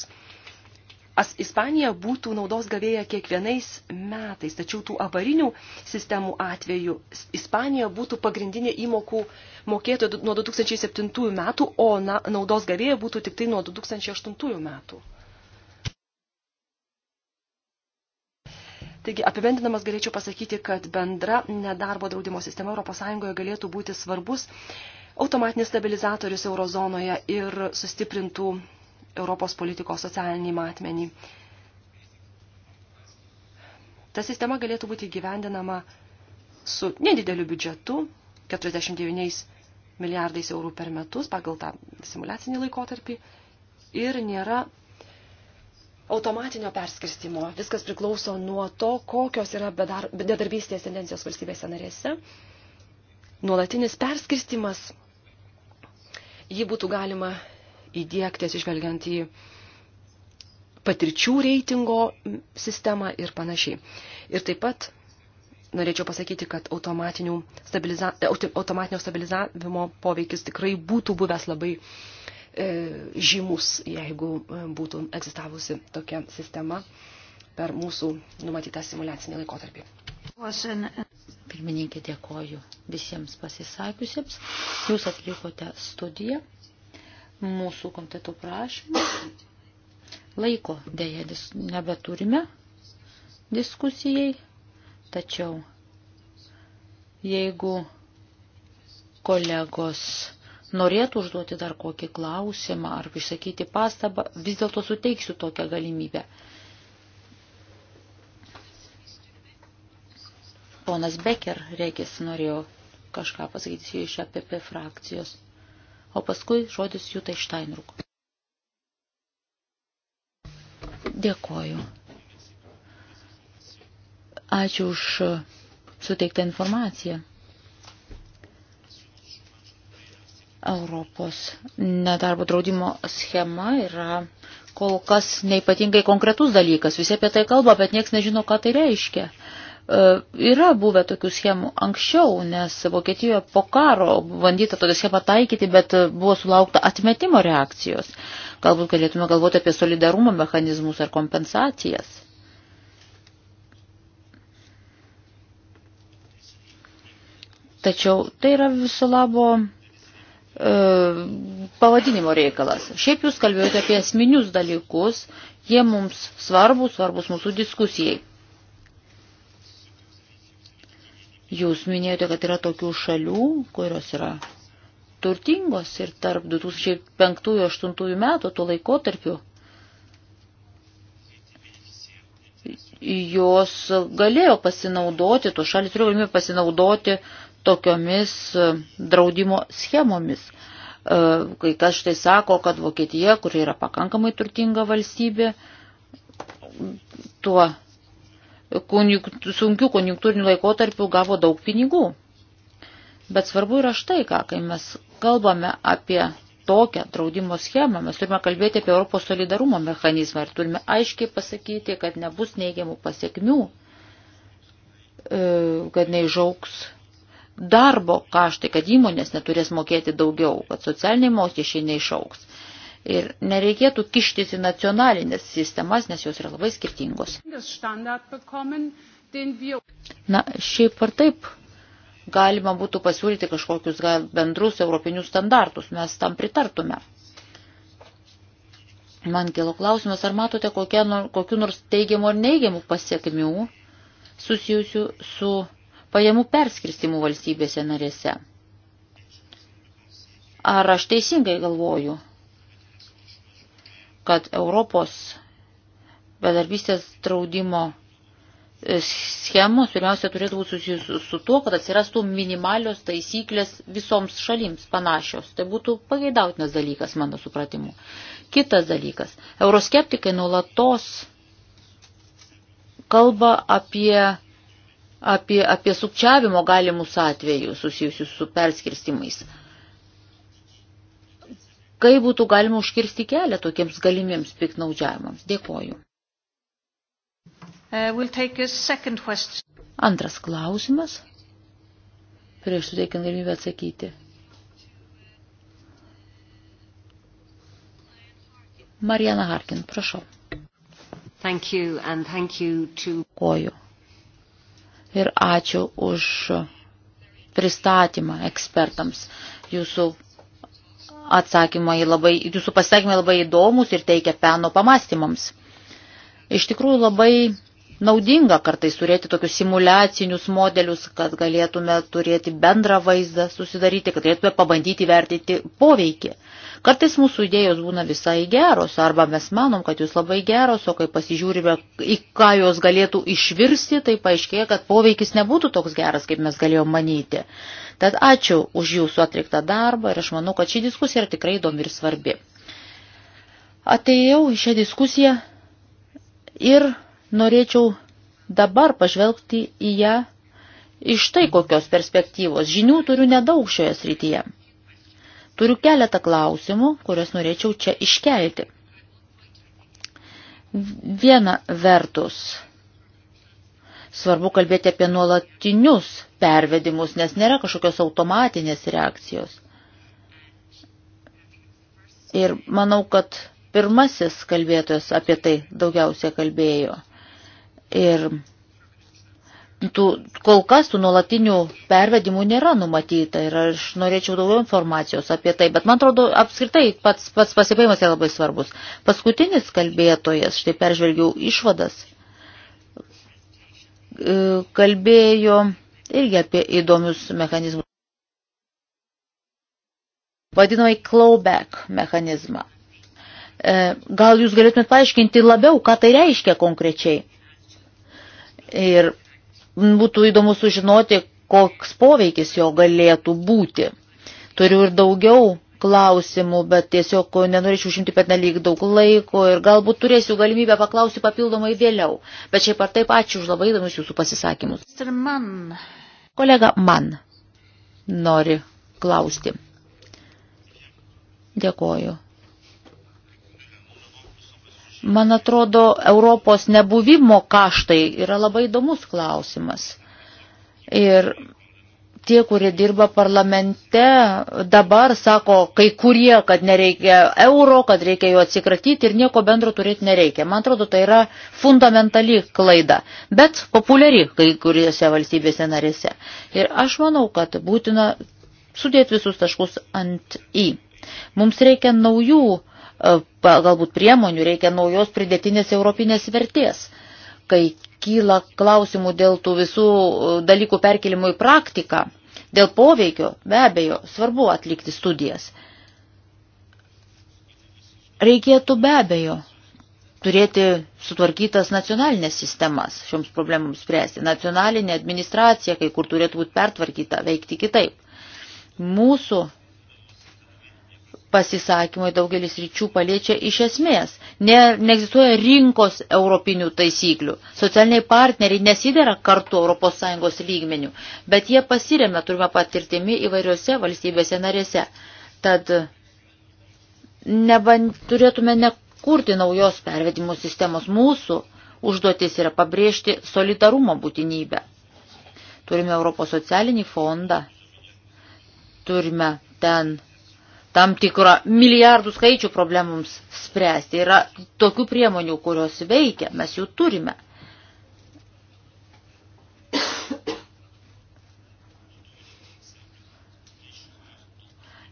as, Ispanija būtų naudos gavėja kiekvienais metais, tačiau tų avarinių sistemų atveju Ispanija būtų pagrindinė įmokų mokėtoja nuo 2007 metų, o na, naudos gavėja būtų tik tai nuo 2008 metų. Taigi, apibendinamas galėčiau pasakyti, kad bendra nedarbo draudimo sistema ES galėtų būti svarbus automatinis stabilizatorius eurozonoje ir sustiprintų Europos politikos socialinį matmenį. Ta sistema galėtų būti gyvendinama su nedideliu biudžetu, 49 milijardais eurų per metus pagal tą simulacinį laikotarpį ir nėra automatinio perskirstimo. Viskas priklauso nuo to, kokios yra bedar, bedarbystės tendencijos valstybėse narėse. Nuolatinis perskirstimas jį būtų galima įdėkti atsižvelgiant į patirčių reitingo sistemą ir panašiai. Ir taip pat norėčiau pasakyti, kad stabiliza, e, automatinio stabilizavimo poveikis tikrai būtų buvęs labai e, žymus, jeigu e, būtų egzistavusi tokia sistema per mūsų numatytą simulacinį laikotarpį. Pirmininkė, dėkoju visiems pasisakiusiems. Jūs atlikote studiją mūsų komiteto prašymą. Laiko dėja nebeturime diskusijai, tačiau jeigu kolegos norėtų užduoti dar kokį klausimą ar išsakyti pastabą, vis dėlto suteiksiu tokią galimybę. Ponas Becker, reikės, norėjo kažką pasakyti iš APP e frakcijos. O paskui žodis Jutai Steinruk. Dėkoju. Ačiū už suteiktą informaciją. Europos nedarbo draudimo schema yra kol kas neipatingai konkretus dalykas. Visi apie tai kalba, bet nieks nežino, ką tai reiškia. Uh, E, yra buvę tokių schemų anksčiau, nes Vokietijoje po karo bandyta tokią schemą taikyti, bet buvo sulaukta atmetimo reakcijos. Galbūt galėtume galvoti apie solidarumo mechanizmus ar kompensacijas. Tačiau tai yra viso labo e, pavadinimo reikalas. Šiaip jūs kalbėjote apie esminius dalykus, jie mums svarbus, svarbus mūsų diskusijai. Jūs minėjote, kad yra tokių šalių, kurios yra turtingos ir tarp 2005-2008 metų tuo laikotarpiu jos galėjo pasinaudoti, to šalis turi galimybę pasinaudoti tokiomis e, draudimo schemomis. E, kai kas štai sako, kad Vokietija, kuri yra pakankamai turtinga valstybė, tuo konjunkt, sunkių konjunktūrinių laikotarpių gavo daug pinigų. Bet svarbu yra štai ką, kai mes kalbame apie tokią draudimo schemą, mes turime kalbėti apie Europos solidarumo mechanizmą ir turime aiškiai pasakyti, kad nebus neigiamų pasiekmių, e, kad neižauks darbo kaštai, kad įmonės neturės mokėti daugiau, kad socialiniai mokesčiai neišauks ir nereikėtų kištis į nacionalinės sistemas, nes jos yra labai skirtingos. Na, šiaip ar taip, galima būtų pasiūlyti kažkokius gal bendrus europinius standartus, mes tam pritartume. Man kilo klausimas, ar matote kokie, kokiu nors teigiamų ar neigiamų pasiekmių susijusių su pajamų perskirstimu valstybėse narėse. Ar aš teisingai galvoju? kad Europos bedarbystės draudimo e, schemos pirmiausia turėtų būti susijusios su tuo, kad atsirastų minimalios taisyklės visoms šalims panašios. Tai būtų pageidautinas dalykas, mano supratimu. Kitas dalykas. Euroskeptikai nuolatos kalba apie, apie, apie sukčiavimo galimus atvejus susijusius su perskirstimais kaip būtų galima užkirsti kelią tokiems galimiems piknaudžiavimams. Dėkoju. Uh, we'll Antras klausimas. Prieš suteikiant galimybę atsakyti. Mariana Harkin, prašau. Thank you and thank you to... Koju. Ir ačiū už pristatymą ekspertams. Jūsų atsakymai labai, jūsų pasakymai labai įdomus ir teikia peno pamastymams. Iš tikrųjų labai naudinga kartais turėti tokius simulacinius modelius, kad galėtume turėti bendrą vaizdą susidaryti, kad galėtume pabandyti vertinti poveikį. Kartais mūsų idėjos būna visai geros, arba mes manom, kad jūs labai geros, o kai pasižiūrime, į ką jos galėtų išvirsti, tai paaiškėja, kad poveikis nebūtų toks geras, kaip mes galėjom manyti. Tad ačiū už jūsų atliktą darbą ir aš manau, kad ši diskusija yra tikrai įdomi ir svarbi. Atėjau į šią diskusiją ir norėčiau dabar pažvelgti į ją iš tai kokios perspektyvos. Žinių turiu nedaug šioje srityje. Turiu keletą klausimų, kurias norėčiau čia iškelti. Viena vertus, Svarbu kalbėti apie nuolatinius pervedimus, nes nėra kažkokios automatinės reakcijos. Ir manau, kad pirmasis kalbėtojas apie tai daugiausia kalbėjo. Ir tų, kol kas tų nuolatinių pervedimų nėra numatyta ir aš norėčiau daugiau informacijos apie tai, bet man atrodo apskritai pats, pats pasibaimas yra labai svarbus. Paskutinis kalbėtojas, štai peržvelgiau išvadas, E, kalbėjo irgi apie įdomius mechanizmus. Vadinamai clawback mechanizmą. E, gal jūs galėtumėt paaiškinti labiau, ką tai reiškia konkrečiai? Ir būtų įdomu sužinoti, koks poveikis jo galėtų būti. Turiu ir daugiau klausimų, bet tiesiog nenorėčiau užimti per nelik daug laiko ir galbūt turėsiu galimybę paklausti papildomai vėliau. Bet šiaip ar taip ačiū už labai įdomius jūsų pasisakymus. Man. Kolega man nori klausti. Dėkoju. Man atrodo, Europos nebuvimo kaštai yra labai įdomus klausimas. Ir tie, kurie dirba parlamente, dabar sako kai kurie, kad nereikia euro, kad reikia jo atsikratyti ir nieko bendro turėti nereikia. Man atrodo, tai yra fundamentali klaida, bet populiari kai kuriuose valstybėse narėse. Ir aš manau, kad būtina sudėti visus taškus ant į. Mums reikia naujų, e, galbūt priemonių, reikia naujos pridėtinės europinės vertės. Kai kyla klausimų dėl tų visų e, dalykų perkelimų į praktiką, dėl poveikio, be abejo, svarbu atlikti studijas. Reikėtų be abejo turėti sutvarkytas nacionalinės sistemas šioms problemams spręsti. Nacionalinė administracija kai kur turėtų būti pertvarkyta, veikti kitaip. Mūsų pasisakymai daugelis ryčių paliečia iš esmės. Ne, neegzistuoja rinkos europinių taisyklių. Socialiniai partneriai nesidera kartu ES lygmenių, bet jie pasiremia turime patirtimi įvairiose valstybėse narėse. Tad neban, turėtume nekurti naujos pervedimų sistemos. Mūsų užduotis yra pabrėžti solidarumo būtinybę. Turime Europos socialinį fondą, turime ten tam tikrą milijardų skaičių problemams spręsti. Yra tokių priemonių, kurios veikia, mes jų turime.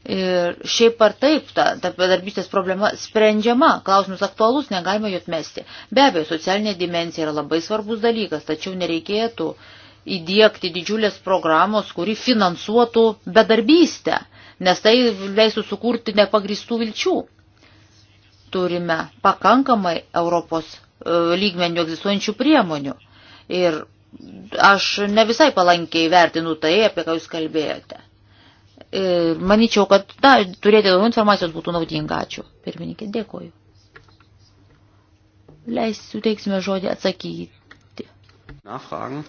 Ir šiaip ar taip, ta, ta bedarbystės problema sprendžiama, klausimus aktualus, negalima jų atmesti. Be abejo, socialinė dimensija yra labai svarbus dalykas, tačiau nereikėtų įdėkti didžiulės programos, kuri finansuotų bedarbystę nes tai leisų sukurti nepagristų vilčių. Turime pakankamai Europos e, lygmenių egzistuojančių priemonių. Ir aš ne visai palankiai vertinu tai, apie ką jūs kalbėjote. Ir e, manyčiau, kad na, turėti daugiau informacijos būtų naudinga. Ačiū. Pirmininkė, dėkoju. Leis, suteiksime žodį atsakyti. Nachfragen.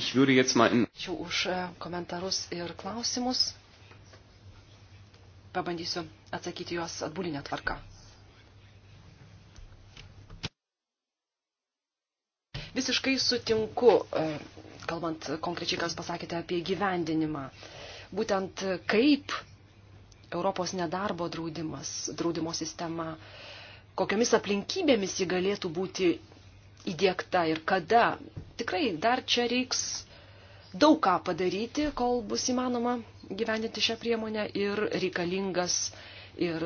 Ich würde jetzt mal in... Ačiū už e, komentarus ir klausimus pabandysiu atsakyti juos atbulinę tvarką. Visiškai sutinku, e, kalbant konkrečiai, kas pasakėte apie gyvendinimą. Būtent kaip Europos nedarbo draudimas, draudimo sistema, kokiomis aplinkybėmis ji galėtų būti įdėkta ir kada. Tikrai dar čia reiks daug ką padaryti, kol bus įmanoma gyvendinti šią priemonę ir reikalingas ir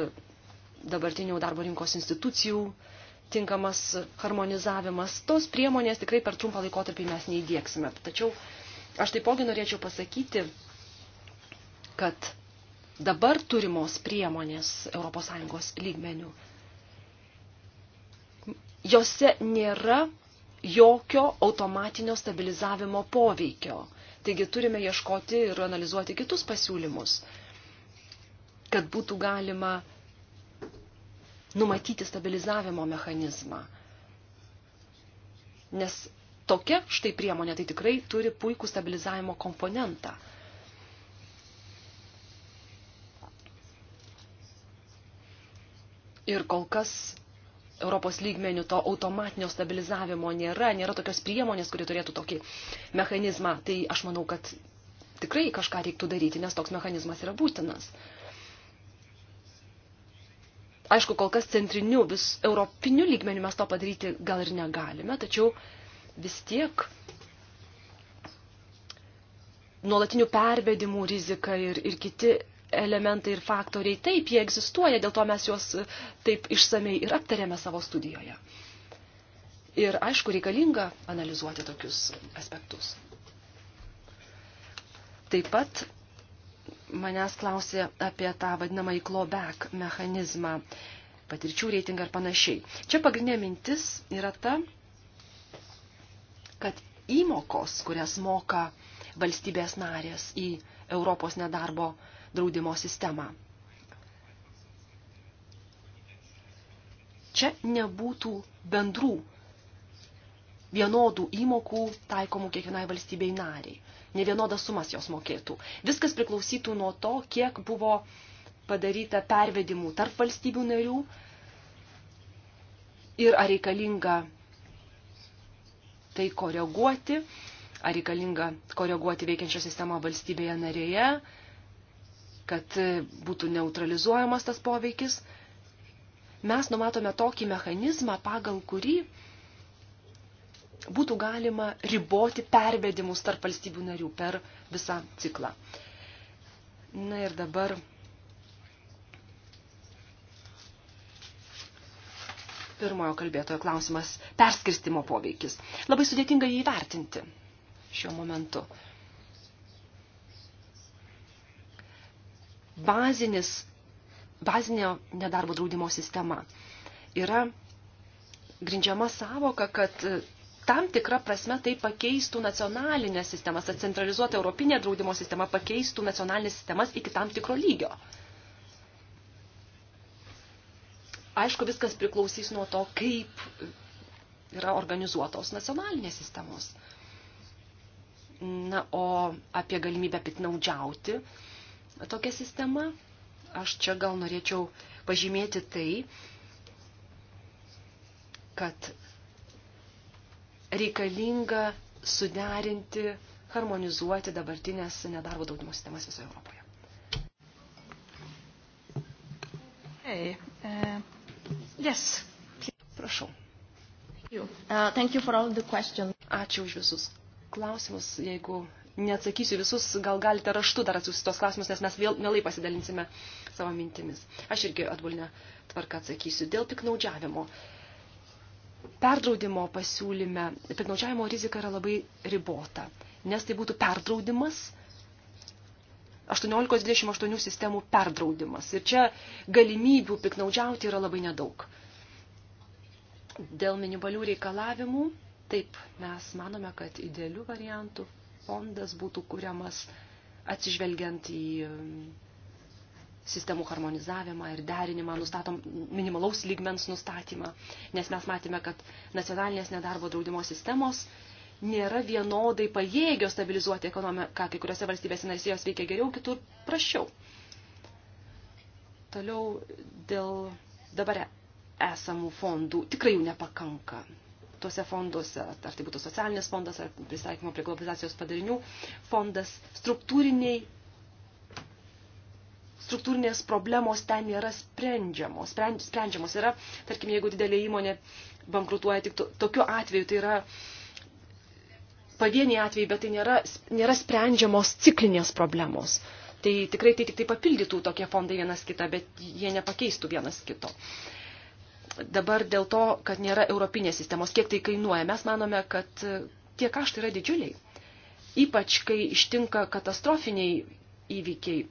dabartinių darbo rinkos institucijų tinkamas harmonizavimas. Tos priemonės tikrai per trumpą laikotarpį mes neįdėksime. Tačiau aš taipogi norėčiau pasakyti, kad dabar turimos priemonės ES lygmenių, jose nėra jokio automatinio stabilizavimo poveikio Taigi turime ieškoti ir analizuoti kitus pasiūlymus, kad būtų galima numatyti stabilizavimo mechanizmą. Nes tokia štai priemonė tai tikrai turi puikų stabilizavimo komponentą. Ir kol kas Europos lygmenių to automatinio stabilizavimo nėra, nėra tokios priemonės, kuri turėtų tokį mechanizmą. Tai aš manau, kad tikrai kažką reiktų daryti, nes toks mechanizmas yra būtinas. Aišku, kol kas centriniu, vis europiniu lygmeniu mes to padaryti gal ir negalime, tačiau vis tiek nuolatinių pervedimų rizika ir, ir kiti elementai ir faktoriai, taip, jie egzistuoja, dėl to mes juos e, taip išsamei ir aptarėme savo studijoje. Ir aišku, reikalinga analizuoti tokius aspektus. Taip pat manęs klausė apie tą vadinamą clawback mechanizmą, patirčių reitingą ir panašiai. Čia pagrindinė mintis yra ta, kad įmokos, kurias moka valstybės narės į Europos nedarbo draudimo sistemą. Čia nebūtų bendrų vienodų įmokų taikomų kiekvienai valstybei nariai. Ne vienodas sumas jos mokėtų. Viskas priklausytų nuo to, kiek buvo padaryta pervedimų tarp valstybių narių ir ar reikalinga tai koreguoti, ar reikalinga koreguoti veikiančią sistemą valstybėje narėje, kad būtų neutralizuojamas tas poveikis, mes numatome tokį mechanizmą, pagal kurį būtų galima riboti pervedimus tarp valstybių narių per visą ciklą. Na ir dabar pirmojo kalbėtojo klausimas – perskirstimo poveikis. Labai sudėtinga jį įvertinti šiuo momentu. bazinis, bazinio nedarbo draudimo sistema yra grindžiama savoka, kad e, tam tikrą prasme tai pakeistų nacionalinę sistemą, ta centralizuota europinė draudimo sistema pakeistų nacionalinės sistemas iki tam tikro lygio. Aišku, viskas priklausys nuo to, kaip yra organizuotos nacionalinės sistemos. Na, o apie galimybę pitnaudžiauti, uh, tokia sistema. Aš čia gal norėčiau pažymėti tai, kad reikalinga suderinti, harmonizuoti dabartinės nedarbo daudimo sistemas visoje Europoje. Hey, uh, yes. Prašau. Thank you. Uh, thank you for all the questions. Ačiū už visus klausimus. Jeigu neatsakysiu visus, gal galite raštu dar atsiųsti tos klausimus, nes mes vėl mielai pasidalinsime savo mintimis. Aš irgi atbulinę tvarką atsakysiu. Dėl piknaudžiavimo. Perdraudimo pasiūlyme piknaudžiavimo rizika yra labai ribota, nes tai būtų perdraudimas 18-28 sistemų perdraudimas. Ir čia galimybių piknaudžiauti yra labai nedaug. Dėl minimalių reikalavimų, taip, mes manome, kad idealių variantų fondas būtų kuriamas atsižvelgiant į um, sistemų harmonizavimą ir derinimą, nustatom minimalaus lygmens nustatymą, nes mes matėme, kad nacionalinės nedarbo draudimo sistemos nėra vienodai pajėgios stabilizuoti ekonomiką, kai kuriuose valstybėse narėse jos veikia geriau, kitur prašiau. Toliau dėl dabar esamų fondų tikrai jų nepakanka tuose fonduose, ar tai būtų socialinis fondas, ar pristaikymo prie globalizacijos padarinių fondas, struktūriniai, struktūrinės problemos ten nėra sprendžiamos. sprendžiamos yra, tarkim, jeigu didelė įmonė bankrutuoja tik to, tokiu atveju, tai yra pavieniai atvejai, bet tai nėra, nėra sprendžiamos ciklinės problemos. Tai tikrai tai tik tai papildytų tokie fondai vienas kitą, bet jie nepakeistų vienas kito. Uh, dabar dėl to, kad nėra europinės sistemos, kiek tai kainuoja. Mes manome, kad e, tie kaštai yra didžiuliai. Ypač, kai ištinka katastrofiniai įvykiai,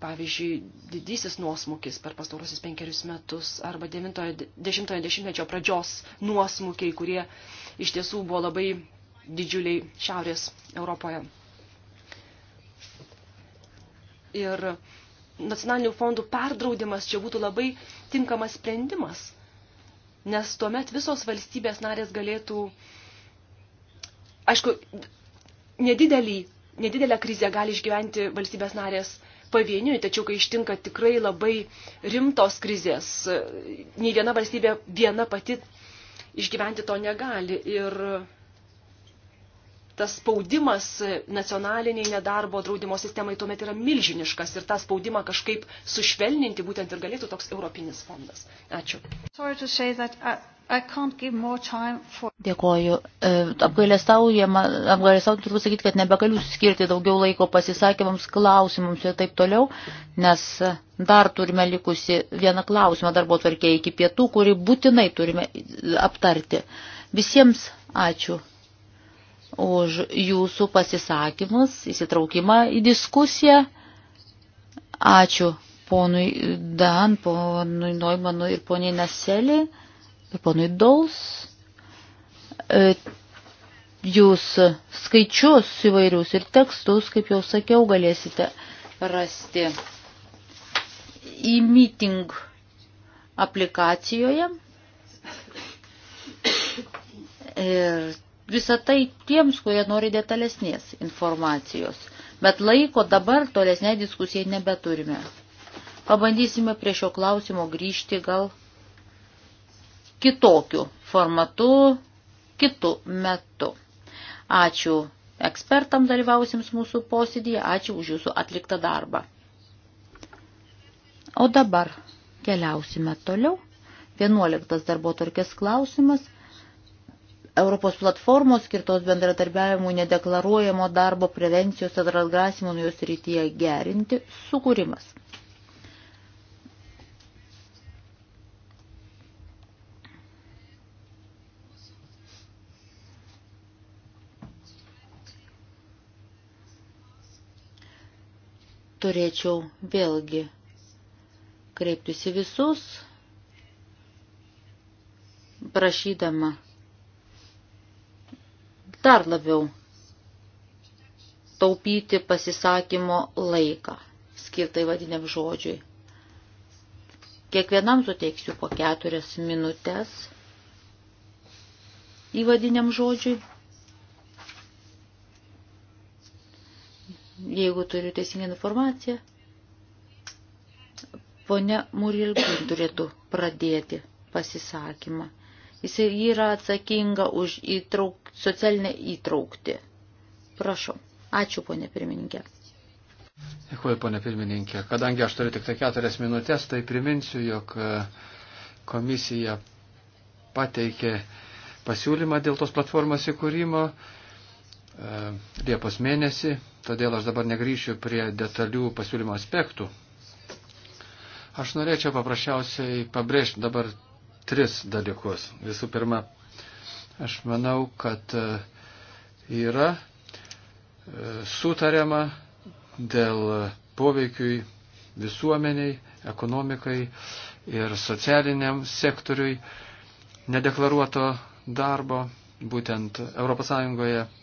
pavyzdžiui, didysis nuosmukis per pastarosius penkerius metus arba 90-mečio pradžios nuosmukiai, kurie iš tiesų buvo labai didžiuliai Šiaurės Europoje. Ir nacionalinių fondų perdraudimas čia būtų labai tinkamas sprendimas, nes tuomet visos valstybės narės galėtų, aišku, nedidelį, nedidelę krizę gali išgyventi valstybės narės pavieniui, tačiau kai ištinka tikrai labai rimtos krizės, nei viena valstybė viena pati išgyventi to negali. Ir tas spaudimas nacionaliniai nedarbo draudimo sistemai tuomet yra milžiniškas ir tą spaudimą kažkaip sušvelninti būtent ir galėtų toks europinis fondas. Ačiū. For... Dėkoju. Apgailestaujama, apgailestaujama turbūt sakyti, kad nebegaliu skirti daugiau laiko pasisakymams, klausimams ir taip toliau, nes dar turime likusi vieną klausimą darbo tvarkėje iki pietų, kurį būtinai turime aptarti. Visiems ačiū už jūsų pasisakymus, įsitraukimą į diskusiją. Ačiū ponui Dan, ponui Noimanui ir poniai Naselį, ir ponui Daus. E, jūs skaičius įvairius ir tekstus, kaip jau sakiau, galėsite rasti į e meeting aplikacijoje. Ir visą tai tiems, kurie nori detalesnės informacijos. Bet laiko dabar tolesnei diskusijai nebeturime. Pabandysime prie šio klausimo grįžti gal kitokiu formatu, kitu metu. Ačiū ekspertam dalyvausiams mūsų posėdėje, ačiū už jūsų atliktą darbą. O dabar keliausime toliau. 11 darbo torkės klausimas – Europos platformos skirtos bendradarbiavimų nedeklaruojamo darbo prevencijos ir atgrasimo nuo jos rytyje gerinti sukūrimas. Turėčiau vėlgi kreiptis į visus, prašydama dar labiau taupyti pasisakymo laiką, skirtai vadiniam žodžiui. Kiekvienam suteiksiu po keturias minutės įvadiniam žodžiui. Jeigu turiu teisingą informaciją, ponia Murilkin turėtų pradėti pasisakymą. Jis yra atsakinga už įtrauk, socialinę įtraukti. Prašau. Ačiū, ponė pirmininkė. Dėkuoju, ponė pirmininkė. Kadangi aš turiu tik tai keturias minutės, tai priminsiu, jog e, komisija pateikė pasiūlymą dėl tos platformos įkūrimo e, Liepos mėnesį, todėl aš dabar negryšiu prie detalių pasiūlymo aspektų. Aš norėčiau paprasčiausiai pabrėžti dabar tris dalykus. Visų pirma, aš manau, kad e, yra e, sutariama dėl poveikiui visuomeniai, ekonomikai ir socialiniam sektoriui nedeklaruoto darbo, būtent ES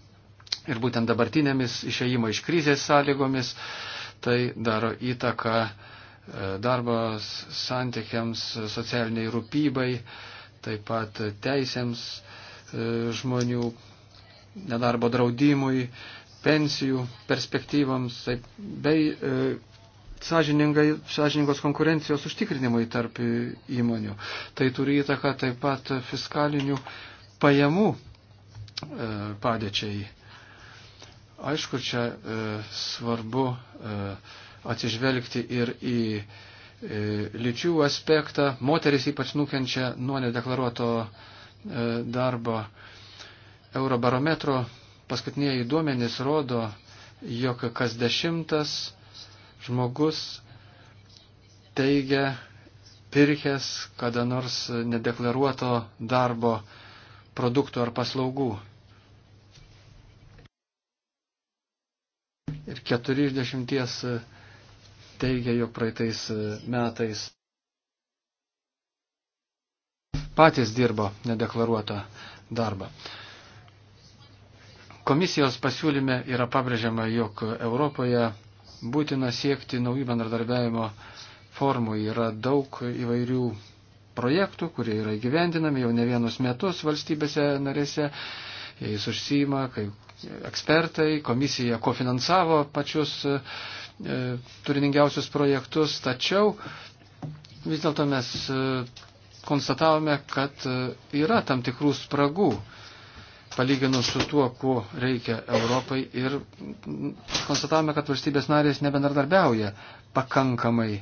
ir būtent dabartinėmis išėjimo iš krizės sąlygomis, tai daro įtaką uh, darbo santykiams, socialiniai rūpybai, taip pat teisėms e, žmonių, nedarbo draudimui, pensijų perspektyvams, taip, bei e, sąžiningos konkurencijos užtikrinimui tarp įmonių. Tai turi įtaką taip pat fiskalinių pajamų e, padėčiai. Aišku, čia e, svarbu e, atsižvelgti ir į e, lyčių aspektą. Moteris ypač nukenčia nuo nedeklaruoto e, darbo. Eurobarometro paskutiniai duomenys rodo, jog kas dešimtas žmogus teigia pirkęs kada nors nedeklaruoto darbo produktų ar paslaugų. Ir keturi iš dešimties teigia, jog praeitais e, metais patys dirbo nedeklaruotą darbą. Komisijos pasiūlyme yra pabrėžiama, jog Europoje būtina siekti naujų bendradarbiavimo formų. Yra daug įvairių projektų, kurie yra įgyvendinami jau ne vienus metus valstybėse narėse. Jais užsima, kai ekspertai, komisija kofinansavo pačius e, E, turiningiausius projektus, tačiau vis dėlto mes e, konstatavome, kad e, yra tam tikrų spragų palyginus su tuo, ko reikia Europai ir konstatavome, kad valstybės narės nebendradarbiauja pakankamai,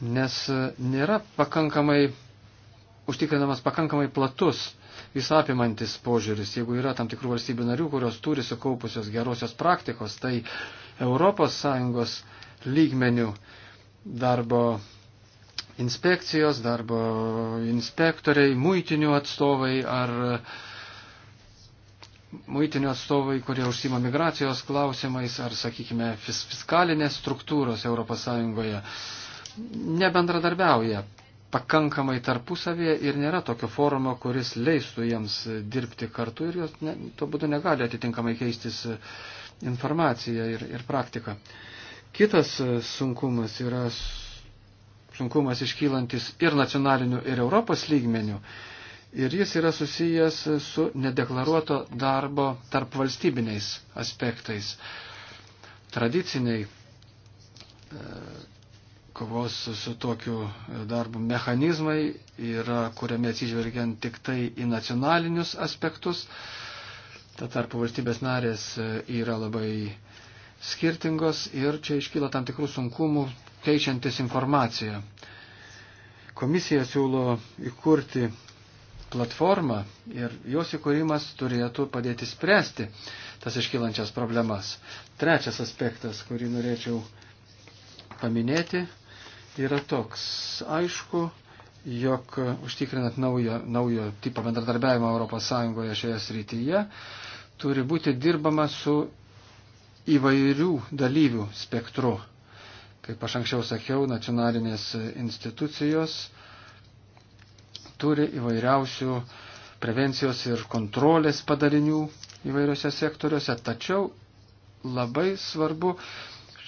nes nėra pakankamai užtikrinamas pakankamai platus visapimantis požiūris. Jeigu yra tam tikrų valstybių narių, kurios turi sukaupusios gerosios praktikos, tai ES lygmenių darbo inspekcijos, darbo inspektoriai, muitinių atstovai ar muitinių atstovai, kurie užsima migracijos klausimais ar, sakykime, fiskalinės struktūros ES nebendradarbiauja pakankamai tarpusavėje ir nėra tokio forumo, kuris leistų jiems dirbti kartu ir jos ne, to būdu negali atitinkamai keistis informacija ir, ir praktika. Kitas e, sunkumas yra sunkumas iškylantis ir nacionaliniu, ir Europos lygmeniu. Ir jis yra susijęs su nedeklaruoto darbo tarp valstybiniais aspektais. Tradiciniai e, kovos su tokiu e, darbu mechanizmai yra kuriami atsižvelgiant tik tai į nacionalinius aspektus. Tuo tarpu valstybės narės e, yra labai skirtingos ir čia iškyla tam tikrų sunkumų keičiantis informaciją. Komisija siūlo įkurti platformą ir jos įkūrimas turėtų padėti spręsti tas iškylančias problemas. Trečias aspektas, kurį norėčiau paminėti, yra toks aišku, jog užtikrinant naujo, naujo tipo bendradarbiavimą ES šioje srityje, turi būti dirbama su įvairių dalyvių spektru. Kaip aš anksčiau sakiau, nacionalinės institucijos turi įvairiausių prevencijos ir kontrolės padalinių įvairiose sektoriuose, tačiau labai svarbu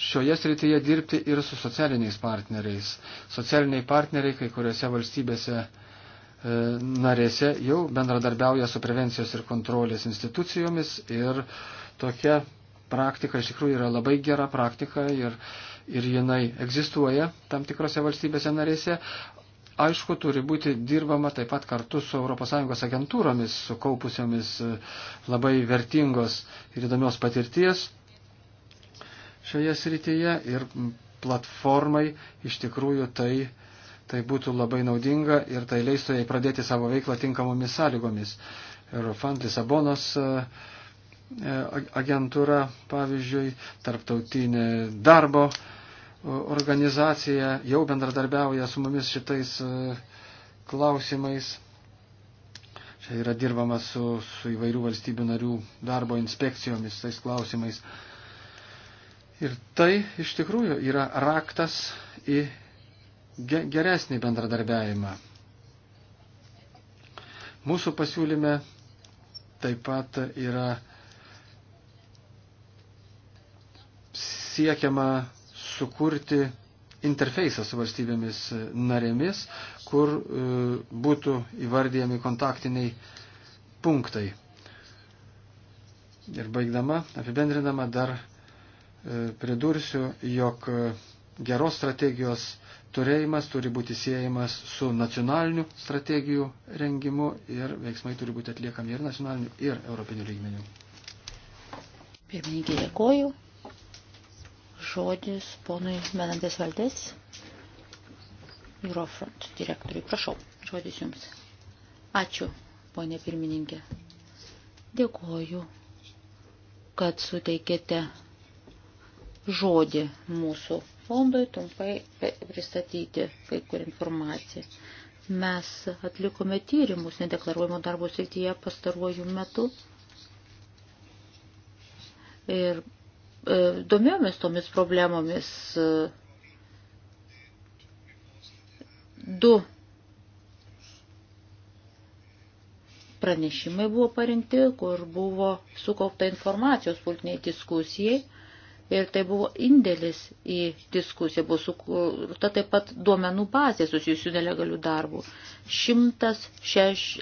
šioje srityje dirbti ir su socialiniais partneriais. Socialiniai partneriai kai kuriuose valstybėse E, narėse jau bendradarbiauja su prevencijos ir kontrolės institucijomis ir tokia praktika iš tikrųjų yra labai gera praktika ir, ir jinai egzistuoja tam tikrose valstybėse narėse. Aišku, turi būti dirbama taip pat kartu su ES agentūromis, sukaupusiomis e, labai vertingos ir įdomios patirties šioje srityje ir platformai iš tikrųjų tai uh, Tai būtų labai naudinga ir tai leistų jai pradėti savo veiklą tinkamomis sąlygomis. Eurofund Lisabonos e, e, agentūra, pavyzdžiui, tarptautinė darbo organizacija jau bendradarbiauja su mumis šitais e, klausimais. Čia yra dirbama su, su įvairių valstybių narių darbo inspekcijomis tais klausimais. Ir tai iš tikrųjų yra raktas į geresnį bendradarbiavimą. Mūsų pasiūlyme taip pat yra siekiama sukurti interfeisą su valstybėmis narėmis, kur e, būtų įvardyjami kontaktiniai punktai. Ir baigdama, apibendrinama dar e, pridursiu, jog e, geros strategijos turėjimas turi būti siejamas su nacionaliniu strategijų rengimu ir veiksmai turi būti atliekami ir nacionaliniu, ir europiniu lygmeniu. Pirmininkė, dėkoju. Žodis ponui Menandes Valdės, Eurofront direktoriui. Prašau, žodis jums. Ačiū, ponė pirmininkė. Dėkoju, kad suteikėte žodį mūsų fondui trumpai pristatyti kai kur informaciją. Mes atlikome tyrimus nedeklaruojamo darbo srityje pastaruoju metu ir e, domėjomės tomis problemomis. E, du pranešimai buvo parengti, kur buvo sukaupta informacijos politiniai diskusijai ir tai buvo indėlis į diskusiją, buvo sukurta taip pat duomenų bazė susijusių nelegalių darbų. 186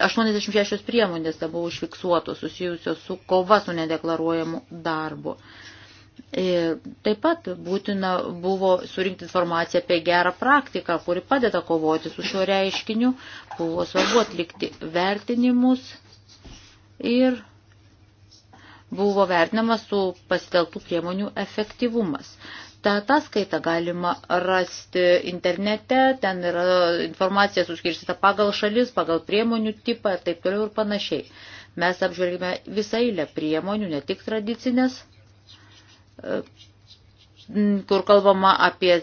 priemonės tai buvo užfiksuotos susijusios su kova su nedeklaruojamu darbu. Ir taip pat būtina buvo surinkti informaciją apie gerą praktiką, kuri padeda kovoti su šiuo reiškiniu, buvo svarbu atlikti vertinimus ir buvo vertinamas su pasiteltų priemonių efektyvumas. Ta ataskaita galima rasti internete, ten yra informacija suskirstyta pagal šalis, pagal priemonių tipą ir taip toliau ir panašiai. Mes apžvelgime visą eilę priemonių, ne tik tradicinės, e, kur kalbama apie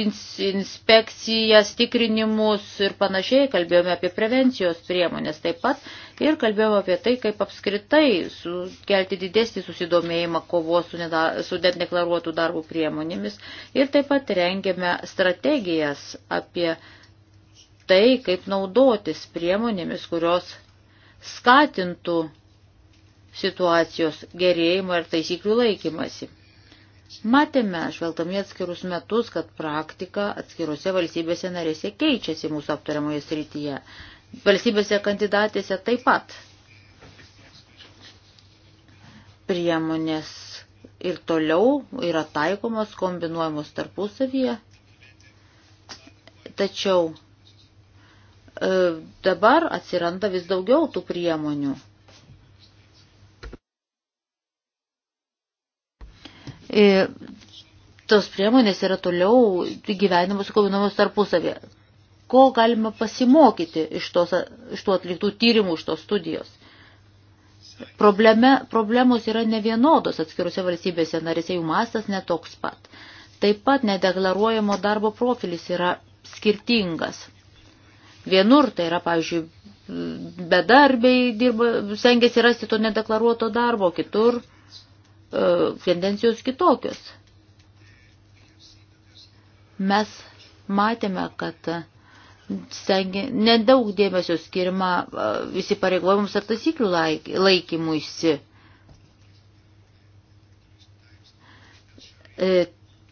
inspekcijas, tikrinimus ir panašiai, kalbėjome apie prevencijos priemonės taip pat ir kalbėjau apie tai, kaip apskritai kelti didesnį susidomėjimą kovos su, nedar, su nedeklaruotų darbų priemonėmis ir taip pat rengėme strategijas apie tai, kaip naudotis priemonėmis, kurios skatintų situacijos gerėjimą ir taisyklių laikymasi. Matėme, žvelgdami atskirus metus, kad praktika atskirose valstybėse narėse keičiasi mūsų aptariamoje srityje valstybėse kandidatėse taip pat priemonės ir toliau yra taikomos, kombinuojamos tarpusavyje. Tačiau e, dabar atsiranda vis daugiau tų priemonių. Ir e, tos priemonės yra toliau gyvenimus kombinamos tarpusavėje ko galima pasimokyti iš, tos, iš tų atliktų tyrimų, iš tos studijos. Probleme, problemos yra nevienodos atskiruose valstybėse, narėse jų mastas netoks pat. Taip pat nedeklaruojamo darbo profilis yra skirtingas. Vienur tai yra, pavyzdžiui, bedarbiai dirba, sengiasi rasti to nedeklaruoto darbo, kitur e, tendencijos kitokios. Mes matėme, kad e, stengia, nedaug dėmesio skirima visi pareigojimams ar taisyklių laik, laikymuisi. E,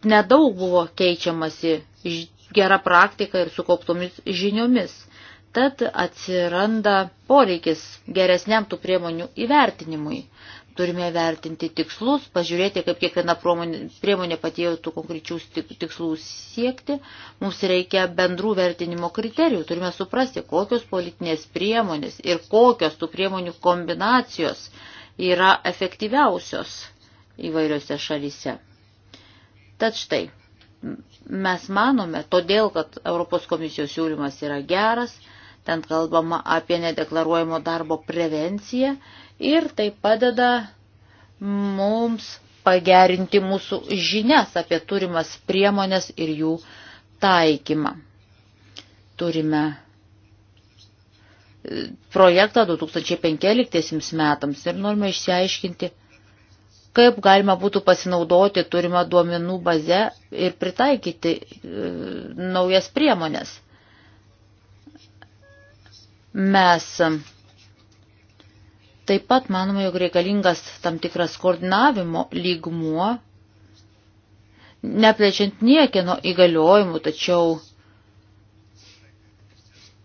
nedaug buvo keičiamasi gera praktika ir sukauptomis žiniomis. Tad atsiranda poreikis geresniam tų priemonių įvertinimui. Turime vertinti tikslus, pažiūrėti, kaip kiekviena priemonė patėjo tų konkrečių tikslų siekti. Mums reikia bendrų vertinimo kriterijų. Turime suprasti, kokios politinės priemonės ir kokios tų priemonių kombinacijos yra efektyviausios įvairiose šalyse. Tad štai, mes manome, todėl, kad Europos komisijos siūlymas yra geras, ten kalbama apie nedeklaruojamo darbo prevenciją ir tai padeda mums pagerinti mūsų žinias apie turimas priemonės ir jų taikymą. Turime e, projektą 2015 metams ir norime išsiaiškinti, kaip galima būtų pasinaudoti turimą duomenų bazę ir pritaikyti e, naujas priemonės. Mes Taip pat manoma, jog reikalingas tam tikras koordinavimo lygmuo, neplečiant niekieno įgaliojimų, tačiau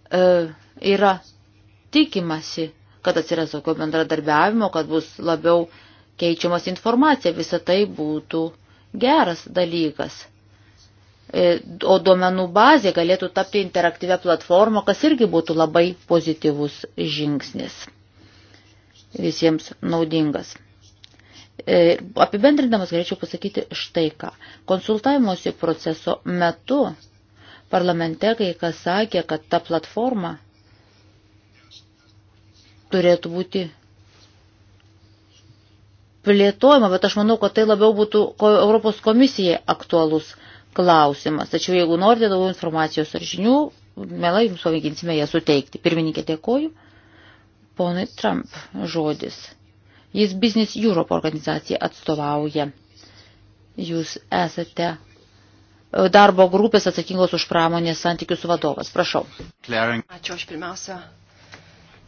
e, yra tikimasi, kad atsiras tokio bendradarbiavimo, kad bus labiau keičiamas informacija, visa tai būtų geras dalykas. E, o duomenų bazė galėtų tapti interaktyvę platformą, kas irgi būtų labai pozityvus žingsnis visiems naudingas. E, apibendrindamas galėčiau pasakyti štai ką. Konsultavimuose proceso metu parlamente kai kas sakė, kad ta platforma turėtų būti plėtojama, bet aš manau, kad tai labiau būtų Europos komisijai aktualus klausimas. Tačiau jeigu norite daugiau informacijos ar žinių, mielai jums pamėginsime ją suteikti. Pirmininkė, dėkoju ponai Trump žodis. Jis Business Europe organizaciją atstovauja. Jūs esate e, darbo grupės atsakingos už pramonės santykius vadovas. Prašau. Clearing. Ačiū, aš pirmiausia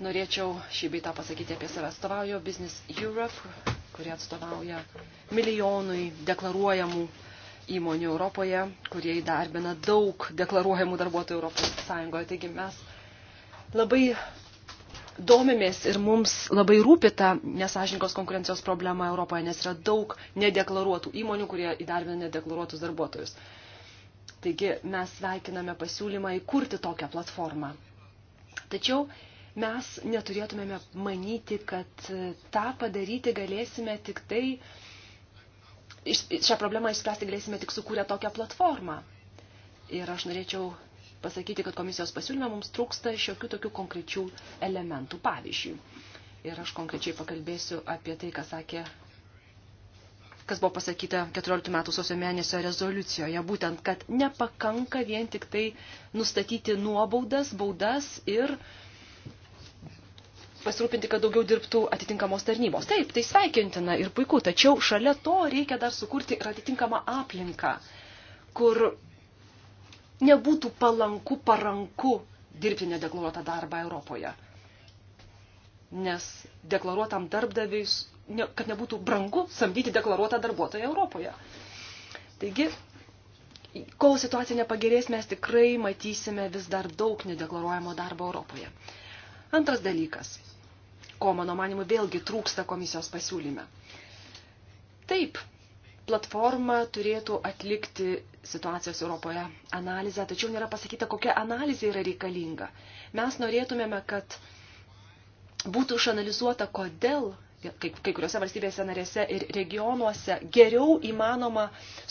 norėčiau šį beitą pasakyti apie save. Atstovauju Business Europe, kurie atstovauja milijonui deklaruojamų įmonių Europoje, kurie įdarbina daug deklaruojamų darbuotojų Europos Sąjungoje. Taigi mes labai domimės ir mums labai rūpi ta nesažininkos konkurencijos problema Europoje, nes yra daug nedeklaruotų įmonių, kurie įdarbina nedeklaruotus darbuotojus. Taigi mes sveikiname pasiūlymą įkurti tokią platformą. Tačiau mes neturėtumėme manyti, kad tą padaryti galėsime tik tai, šią problemą išspręsti galėsime tik sukūrę tokią platformą. Ir aš norėčiau pasakyti, kad komisijos pasiūlyme mums trūksta šiokių tokių konkrečių elementų. Pavyzdžiui, ir aš konkrečiai pakalbėsiu apie tai, ką sakė kas buvo pasakyta 14 metų sausio mėnesio rezoliucijoje, būtent, kad nepakanka vien tik tai nustatyti nuobaudas, baudas ir pasirūpinti, kad daugiau dirbtų atitinkamos tarnybos. Taip, tai sveikintina ir puiku, tačiau šalia to reikia dar sukurti ir atitinkamą aplinką, kur nebūtų palanku, paranku dirbti nedeklaruotą darbą Europoje. Nes deklaruotam darbdaviui, ne, kad nebūtų brangu samdyti deklaruotą darbuotoją Europoje. Taigi, kol situacija nepagerės, mes tikrai matysime vis dar daug nedeklaruojamo darbo Europoje. Antras dalykas, ko mano manimu vėlgi trūksta komisijos pasiūlyme. Taip, platforma turėtų atlikti situacijos Europoje analizę, tačiau nėra pasakyta, kokia analizė yra reikalinga. Mes norėtumėme, kad būtų išanalizuota, kodėl kai, kai kuriuose valstybėse narėse ir regionuose geriau įmanoma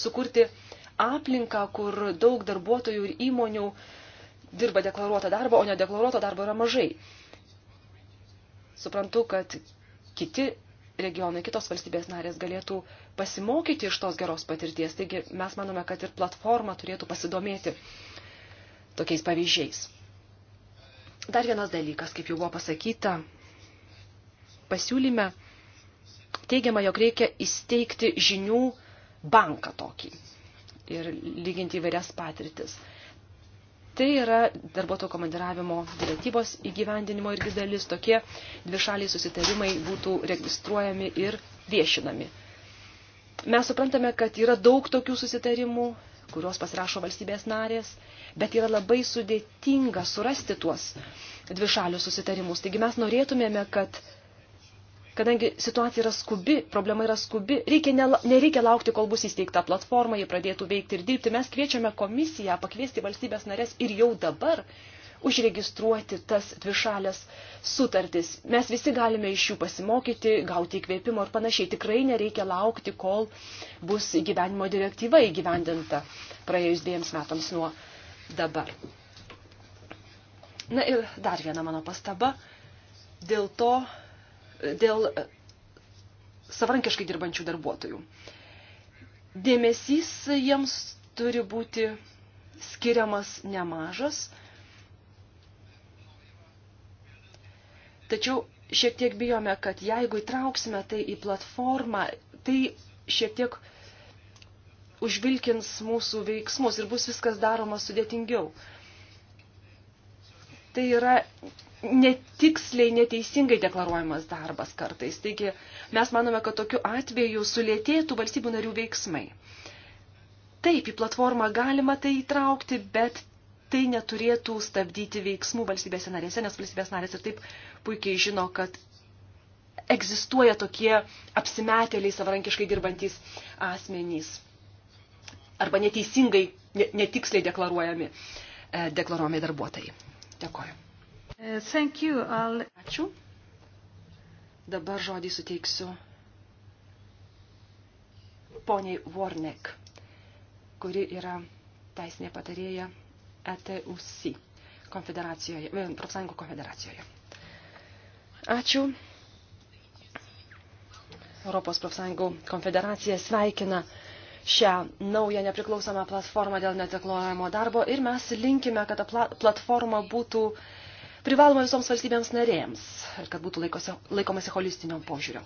sukurti aplinką, kur daug darbuotojų ir įmonių dirba deklaruotą darbą, o nedeklaruoto darbo yra mažai. Suprantu, kad kiti regionai, kitos valstybės narės galėtų pasimokyti iš tos geros patirties. Taigi mes manome, kad ir platforma turėtų pasidomėti tokiais pavyzdžiais. Dar vienas dalykas, kaip jau buvo pasakyta, pasiūlyme teigiama, jog reikia įsteigti žinių banką tokį ir lyginti įvairias patirtis. Tai yra darbuotojų komandiravimo direktyvos įgyvendinimo irgi dalis. Tokie dvišaliai susitarimai būtų registruojami ir viešinami. Mes suprantame, kad yra daug tokių susitarimų, kuriuos pasirašo valstybės narės, bet yra labai sudėtinga surasti tuos dvišalius susitarimus. Taigi mes norėtumėme, kad kadangi situacija yra skubi, problema yra skubi, reikia ne, nereikia laukti, kol bus įsteigta platforma, jie pradėtų veikti ir dirbti. Mes kviečiame komisiją pakviesti valstybės narės ir jau dabar užregistruoti tas dvišalės sutartis. Mes visi galime iš jų pasimokyti, gauti įkvėpimo ir panašiai. Tikrai nereikia laukti, kol bus gyvenimo direktyva įgyvendinta praėjus dviems metams nuo dabar. Na ir dar viena mano pastaba. Dėl to dėl savarankiškai dirbančių darbuotojų. Dėmesys jiems turi būti skiriamas nemažas, tačiau šiek tiek bijome, kad jeigu įtrauksime tai į platformą, tai šiek tiek užvilkins mūsų veiksmus ir bus viskas daroma sudėtingiau. Tai yra netiksliai, neteisingai deklaruojamas darbas kartais. Taigi mes manome, kad tokiu atveju sulėtėtų valstybių narių veiksmai. Taip, į platformą galima tai įtraukti, bet tai neturėtų stabdyti veiksmų valstybėse narėse, nes valstybės narės ir taip puikiai žino, kad egzistuoja tokie apsimetėliai savarankiškai dirbantys asmenys arba neteisingai, netiksliai deklaruojami, e, deklaruojami darbuotojai. Dėkoju. Uh, thank you. I'll... Ačiū. Dabar žodį suteiksiu poniai Warnek, kuri yra teisinė patarėja ETUC konfederacijoje, e, profsąjungų konfederacijoje. Ačiū. Europos profsąjungų konfederacija sveikina šią naują nepriklausomą platformą dėl neteklojamo darbo ir mes linkime, kad ta platforma būtų uh, privaloma visoms valstybėms narėms ir kad būtų laikose, laikomasi holistinio požiūrio.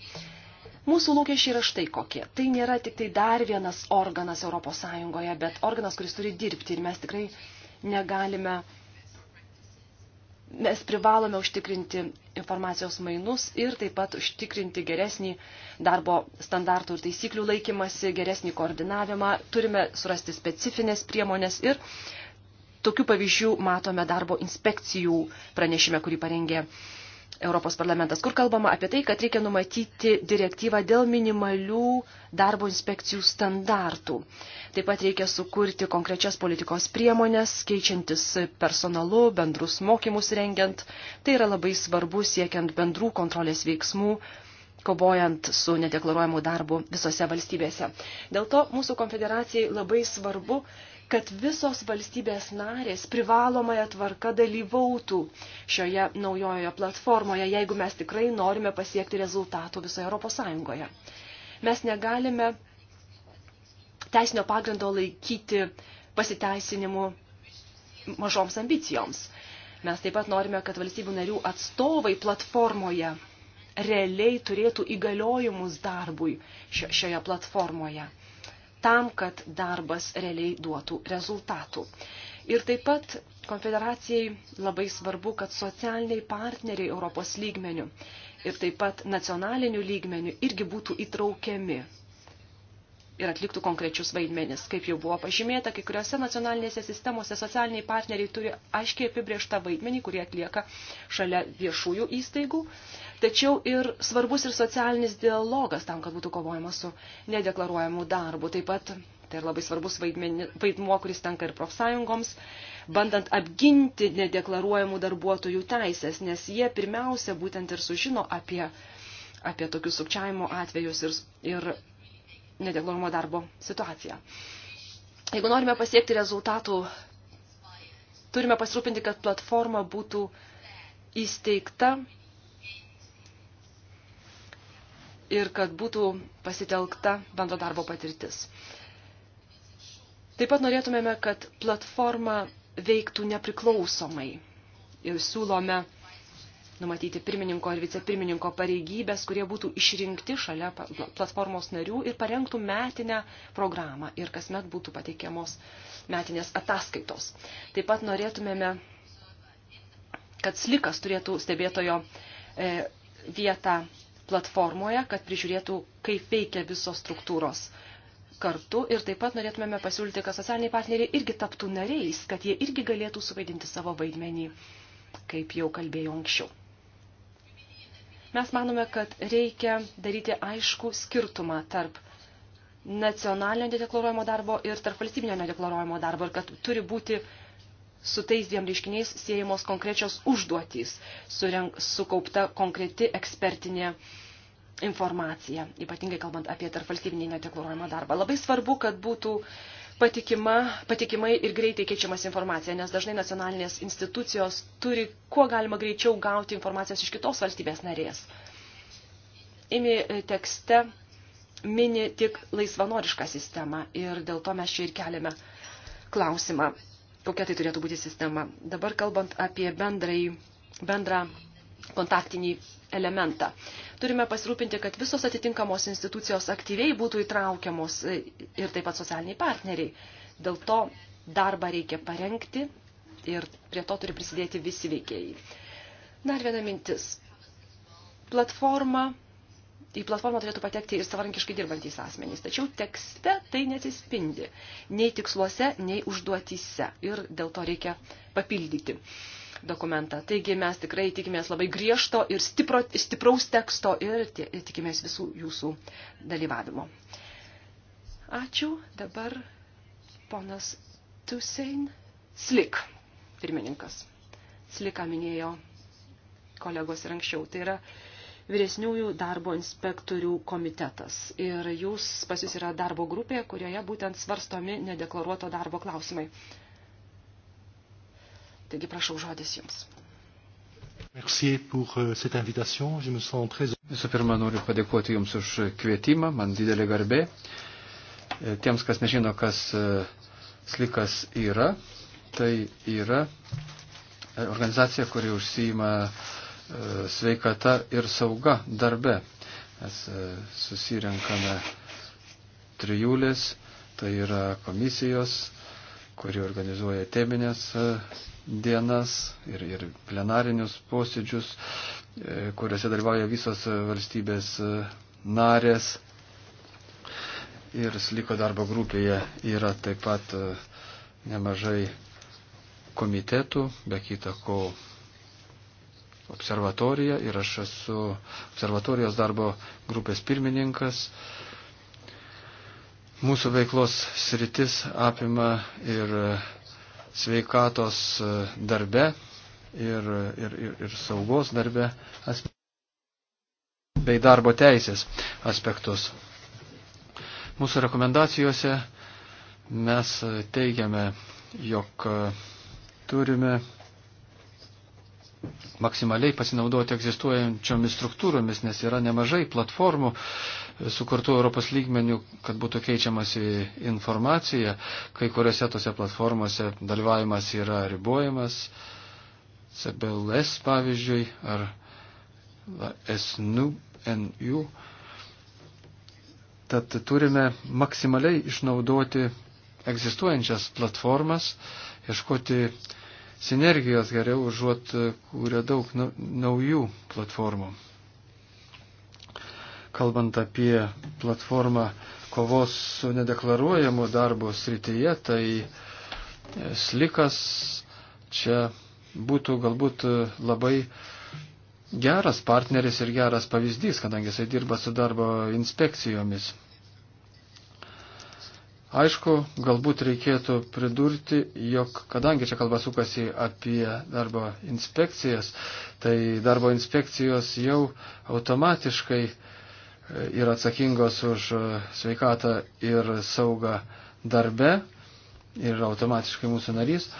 Mūsų lūkesčiai yra štai kokie. Tai nėra tik tai dar vienas organas Europos Sąjungoje, bet organas, kuris turi dirbti ir mes tikrai negalime, mes privalome užtikrinti informacijos mainus ir taip pat užtikrinti geresnį darbo standartų ir taisyklių laikymasi, geresnį koordinavimą. Turime surasti specifines priemonės ir uh, Tokių pavyzdžių matome darbo inspekcijų pranešime, kurį parengė Europos parlamentas, kur kalbama apie tai, kad reikia numatyti direktyvą dėl minimalių darbo inspekcijų standartų. Taip pat reikia sukurti konkrečias politikos priemonės, keičiantis personalu, bendrus mokymus rengiant. Tai yra labai svarbu siekiant bendrų kontrolės veiksmų kovojant su nedeklaruojamu darbu visose valstybėse. Dėl to mūsų konfederacijai labai svarbu kad visos valstybės narės privalomąją tvarką dalyvautų šioje naujojoje platformoje, jeigu mes tikrai norime pasiekti rezultatų visoje Europos Sąjungoje. Mes negalime teisinio pagrindo laikyti pasiteisinimu mažoms ambicijoms. Mes taip pat norime, kad valstybių narių atstovai platformoje realiai turėtų įgaliojimus darbui šioje platformoje tam, kad darbas realiai duotų rezultatų. Ir taip pat konfederacijai labai svarbu, kad socialiniai partneriai Europos lygmenių ir taip pat nacionalinių lygmenių irgi būtų įtraukiami ir atliktų konkrečius vaidmenis. Kaip jau buvo pažymėta, kai kuriuose nacionalinėse sistemose socialiniai partneriai turi aiškiai apibrieštą vaidmenį, kurį atlieka šalia viešųjų įstaigų. Tačiau ir svarbus ir socialinis dialogas tam, kad būtų kovojama su nedeklaruojamu darbu. Taip pat tai labai svarbus vaidmeni, vaidmuo, kuris tenka ir profsąjungoms, bandant apginti nedeklaruojamų darbuotojų teisės, nes jie pirmiausia būtent ir sužino apie apie tokius sukčiavimo atvejus ir, ir nedeklaruojamo darbo situaciją. Jeigu norime pasiekti rezultatų, turime pasirūpinti, kad platforma būtų įsteigta ir kad būtų pasitelkta bendro darbo patirtis. Taip pat norėtumėme, kad platforma veiktų nepriklausomai ir siūlome numatyti pirmininko ir vicepirmininko pareigybės, kurie būtų išrinkti šalia platformos narių ir parengtų metinę programą ir kasmet būtų pateikiamos metinės ataskaitos. Taip pat norėtumėme, kad slikas turėtų stebėtojo e, vietą platformoje, kad prižiūrėtų, kaip veikia visos struktūros kartu ir taip pat norėtumėme pasiūlyti, kad socialiniai partneriai irgi taptų nariais, kad jie irgi galėtų suvaidinti savo vaidmenį, kaip jau kalbėjau anksčiau. Mes manome, kad reikia daryti aišku skirtumą tarp nacionalinio nedeklaruojamo darbo ir tarp valstybinio nedeklaruojamo darbo ir kad turi būti su tais dviem reiškiniais siejamos konkrečios užduotys, surenk, sukaupta konkreti ekspertinė informacija, ypatingai kalbant apie tarp valstybinį nedeklaruojamą darbą. Labai svarbu, kad būtų uh, patikima, patikimai ir greitai keičiamas informacija, nes dažnai nacionalinės institucijos turi kuo galima greičiau gauti informacijos iš kitos valstybės narės. Imi tekste mini tik laisvanorišką sistemą ir dėl to mes čia ir keliame klausimą, kokia tai turėtų būti sistema. Dabar kalbant apie bendrai, bendrą kontaktinį elementą. Turime pasirūpinti, kad visos atitinkamos institucijos aktyviai būtų įtraukiamos e, ir taip pat socialiniai partneriai. Dėl to darbą reikia parengti ir prie to turi prisidėti visi veikėjai. Dar viena mintis. Platforma, į platformą turėtų patekti ir savarankiškai dirbantys asmenys, tačiau tekste tai nesispindi nei tiksluose, nei užduotyse ir dėl to reikia papildyti. Uh, dokumentą. Taigi mes tikrai tikimės labai griežto ir stipro, stipraus teksto ir tikimės visų jūsų dalyvavimo. Ačiū. Dabar ponas Tusein Slik, pirmininkas. Slika minėjo kolegos ir anksčiau. Tai yra vyresniųjų darbo inspektorių komitetas. Ir jūs pas jūs yra darbo grupė, kurioje būtent svarstomi nedeklaruoto darbo klausimai. Taigi prašau žodis jums. Euh, Visų pirma, noriu padėkoti Jums už kvietimą, man didelė garbė. E, tiems, kas nežino, kas e, slikas yra, tai yra e, organizacija, kuri užsijima sveikata ir sauga darbe. Mes susirenkame trijulės, tai yra komisijos, kuri organizuoja teminės e, dienas ir, ir plenarinius posėdžius, e, kuriuose dalyvauja visos valstybės e, narės. Ir sliko darbo grupėje yra taip pat nemažai komitetų, be kita ko observatorija ir aš esu observatorijos darbo grupės pirmininkas. E, Mūsų veiklos sritis apima ir e, sveikatos e, darbe, ir, e, ir, ir, ir saugos darbe, bei darbo teisės aspektus. Mūsų rekomendacijose mes teigiame, jog turime maksimaliai pasinaudoti egzistuojančiomis struktūromis, nes yra nemažai platformų e, sukurtų Europos lygmenių, kad būtų keičiamasi informacija. Kai kuriuose tose platformose dalyvavimas yra ribojamas. CBLS pavyzdžiui, ar SNU, NU. Tad turime maksimaliai išnaudoti egzistuojančias platformas, ieškoti sinergijos geriau užuot e, kūrė daug naujų platformų. Kalbant apie platformą kovos su nedeklaruojamu darbo srityje, tai e, slikas čia būtų galbūt e, labai geras partneris ir geras pavyzdys, kadangi jisai dirba su darbo inspekcijomis. Aišku, galbūt reikėtų pridurti, jog kadangi čia kalba sukasi apie darbo inspekcijas, tai darbo inspekcijos jau automatiškai e, yra atsakingos už e, sveikatą ir saugą darbe ir automatiškai mūsų narys.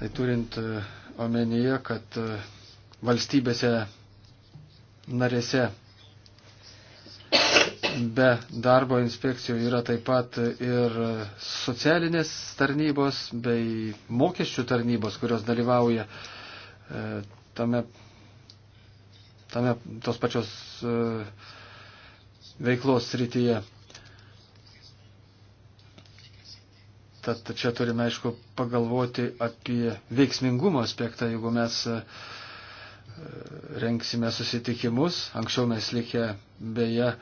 Tai turint e, omenyje, kad valstybėse narėse be darbo inspekcijų yra taip pat ir socialinės tarnybos bei mokesčių tarnybos, kurios dalyvauja e, tame, tame tos pačios e, veiklos srityje. Tad čia turime, aišku, pagalvoti apie veiksmingumo aspektą, jeigu mes e, renksime susitikimus. Anksčiau mes likę beje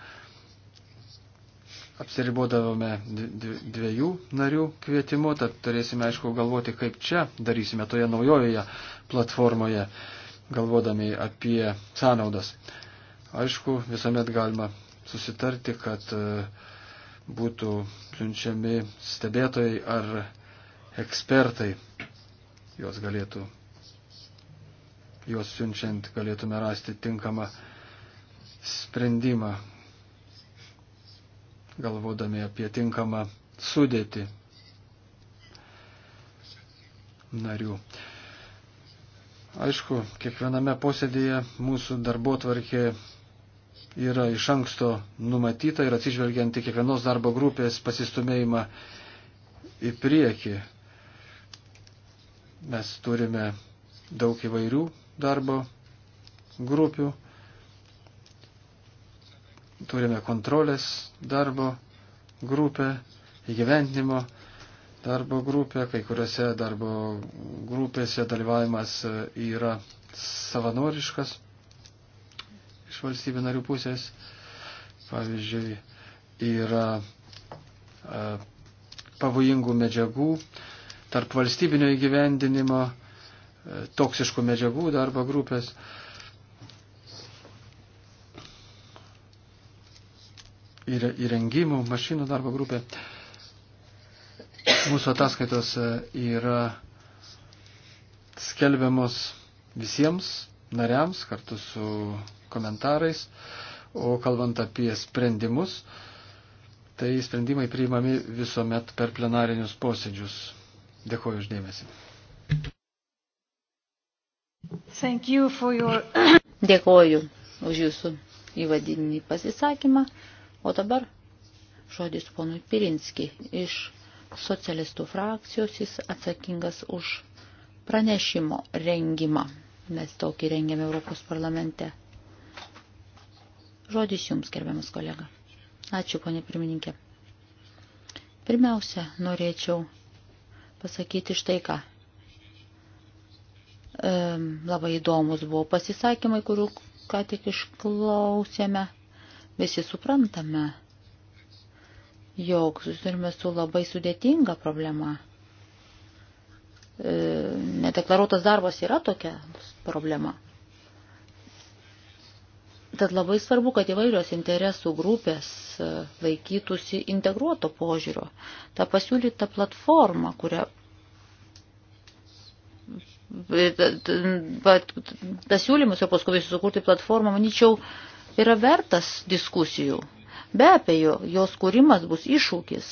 apsiribodavome dviejų narių kvietimu, tad turėsime aišku galvoti, kaip čia darysime toje naujojoje platformoje, galvodami apie sąnaudas. Aišku, visuomet galima susitarti, kad e, būtų siunčiami stebėtojai ar ekspertai. Jos galėtų, juos siunčiant galėtume rasti tinkamą sprendimą galvodami apie tinkamą sudėti narių. Aišku, kiekviename posėdėje mūsų darbo tvarkė yra iš anksto numatyta ir atsižvelgiant į kiekvienos darbo grupės pasistumėjimą į priekį. Mes turime daug įvairių darbo grupių turime kontrolės darbo grupę, įgyvendinimo darbo grupę, kai kuriuose darbo grupėse dalyvavimas e, yra savanoriškas iš valstybių narių pusės. Pavyzdžiui, yra a, e, pavojingų medžiagų, tarp valstybinio įgyvendinimo, a, e, toksiškų medžiagų darbo grupės. A, įrengimų, mašinų darbo grupė. Mūsų ataskaitos e, yra skelbiamos visiems nariams kartu su komentarais, o kalbant apie sprendimus, tai sprendimai priimami visuomet per plenarinius posėdžius. Dėkuoju uždėmesi. You your... Dėkuoju už jūsų įvadinį pasisakymą. O dabar žodis ponui Pirinski iš socialistų frakcijos, jis atsakingas už pranešimo rengimą. Mes tokį rengiame Europos parlamente. Žodis jums, gerbiamas kolega. Ačiū, ponė pirmininkė. Pirmiausia, norėčiau pasakyti štai ką. E, labai įdomus buvo pasisakymai, kurių ką tik išklausėme. Visi suprantame, jog susidurime su labai sudėtinga problema. E, nedeklaruotas darbas yra tokia problema. Tad labai svarbu, kad įvairios interesų grupės e, laikytųsi integruoto požiūrio. Ta pasiūlyta platforma, kurią e, tas siūlymas Europos komisijos sukurti platformą, manyčiau, yra vertas diskusijų. Be abejo, jos kūrimas bus iššūkis,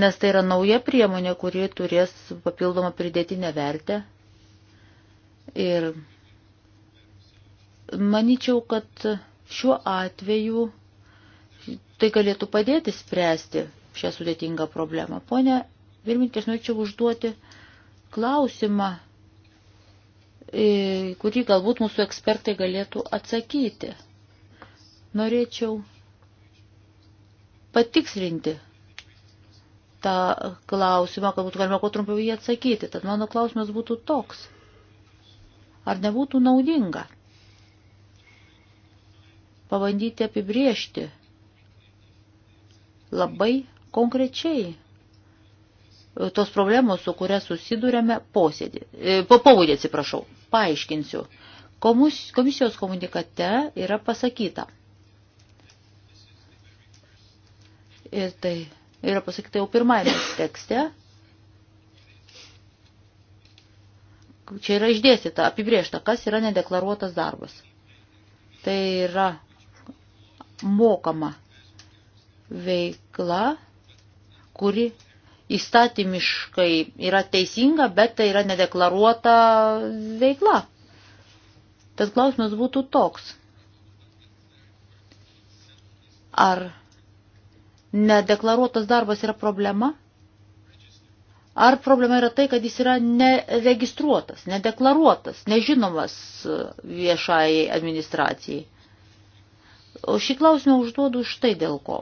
nes tai yra nauja priemonė, kuri turės papildomą pridėtinę vertę. Ir manyčiau, kad šiuo atveju tai galėtų padėti spręsti šią sudėtingą problemą. Pone Virminkės, norėčiau užduoti klausimą kurį galbūt mūsų ekspertai galėtų atsakyti. Norėčiau patikslinti tą klausimą, kad būtų galima kuo trumpiau jį atsakyti. Tad mano klausimas būtų toks. Ar nebūtų naudinga pabandyti apibriežti labai konkrečiai tos problemos, su kuria susidūrėme posėdį, e, po pobūdį atsiprašau, paaiškinsiu. Komus, komisijos komunikate yra pasakyta. Ir tai yra pasakyta jau pirmajame tekste. Čia yra išdėstyta, apibriešta, kas yra nedeklaruotas darbas. Tai yra mokama veikla, kuri įstatymiškai yra teisinga, bet tai yra nedeklaruota veikla. Tad klausimas būtų toks. Ar nedeklaruotas darbas yra problema? Ar problema yra tai, kad jis yra neregistruotas, nedeklaruotas, nežinomas viešai administracijai? O šį klausimą užduodu štai dėl ko.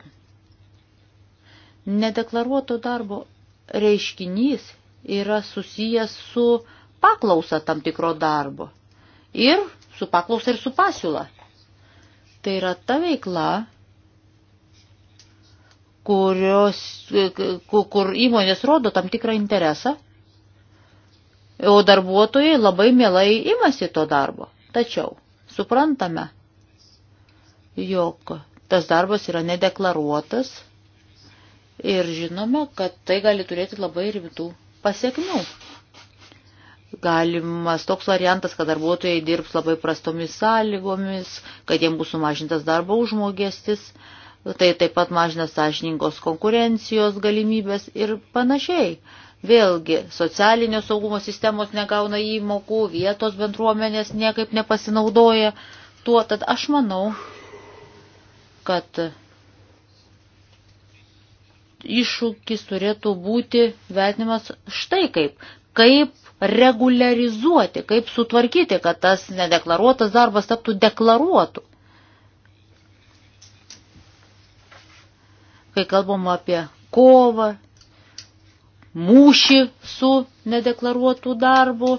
Nedeklaruoto darbo reiškinys yra susijęs su paklausa tam tikro darbo. Ir su paklausa ir su pasiūla. Tai yra ta veikla, kurios, kur įmonės rodo tam tikrą interesą, o darbuotojai labai mielai imasi to darbo. Tačiau suprantame, jog tas darbas yra nedeklaruotas Ir žinome, kad tai gali turėti labai rimtų pasiekmių. Galimas toks variantas, kad darbuotojai dirbs labai prastomis sąlygomis, kad jiems bus sumažintas darbo užmokestis, tai taip pat mažina sąžiningos konkurencijos galimybės ir panašiai. Vėlgi, socialinio saugumo sistemos negauna įmokų, vietos bendruomenės niekaip nepasinaudoja tuo, tad aš manau, kad iššūkis turėtų būti vertinimas štai kaip. Kaip reguliarizuoti, kaip sutvarkyti, kad tas nedeklaruotas darbas taptų deklaruotų. Kai kalbam apie kovą, mūšį su nedeklaruotų darbu,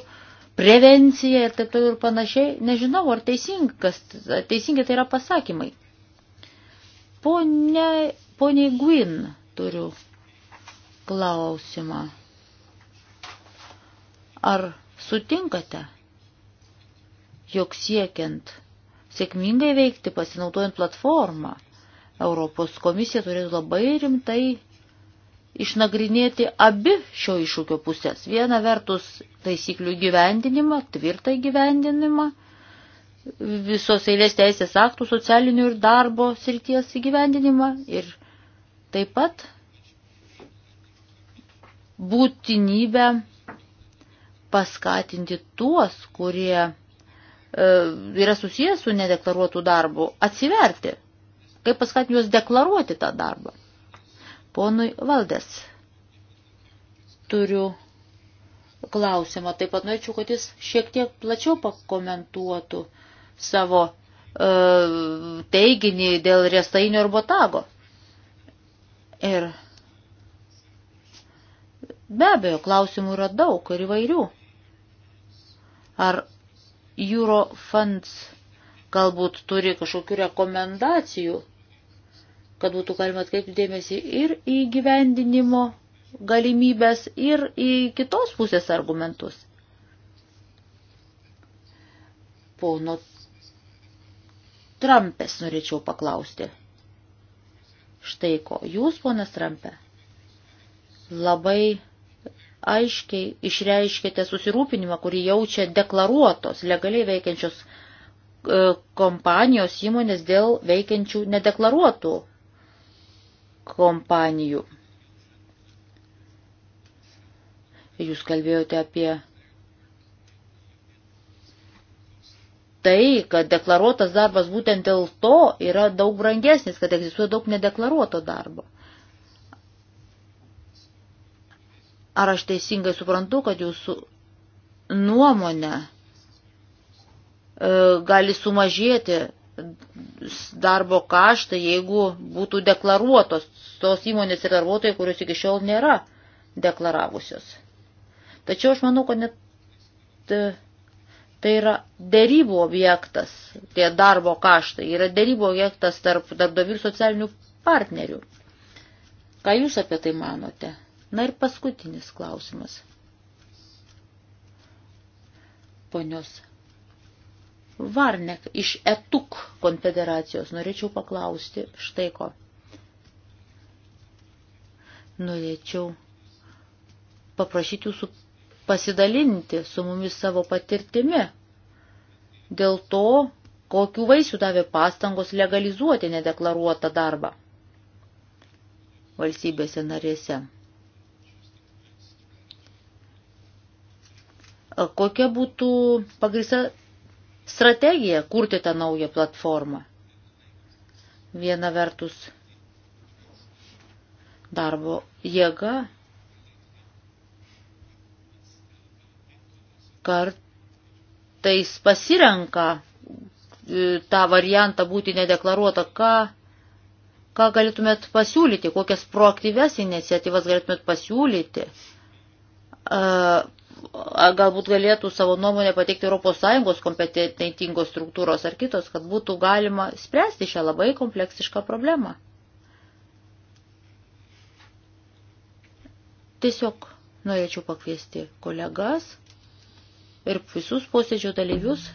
prevenciją ir taip toliau ir panašiai, nežinau, ar teisingas, teisingai tai yra pasakymai. Pone, pone Gwyn, Turiu klausimą. Ar sutinkate, jog siekiant sėkmingai veikti pasinaudojant platformą, Europos komisija turėtų labai rimtai išnagrinėti abi šio iššūkio pusės. Viena vertus taisyklių gyvendinimą, tvirtą gyvendinimą, visos eilės teisės aktų socialinių ir darbo srities įgyvendinimą ir Taip pat būtinybę paskatinti tuos, kurie e, yra susijęs su nedeklaruotų darbu, atsiverti. Kaip paskatinti juos deklaruoti tą darbą? Ponui Valdės turiu klausimą. Taip pat norėčiau, kad jis šiek tiek plačiau pakomentuotų savo e, teiginį dėl restainio ir botago. Ir be abejo, klausimų yra daug ir įvairių. Ar Eurofunds galbūt turi kažkokių rekomendacijų, kad būtų galima atkreipti dėmesį ir į gyvendinimo galimybės, ir į kitos pusės argumentus. Pono Trumpės norėčiau paklausti štai ko. Jūs, ponas Trumpe, labai aiškiai išreiškite susirūpinimą, kurį jaučia deklaruotos, legaliai veikiančios e, kompanijos įmonės dėl veikiančių nedeklaruotų kompanijų. Jūs kalbėjote apie tai, kad deklaruotas darbas būtent dėl to yra daug brangesnis, kad egzistuoja daug nedeklaruoto darbo. Ar aš teisingai suprantu, kad jūsų nuomonė e, gali sumažėti darbo kaštai, jeigu būtų deklaruotos tos įmonės ir darbuotojai, kurios iki šiol nėra deklaravusios. Tačiau aš manau, kad net e, tai yra dėrybų objektas, tie darbo kaštai, yra dėrybų objektas tarp darbdavių ir socialinių partnerių. Ką jūs apie tai manote? Na ir paskutinis klausimas. Ponios Varnek iš ETUK konfederacijos norėčiau paklausti štai ko. Norėčiau paprašyti jūsų pasidalinti su mumis savo patirtimi. Dėl to, kokių vaisių davė pastangos legalizuoti nedeklaruotą darbą valstybėse narėse. Kokia būtų pagrįsta strategija kurti tą naują platformą? Viena vertus darbo jėga kartais pasirenka e, tą variantą būti nedeklaruota, ką, ką galėtumėt pasiūlyti, kokias proaktyves iniciatyvas galėtumėt pasiūlyti. Galbūt galėtų savo nuomonę pateikti ES kompetentingos struktūros ar kitos, kad būtų galima spręsti šią labai kompleksišką problemą. Tiesiog norėčiau pakviesti kolegas ir visus posėdžio dalyvius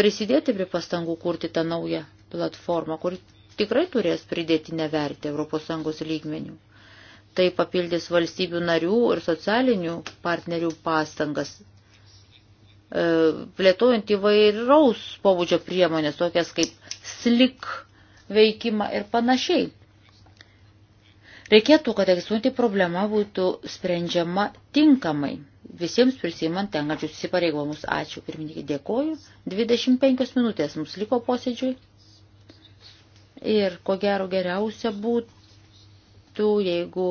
prisidėti prie pastangų kurti tą naują platformą, kuri tikrai turės pridėtinę vertę ES lygmenių. Tai papildys valstybių narių ir socialinių partnerių pastangas, e, plėtojant įvairaus pobūdžio priemonės, tokias kaip slik veikimą ir panašiai. Reikėtų, kad egzistuojanti problema būtų sprendžiama tinkamai, visiems prisimant tenkančius įsipareigomus. Ačiū, pirmininkai, dėkoju. 25 minutės mums liko posėdžiui. Ir ko gero geriausia būtų, jeigu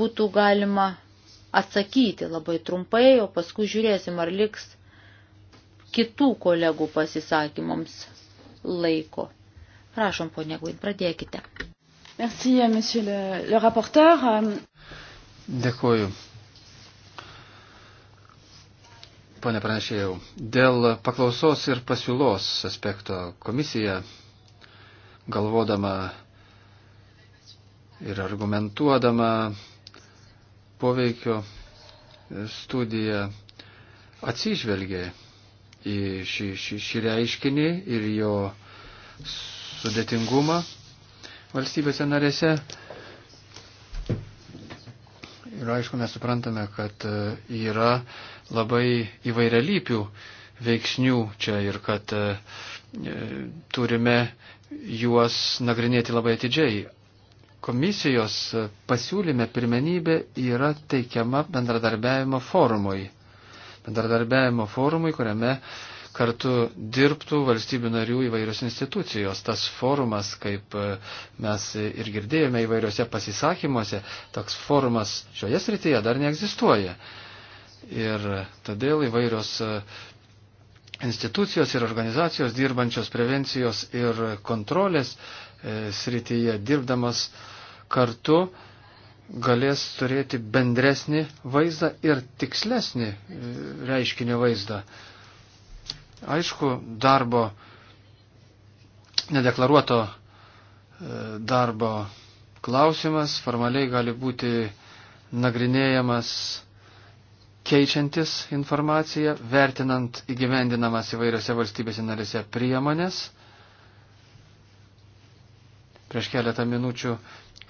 būtų galima atsakyti labai trumpai, o paskui žiūrėsim, ar liks kitų kolegų pasisakymams laiko. Prašom, ponia Guin, pradėkite. Merci, euh, monsieur le, le rapporteur. Euh, Dėkuoju. Pone pranešėjau, dėl paklausos ir pasiūlos aspekto komisija, galvodama ir argumentuodama poveikio studiją, atsižvelgė į šį, šį, šį reiškinį ir jo sudėtingumą valstybėse narėse. Ir aišku, mes suprantame, kad e, yra labai įvairialypių veiksnių čia ir kad e, e, turime juos nagrinėti labai atidžiai. Komisijos pasiūlyme pirmenybė yra teikiama bendradarbiavimo forumui. Bendradarbiavimo forumui, kuriame uh, kartu dirbtų valstybių narių įvairios institucijos. Tas forumas, kaip e, mes ir girdėjome įvairiose pasisakymuose, toks forumas šioje srityje dar neegzistuoja. Ir todėl įvairios e, institucijos ir organizacijos dirbančios prevencijos ir kontrolės e, srityje dirbdamas kartu galės turėti bendresnį vaizdą ir tikslesnį reiškinio vaizdą. Aišku, darbo, nedeklaruoto e, darbo klausimas formaliai gali būti nagrinėjamas keičiantis informaciją, vertinant įgyvendinamas įvairiose valstybėse narėse priemonės. Prieš keletą minučių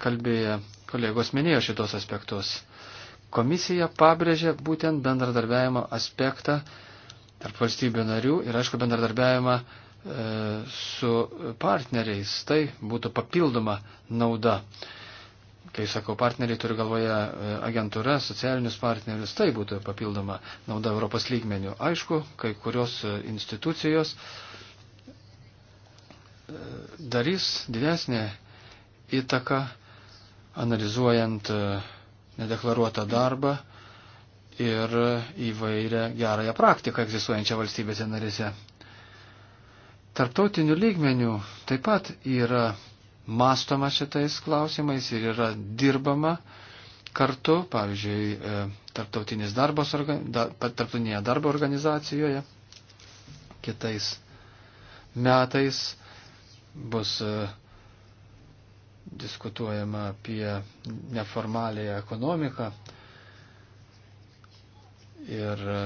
kalbėję kolegos minėjo šitos aspektus. Komisija pabrėžė būtent bendradarbiavimo aspektą tarp valstybių narių ir, aišku, bendradarbiavimą e, su partneriais. Tai būtų papildoma nauda. Kai sakau partneriai, turiu galvoje e, agentūrą, socialinius partnerius, tai būtų papildoma nauda Europos lygmenių. Aišku, kai kurios e, institucijos darys didesnė įtaka analizuojant nedeklaruotą darbą ir įvairią gerąją praktiką egzistuojančią valstybėse narėse. Tarptautinių lygmenių taip pat yra mastoma šitais klausimais ir yra dirbama kartu, pavyzdžiui, e, tarptautinės darbos, tarptautinėje darbo organizacijoje. Kitais metais bus e, diskutuojama apie neformalėją ekonomiką, Ir e,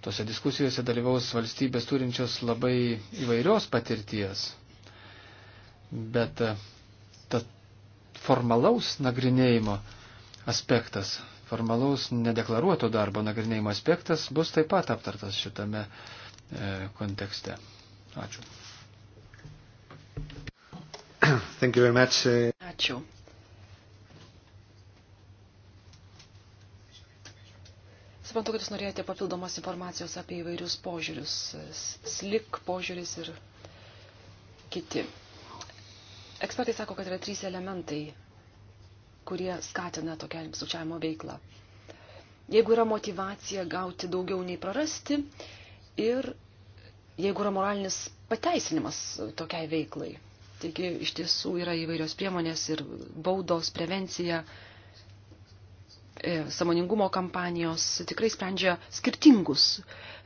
tose diskusijose dalyvaus valstybės turinčios labai įvairios patirties. Bet e, ta formalaus nagrinėjimo aspektas, formalaus nedeklaruoto darbo nagrinėjimo aspektas bus taip pat aptartas šitame e, kontekste. Ačiū. E. Ačiū. Suprantu, kad jūs norėjote papildomos informacijos apie įvairius požiūrius, slik požiūris ir kiti. Ekspertai sako, kad yra trys elementai, kurie skatina tokią sukčiavimo veiklą. Jeigu yra motivacija gauti daugiau nei prarasti ir jeigu yra moralinis pateisinimas tokiai veiklai. Taigi iš tiesų yra įvairios priemonės ir baudos, prevencija, prevencija E, samoningumo kampanijos tikrai sprendžia skirtingus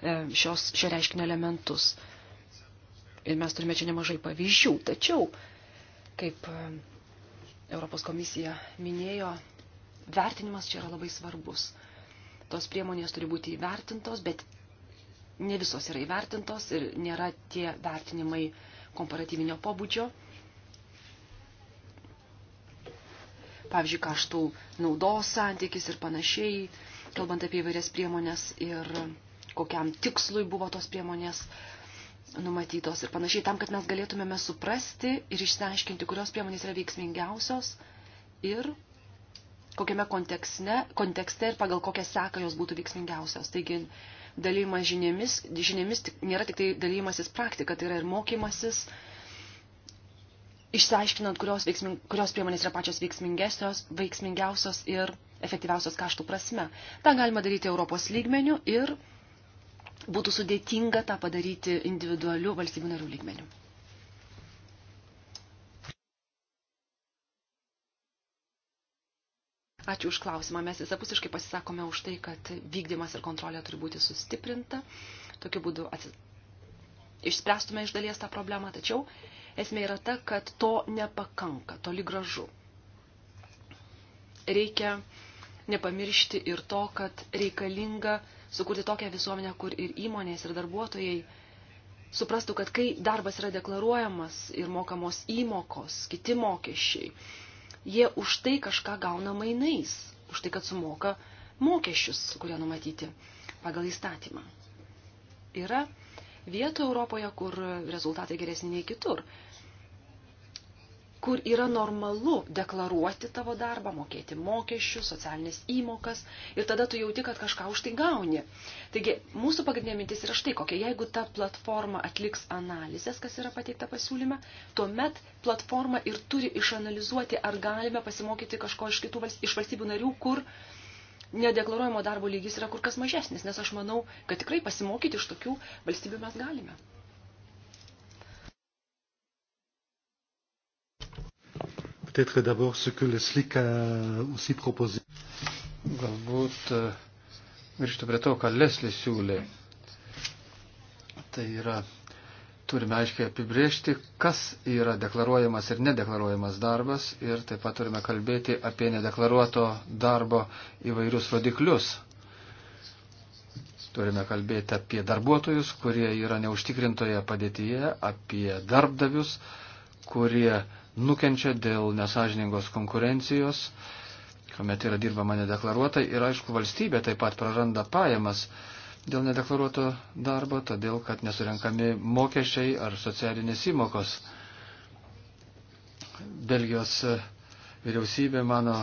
e, šios, šio reiškinio elementus. Ir mes turime čia nemažai pavyzdžių. Tačiau, kaip e, Europos komisija minėjo, vertinimas čia yra labai svarbus. Tos priemonės turi būti įvertintos, bet ne visos yra įvertintos ir nėra tie vertinimai komparatyvinio pobūdžio. pavyzdžiui, kaštų naudos santykis ir panašiai, kalbant apie įvairias priemonės ir kokiam tikslui buvo tos priemonės numatytos ir panašiai, tam, kad mes galėtumėme suprasti ir išsiaiškinti, kurios priemonės yra veiksmingiausios ir kokiame kontekste, kontekste ir pagal kokią seką jos būtų veiksmingiausios. Taigi, dalymas žiniomis, žiniomis tik, nėra tik tai dalymasis praktika, tai yra ir mokymasis, uh, išsiaiškinant, kurios, veiksming, kurios priemonės yra pačios veiksmingiausios ir efektyviausios kaštų prasme. Ta galima daryti Europos lygmenių ir būtų sudėtinga tą padaryti individualių valstybių narių lygmenių. Ačiū už klausimą. Mes visapusiškai pasisakome už tai, kad vykdymas ir kontrolė turi būti sustiprinta. Tokiu būdu atsis... išspręstume iš dalies tą problemą, tačiau esmė yra ta, kad to nepakanka, toli gražu. Reikia nepamiršti ir to, kad reikalinga sukurti tokią visuomenę, kur ir įmonės, ir darbuotojai suprastų, kad kai darbas yra deklaruojamas ir mokamos įmokos, kiti mokesčiai, jie už tai kažką gauna mainais, už tai, kad sumoka mokesčius, kurie numatyti pagal įstatymą. Yra vietų Europoje, kur rezultatai geresni nei kitur, kur yra normalu deklaruoti tavo darbą, mokėti mokesčius, socialinės įmokas ir tada tu jauti, kad kažką už tai gauni. Taigi, mūsų pagrindinė mintis yra štai kokia. Jeigu ta platforma atliks analizės, kas yra pateikta pasiūlyme, tuomet platforma ir turi išanalizuoti, ar galime pasimokyti kažko iš kitų valstybių, iš valstybių narių, kur uh, nedeklaruojamo darbo lygis yra kur kas mažesnis, nes aš manau, kad tikrai pasimokyti iš tokių valstybių mes galime. Peut-être d'abord ce que le SLIC a aussi proposé. Galbūt eh, grįžtų prie to, ką Leslie siūlė. Tai yra turime aiškiai apibriežti, kas yra deklaruojamas ir nedeklaruojamas darbas ir taip pat turime kalbėti apie nedeklaruoto darbo įvairius rodiklius. Turime kalbėti apie darbuotojus, kurie yra neužtikrintoje padėtyje, apie darbdavius, kurie nukenčia dėl nesažiningos konkurencijos, kuomet yra dirbama nedeklaruotai ir aišku valstybė taip pat praranda pajamas dėl nedeklaruoto darbo, todėl kad nesurenkami mokesčiai ar socialinės įmokos. Belgijos e, vyriausybė, mano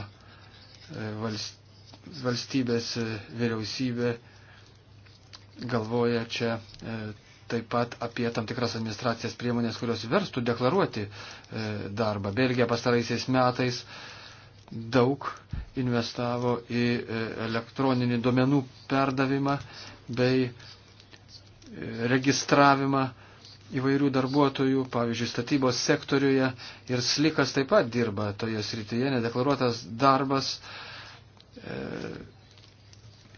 e, valstybės e, vyriausybė galvoja čia taip pat apie tam tikras administracijas priemonės, kurios verstų deklaruoti darbą. Belgija pastaraisiais metais daug investavo į elektroninį duomenų perdavimą bei e, registravimą įvairių darbuotojų, pavyzdžiui, statybos sektoriuje ir slikas taip pat dirba toje srityje, nedeklaruotas darbas e,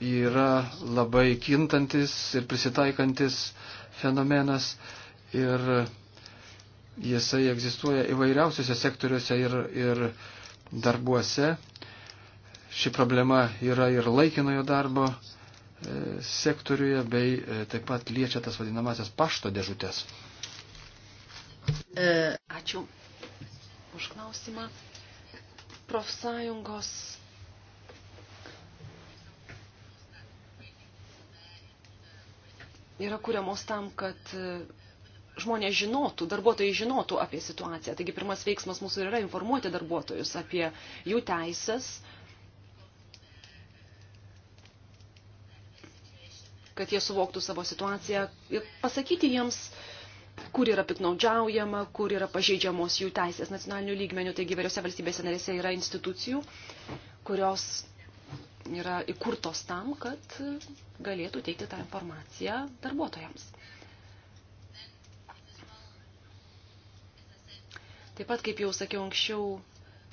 yra labai kintantis ir prisitaikantis fenomenas ir jisai egzistuoja įvairiausiose sektoriuose ir, ir darbuose. Ši problema yra ir laikinojo darbo sektoriuje, bei e, taip pat liečia tas vadinamasias pašto dėžutės. E, ačiū už klausimą. Profsąjungos yra kuriamos tam, kad e, žmonės žinotų, darbuotojai žinotų apie situaciją. Taigi pirmas veiksmas mūsų yra informuoti darbuotojus apie jų teisės, kad jie suvoktų savo situaciją ir pasakyti jiems, kur yra piknaudžiaujama, kur yra pažeidžiamos jų teisės nacionalinių lygmenių. Taigi įvairiose valstybėse narėse yra institucijų, kurios yra įkurtos tam, kad galėtų teikti tą informaciją darbuotojams. Taip pat, kaip jau sakiau anksčiau,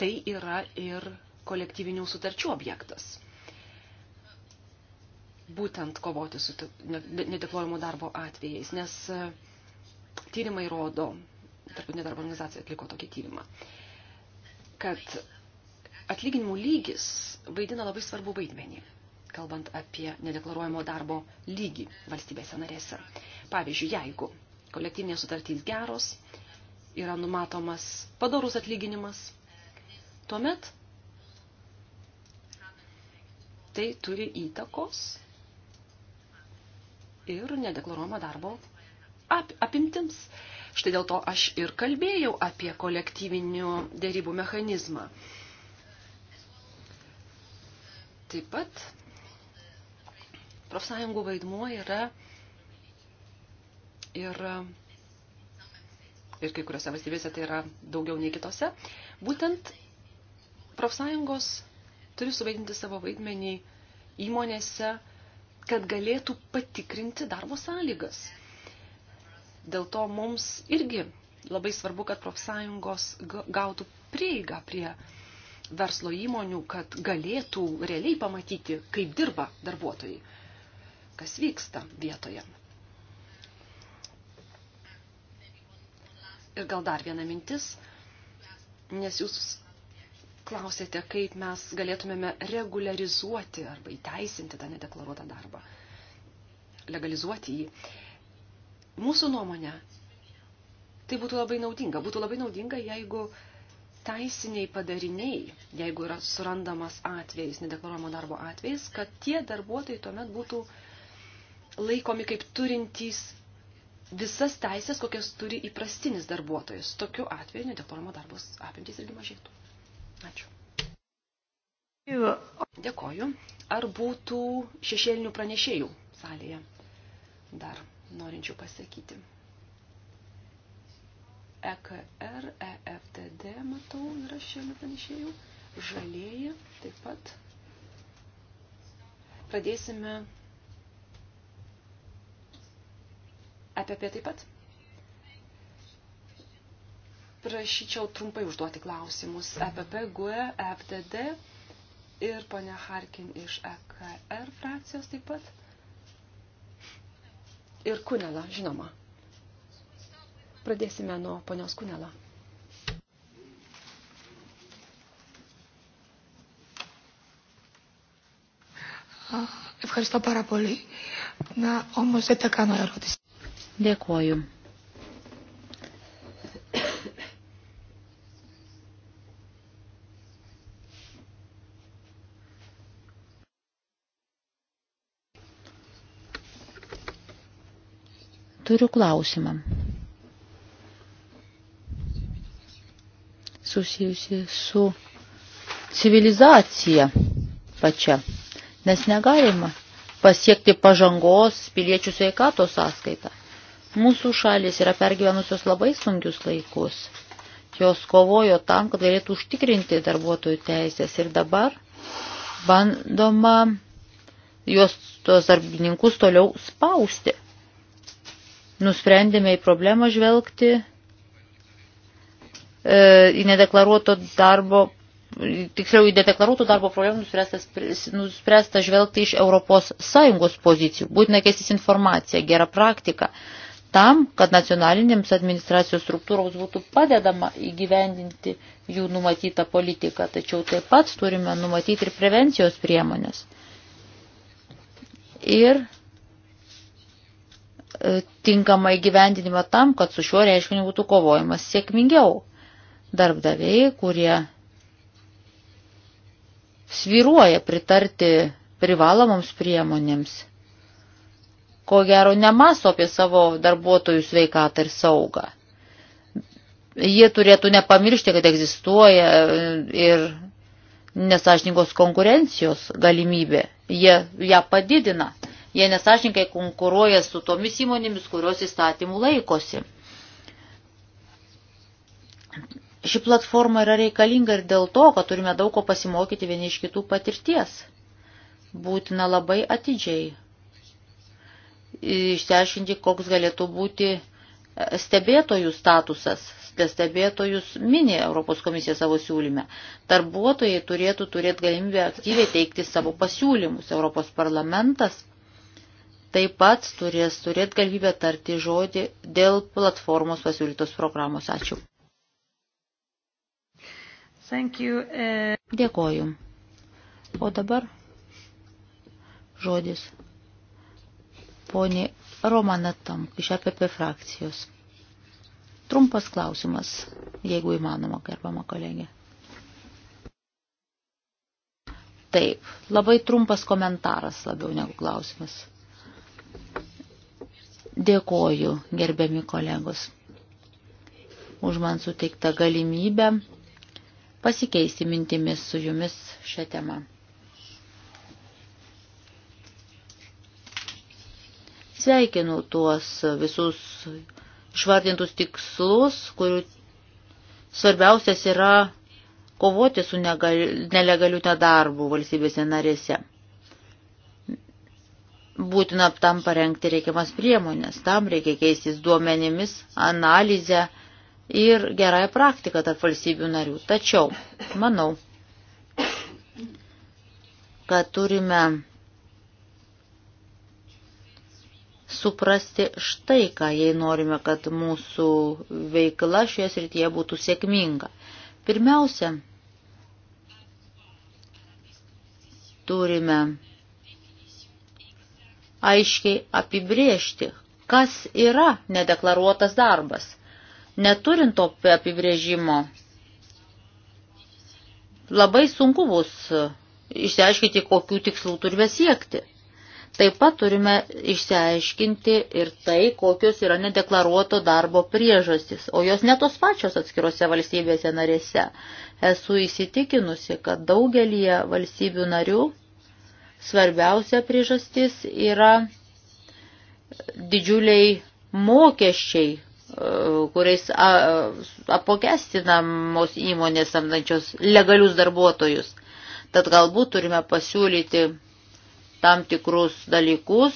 tai yra ir kolektyvinių sutarčių objektas – būtent kovoti su nedeklojimu darbo atvejais, nes e, tyrimai rodo, tarptautinė darbo organizacija atliko tokį tyrimą, kad atlyginimų lygis vaidina labai svarbu vaidmenį, kalbant apie nedeklaruojamo darbo lygį valstybėse narėse. Pavyzdžiui, jeigu kolektyvinės sutartys geros, yra numatomas padarus atlyginimas, tuomet tai turi įtakos ir nedeklaruojamo darbo ap apimtims. Štai dėl to aš ir kalbėjau apie kolektyvinių dėrybų mechanizmą. Taip pat profsąjungų vaidmuo yra ir, ir kai kuriuose valstybėse tai yra daugiau nei kitose. Būtent profsąjungos turi suvaidinti savo vaidmenį įmonėse, kad galėtų patikrinti darbo sąlygas. Dėl to mums irgi labai svarbu, kad profsąjungos gautų prieigą prie verslo įmonių, kad galėtų realiai pamatyti, kaip dirba darbuotojai, kas vyksta vietoje. Ir gal dar viena mintis, nes jūs klausėte, kaip mes galėtumėme regularizuoti arba įteisinti tą nedeklaruotą darbą, legalizuoti jį. Mūsų nuomonė, tai būtų labai naudinga. Būtų labai naudinga, jeigu teisiniai padariniai, jeigu yra surandamas atvejais, nedeklaruojamo darbo atvejais, kad tie darbuotojai tuomet būtų laikomi kaip turintys visas teisės, kokias turi įprastinis darbuotojas. Tokiu atveju nedeklaruojamo darbos apimtys irgi mažėtų. Ačiū. Dėkoju. Ar būtų šešėlinių pranešėjų salėje dar norinčių pasakyti? EKR, EFTD, matau, yra šešėlinių pranešėjų. Žalieji taip pat. Pradėsime apie apie taip pat prašyčiau trumpai užduoti klausimus. EPP, GUE, e, FDD ir ponia Harkin iš EKR frakcijos taip pat. Ir Kunela, žinoma. Pradėsime nuo ponios Kunela. Ευχαριστώ πάρα πολύ. Να όμως δεν θα κάνω ερώτηση. Dėkuoju. Turiu klausimą. Susijusi su civilizacija pačia. Nes negalima pasiekti pažangos piliečių sveikato sąskaitą. Mūsų šalis yra pergyvenusios labai sunkius laikus. Jos kovojo tam, kad galėtų užtikrinti darbuotojų teisės ir dabar bandoma juos tos darbininkus toliau spausti nusprendėme į problemą žvelgti, e, į nedeklaruoto darbo, tiksliau į nedeklaruoto darbo problemą nuspręsta, nuspręsta žvelgti iš Europos Sąjungos pozicijų. Būtina keistis informacija, gera praktika, tam, kad nacionalinėms administracijos struktūros būtų padedama įgyvendinti jų numatytą politiką, tačiau taip pat turime numatyti ir prevencijos priemonės. Ir E, tinkamą įgyvendinimą tam, kad su šiuo reiškiniu būtų kovojamas sėkmingiau. Darbdaviai, kurie sviruoja pritarti privalomoms priemonėms, ko gero nemaso apie savo darbuotojų sveikatą ir saugą. Jie turėtų nepamiršti, kad egzistuoja e, ir nesažningos konkurencijos galimybė. Jie ją padidina. Jie nesažinkai konkuruoja su tomis įmonėmis, kurios įstatymų laikosi. Ši platforma yra reikalinga ir dėl to, kad turime daug ko pasimokyti vieni iš kitų patirties. Būtina labai atidžiai išsiaiškinti, koks galėtų būti stebėtojų statusas, stebėtojus mini Europos komisija savo siūlyme. Darbuotojai turėtų turėti galimybę aktyviai teikti savo pasiūlymus. Europos parlamentas taip pat turės turėti galimybę tarti žodį dėl platformos pasiūlytos programos. Ačiū. Thank you. Eh. Dėkoju. O dabar žodis poniai Romana Tamk iš APP frakcijos. Trumpas klausimas, jeigu įmanoma, gerbama kolegė. Taip, labai trumpas komentaras labiau negu klausimas. Dėkoju, gerbiami kolegos, už man suteiktą galimybę pasikeisti mintimis su jumis šią temą. Sveikinu tuos visus išvardintus tikslus, kurių svarbiausias yra kovoti su negal, nelegaliu nedarbu valstybėse narėse būtina tam parengti reikiamas priemonės, tam reikia keistis duomenimis, analizę ir gerąją praktiką tarp valstybių narių. Tačiau, manau, kad turime suprasti štai ką, jei norime, kad mūsų veikla šioje srityje būtų sėkminga. Pirmiausia, turime aiškiai apibriežti, kas yra nedeklaruotas darbas. Neturint to apibrėžimo, labai sunku bus išsiaiškinti, kokių tikslų turime siekti. Taip pat turime išsiaiškinti ir tai, kokios yra nedeklaruoto darbo priežastys, o jos netos pačios atskirose valstybėse narėse. Esu įsitikinusi, kad daugelie valstybių narių svarbiausia priežastis yra didžiuliai mokesčiai, e, kuriais apokestinamos įmonės samdančios legalius darbuotojus. Tad galbūt turime pasiūlyti tam tikrus dalykus,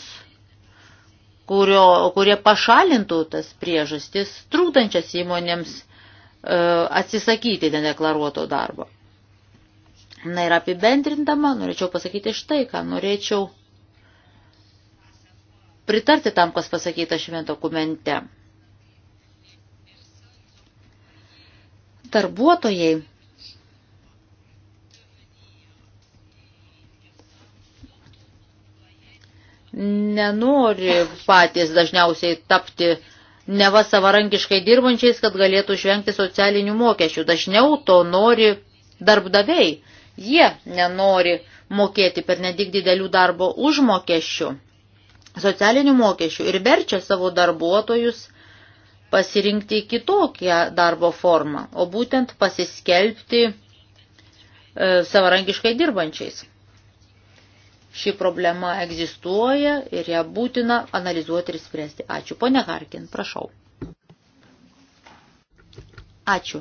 kurio, kurie pašalintų tas priežastis, trūkdančias įmonėms e, atsisakyti nedeklaruoto darbo. Na ir apibendrindama, norėčiau pasakyti štai ką, norėčiau pritarti tam, kas pasakyta šiame dokumente. Darbuotojai nenori patys dažniausiai tapti neva savarankiškai dirbančiais, kad galėtų išvengti socialinių mokesčių. Dažniau to nori darbdaviai. Jie nenori mokėti per nedik didelių darbo užmokesčių, socialinių mokesčių ir verčia savo darbuotojus pasirinkti kitokią darbo formą, o būtent pasiskelbti e, savarankiškai dirbančiais. Ši problema egzistuoja ir ją būtina analizuoti ir spręsti. Ačiū. Pone Harkin, prašau. Ačiū.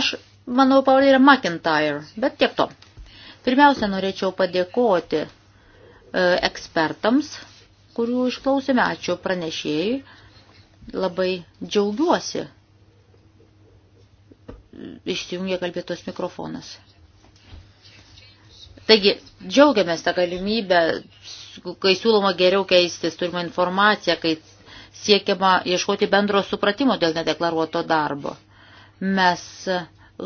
Aš Manau, pavardė yra McIntyre, bet tiek to. Pirmiausia, norėčiau padėkoti e, ekspertams, kurių išklausėme. Ačiū pranešėjai. Labai džiaugiuosi. Išsijungė kalbėtos mikrofonas. Taigi, džiaugiamės tą galimybę, kai siūloma geriau keistis, turime informaciją, kai siekiama ieškoti bendro supratimo dėl nedeklaruoto darbo. Mes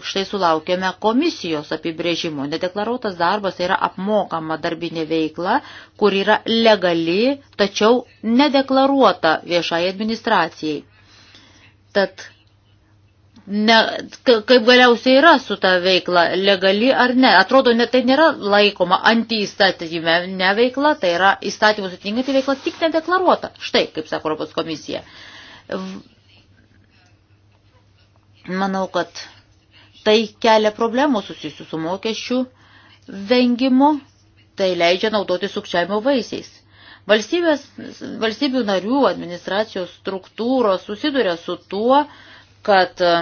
štai sulaukėme komisijos apibrėžimo. Nedeklaruotas darbas tai yra apmokama darbinė veikla, kur yra legali, tačiau nedeklaruota viešai administracijai. Tad ne, kaip galiausiai yra su ta veikla, legali ar ne. Atrodo, ne, tai nėra laikoma antiįstatymė ne veikla, tai yra įstatymus atitinkanti veikla tik nedeklaruota. Štai, kaip sako Europos komisija. Manau, kad Tai kelia problemų susijusių su mokesčių vengimu, tai leidžia naudoti sukčiavimo vaisiais. Valstybės, valstybių narių administracijos struktūros susiduria su tuo, kad e,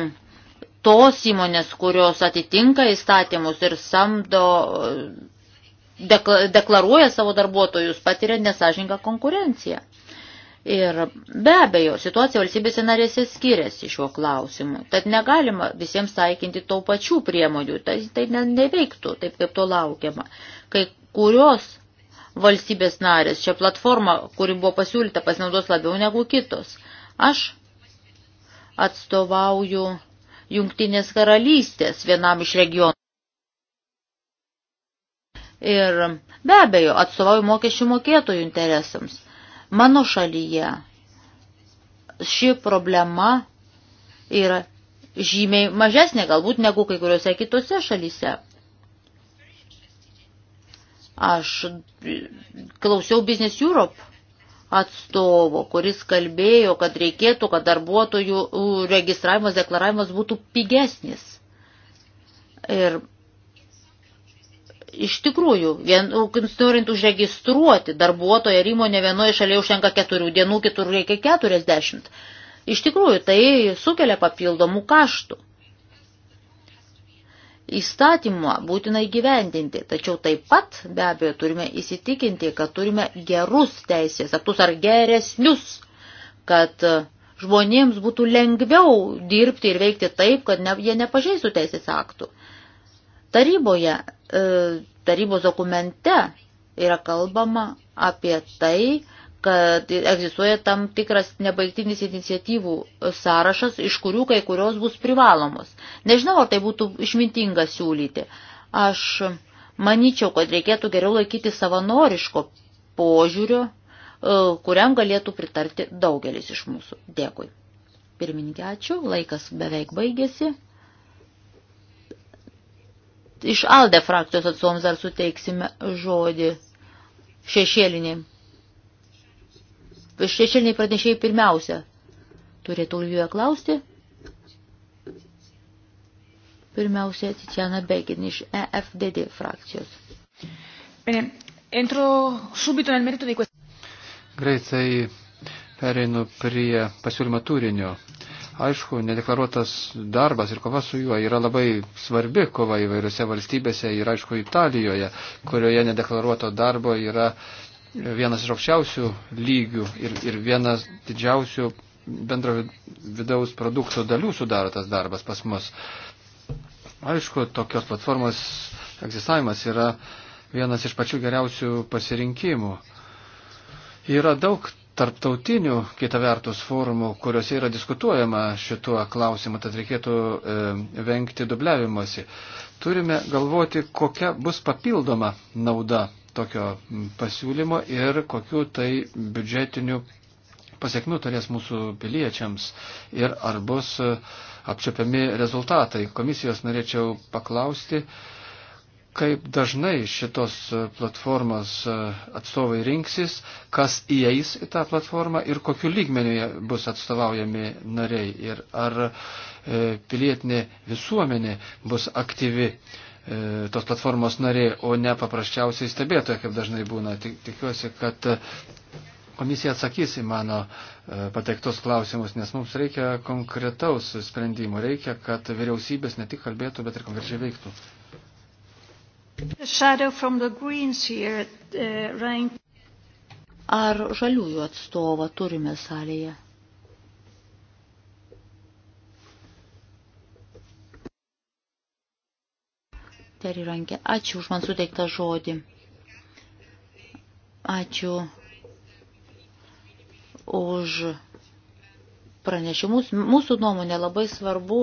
tos įmonės, kurios atitinka įstatymus ir samdo, e, deklaruoja savo darbuotojus, patiria nesažinką konkurenciją. Ir be abejo, situacija valstybėse narėse skiriasi šiuo klausimu, tad negalima visiems taikinti to pačių priemonių, tai, tai ne, neveiktų taip, kaip to laukiama. Kai kurios valstybės narės šią platformą, kuri buvo pasiūlyta, pasinaudos labiau negu kitos. Aš atstovauju Jungtinės karalystės vienam iš regionų. Ir be abejo, atstovauju mokesčių mokėtojų interesams Mano šalyje ši problema yra žymiai mažesnė galbūt negu kai kuriuose kitose šalyse. Aš klausiau Business Europe atstovo, kuris kalbėjo, kad reikėtų, kad darbuotojų registravimas, deklaravimas būtų pigesnis. Ir iš tikrųjų, vien, norint užregistruoti darbuotoją ir įmonę vienoje šalyje užtenka keturių dienų, kitur reikia keturiasdešimt. Iš tikrųjų, tai sukelia papildomų kaštų. Įstatymą būtina įgyvendinti, tačiau taip pat be abejo turime įsitikinti, kad turime gerus teisės aktus ar geresnius, kad žmonėms būtų lengviau dirbti ir veikti taip, kad ne, jie nepažeistų teisės aktų. Taryboje E, tarybos dokumente yra kalbama apie tai, kad egzistuoja tam tikras nebaigtinis iniciatyvų sąrašas, iš kurių kai kurios bus privalomos. Nežinau, ar tai būtų išmintinga siūlyti. Aš manyčiau, kad reikėtų geriau laikyti savanoriško požiūrio, e, kuriam galėtų pritarti daugelis iš mūsų. Dėkui. Pirmininkė, ačiū. Laikas beveik baigėsi iš ALDE frakcijos atsuoms dar suteiksime žodį šešėliniai. Šešėliniai pranešėjai pirmiausia. Turėtų Ulvijoje klausti? Pirmiausia, Ticiana Begin iš EFDD frakcijos. Bene, entro subito nel merito di questo. Greitai pereinu prie pasiūlymo turinio. Aišku, nedeklaruotas darbas ir kova su juo yra labai svarbi kova įvairiose valstybėse ir aišku Italijoje, kurioje nedeklaruoto darbo yra vienas iš aukščiausių lygių ir, ir vienas didžiausių bendro vidaus produkto dalių sudaro tas darbas pas mus. Aišku, tokios platformos egzistavimas yra vienas iš pačių geriausių pasirinkimų. Yra daug tarptautinių, kita vertus, formų, kuriuose yra diskutuojama šituo klausimu, tad reikėtų e, vengti dubliavimuose. Turime galvoti, kokia bus papildoma nauda tokio pasiūlymo ir kokiu tai biudžetiniu pasiekmių turės mūsų piliečiams ir ar bus e, apčiopiami rezultatai. Komisijos norėčiau paklausti. E, kaip dažnai šitos e, platformos e, atstovai rinksis, kas įeis į tą platformą ir kokiu lygmeniu bus atstovaujami nariai ir ar e, pilietinė visuomenė bus aktyvi tos platformos narė, o ne paprasčiausiai stebėtoja, kaip dažnai būna. Tikiuosi, kad komisija atsakys į mano pateiktus klausimus, nes mums reikia konkretaus sprendimo, reikia, kad vyriausybės ne tik kalbėtų, bet ir konkrečiai veiktų. Here, uh, Ar žaliųjų atstovą turime salėje? Terį rankę. Ačiū už man suteiktą žodį. Ačiū už pranešimus. Mūsų nuomonė labai svarbu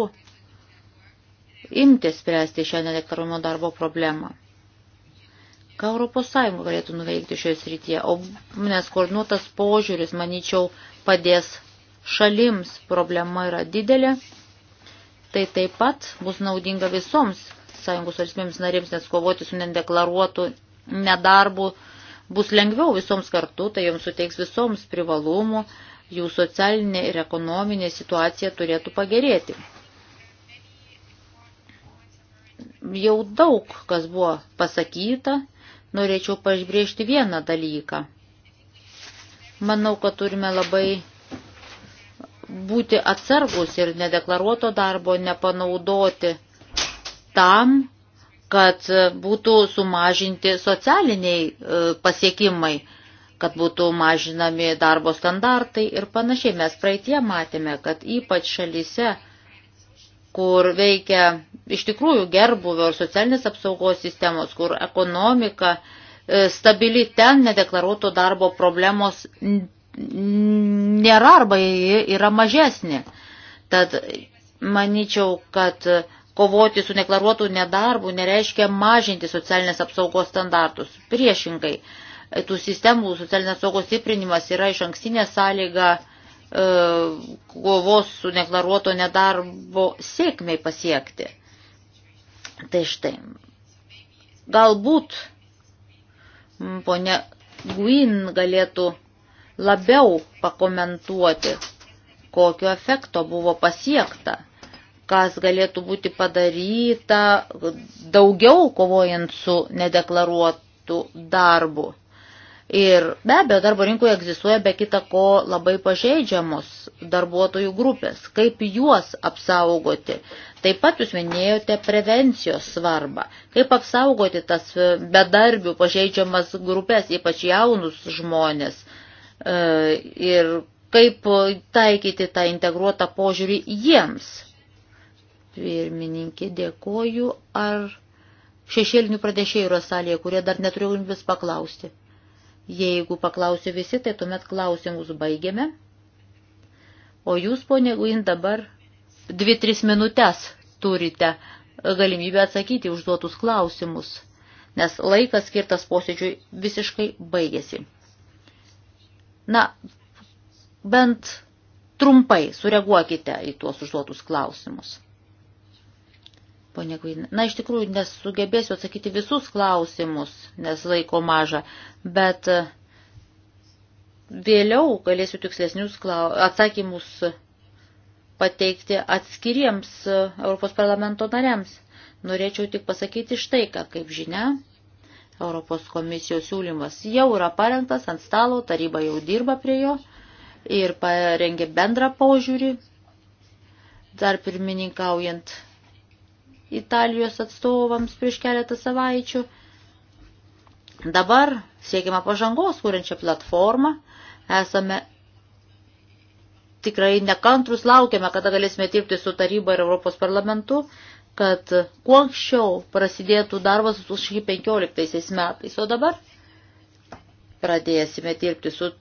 imti spręsti šią nedeklaruojamo darbo problemą. Ką ES galėtų nuveikti šioje srityje? O nes koordinuotas požiūris, manyčiau, padės šalims. Problema yra didelė. Tai taip pat bus naudinga visoms sąjungos valstybėms narėms, nes kovoti su nedeklaruotu nedarbu bus lengviau visoms kartu, tai joms suteiks visoms privalumų, jų socialinė ir ekonominė situacija turėtų pagerėti. Jau daug kas buvo pasakyta, norėčiau pažbrėžti vieną dalyką. Manau, kad turime labai būti atsargus ir nedeklaruoto darbo nepanaudoti tam, kad būtų sumažinti socialiniai e, pasiekimai, kad būtų mažinami darbo standartai ir panašiai. Mes praeitie matėme, kad ypač šalyse, kur veikia iš tikrųjų gerbuvio ir socialinės apsaugos sistemos, kur ekonomika e, stabili ten nedeklaruoto darbo problemos nėra arba yra mažesnė. Tad manyčiau, kad kovoti su neklaruotų nedarbu nereiškia mažinti socialinės apsaugos standartus. Priešingai, tų sistemų socialinės apsaugos stiprinimas yra iš ankstinė sąlyga E, kovos su neklaruoto nedarbo sėkmiai pasiekti. Tai štai, galbūt ponia Guin galėtų labiau pakomentuoti, kokio efekto buvo pasiekta, kas galėtų būti padaryta daugiau kovojant su nedeklaruotu darbu. Ir be abejo, darbo rinkoje egzistuoja be kita ko labai pažeidžiamos darbuotojų grupės. Kaip juos apsaugoti? Taip pat jūs minėjote prevencijos svarbą. Kaip apsaugoti tas bedarbių pažeidžiamas grupės, ypač jaunus žmonės. E, ir kaip taikyti tą integruotą požiūrį jiems. Pirmininkė, dėkoju. Ar šešėlinių pradėšėjų yra salėje, kurie dar neturėjo jums paklausti? Jeigu paklausė visi, tai tuomet klausimus baigėme. O jūs, ponė Guin, dabar 2-3 minutės turite galimybę atsakyti užduotus klausimus, nes laikas skirtas posėdžiui visiškai baigėsi. Na, bent trumpai sureaguokite į tuos užduotus klausimus. Pone Kvain, na iš tikrųjų nesugebėsiu atsakyti visus klausimus, nes laiko maža, bet e, vėliau galėsiu tikslesnius atsakymus pateikti atskiriems e, Europos parlamento nariams. Norėčiau tik pasakyti štai ką, kaip žinia, Europos komisijos siūlymas jau yra parengtas ant stalo, taryba jau dirba prie jo ir parengė bendrą požiūrį, dar pirmininkaujant Italijos atstovams prieš keletą savaičių. Dabar siekime pažangos, kuriančią platformą. Esame tikrai nekantrus, laukiame, kada galėsime dirbti su taryba ir Europos parlamentu, kad kuo anksčiau prasidėtų darbas 2015 metais. O dabar pradėsime dirbti su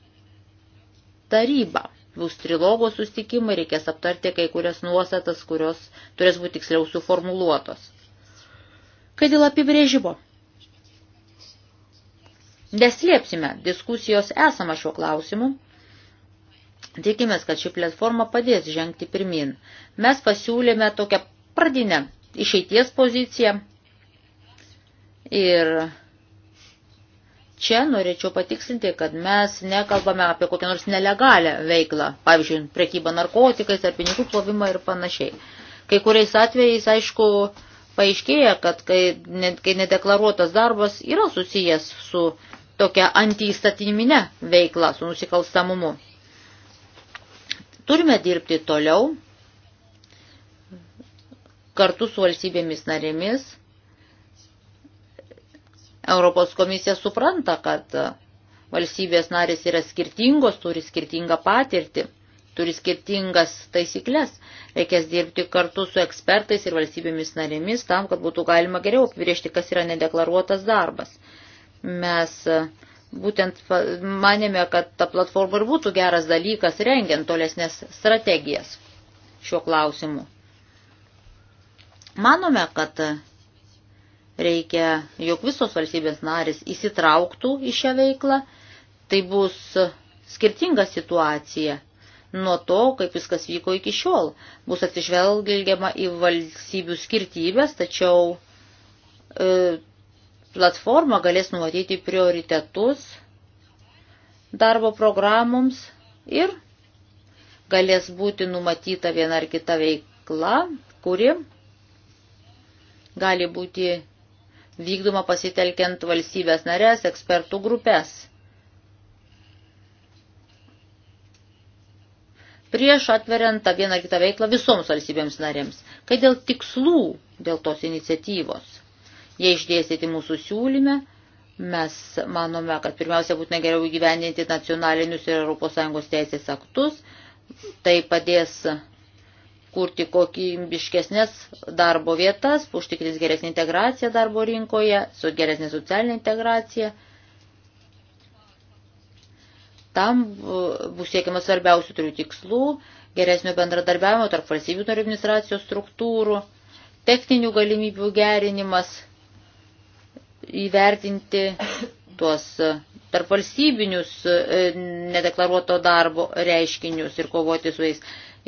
taryba bus trilogo sustikimai, reikės aptarti kai kurias nuostatas, kurios turės būti tiksliau suformuluotos. Kai dėl apibrėžimo. Neslėpsime diskusijos esamą šiuo klausimu. Tikimės, kad ši platforma padės žengti pirmin. Mes pasiūlėme tokią pradinę išeities poziciją ir Čia norėčiau patikslinti, kad mes nekalbame apie kokią nors nelegalią veiklą, pavyzdžiui, prekybą narkotikais ar pinigų plovimą ir panašiai. Kai kuriais atvejais, aišku, paaiškėja, kad kai, net, kai nedeklaruotas darbas yra susijęs su tokia antiįstatyminė veikla, su nusikalstamumu. Turime dirbti toliau kartu su valstybėmis narėmis Europos komisija supranta, kad valstybės narės yra skirtingos, turi skirtingą patirtį, turi skirtingas taisyklės. Reikės dirbti kartu su ekspertais ir valstybėmis narėmis tam, kad būtų galima geriau apibriežti, kas yra nedeklaruotas darbas. Mes e, būtent manėme, kad ta platforma ir būtų geras dalykas rengiant tolesnės strategijas šiuo klausimu. Manome, kad Reikia, jog visos valstybės narės įsitrauktų į šią veiklą. Tai bus skirtinga situacija nuo to, kaip viskas vyko iki šiol. Bus atsižvelgiama į valstybių skirtybės, tačiau e, platforma galės numatyti prioritetus darbo programoms ir galės būti numatyta viena ar kita veikla, kuri gali būti vykdoma pasitelkiant valstybės narės ekspertų grupės. Prieš atveriant tą vieną ar kitą veiklą visoms valstybėms narėms, kai dėl tikslų, dėl tos iniciatyvos, jie išdėstyti mūsų siūlyme, mes manome, kad pirmiausia būtina geriau įgyvendinti nacionalinius ir ES teisės aktus, tai padės kurti kokybiškesnės darbo vietas, užtikrins geresnį integraciją darbo rinkoje, su geresnė socialinė integracija. Tam bus siekiama svarbiausių turių tikslų, geresnio bendradarbiavimo tarp valstybių narių administracijos struktūrų, techninių galimybių gerinimas, įvertinti tuos tarp valstybinius e, nedeklaruoto darbo reiškinius ir kovoti su jais.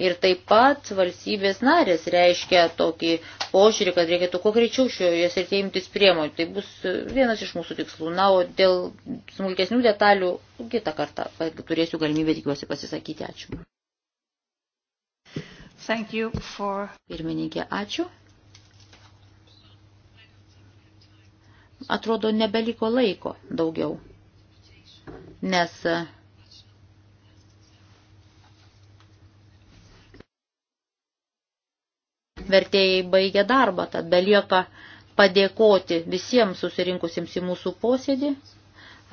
Ir taip pat valstybės narės reiškia tokį požiūrį, kad reikėtų kuo greičiau šioje srityje imtis priemonių. Tai bus vienas iš mūsų tikslų. Na, o dėl smulkesnių detalių kitą kartą turėsiu galimybę tikiuosi pasisakyti. Ačiū. Thank you for... Pirmininkė, ačiū. Atrodo, nebeliko laiko daugiau, nes vertėjai baigė darbą, tad belieka padėkoti visiems susirinkusiems į mūsų posėdį.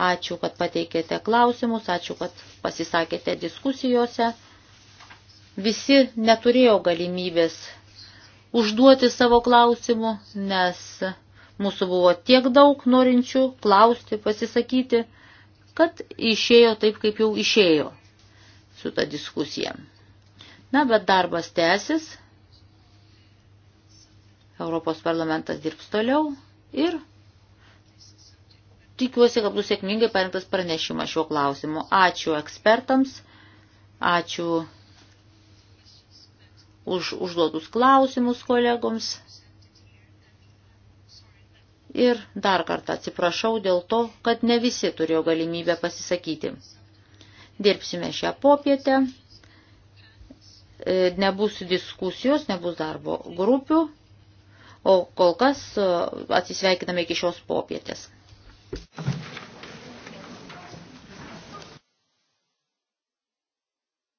Ačiū, kad pateikėte klausimus, ačiū, kad pasisakėte diskusijose. Visi neturėjo galimybės užduoti savo klausimų, nes mūsų buvo tiek daug norinčių klausti, pasisakyti, kad išėjo taip, kaip jau išėjo su ta diskusija. Na, bet darbas tęsis. Europos parlamentas dirbs toliau ir tikiuosi, kad bus sėkmingai parengtas pranešimas šiuo klausimu. Ačiū ekspertams, ačiū už užduotus klausimus kolegoms. Ir dar kartą atsiprašau dėl to, kad ne visi turėjo galimybę pasisakyti. Dirbsime šią popietę, e, nebus diskusijos, nebus darbo grupių. O kol kas atsisveikiname iki šios popietės.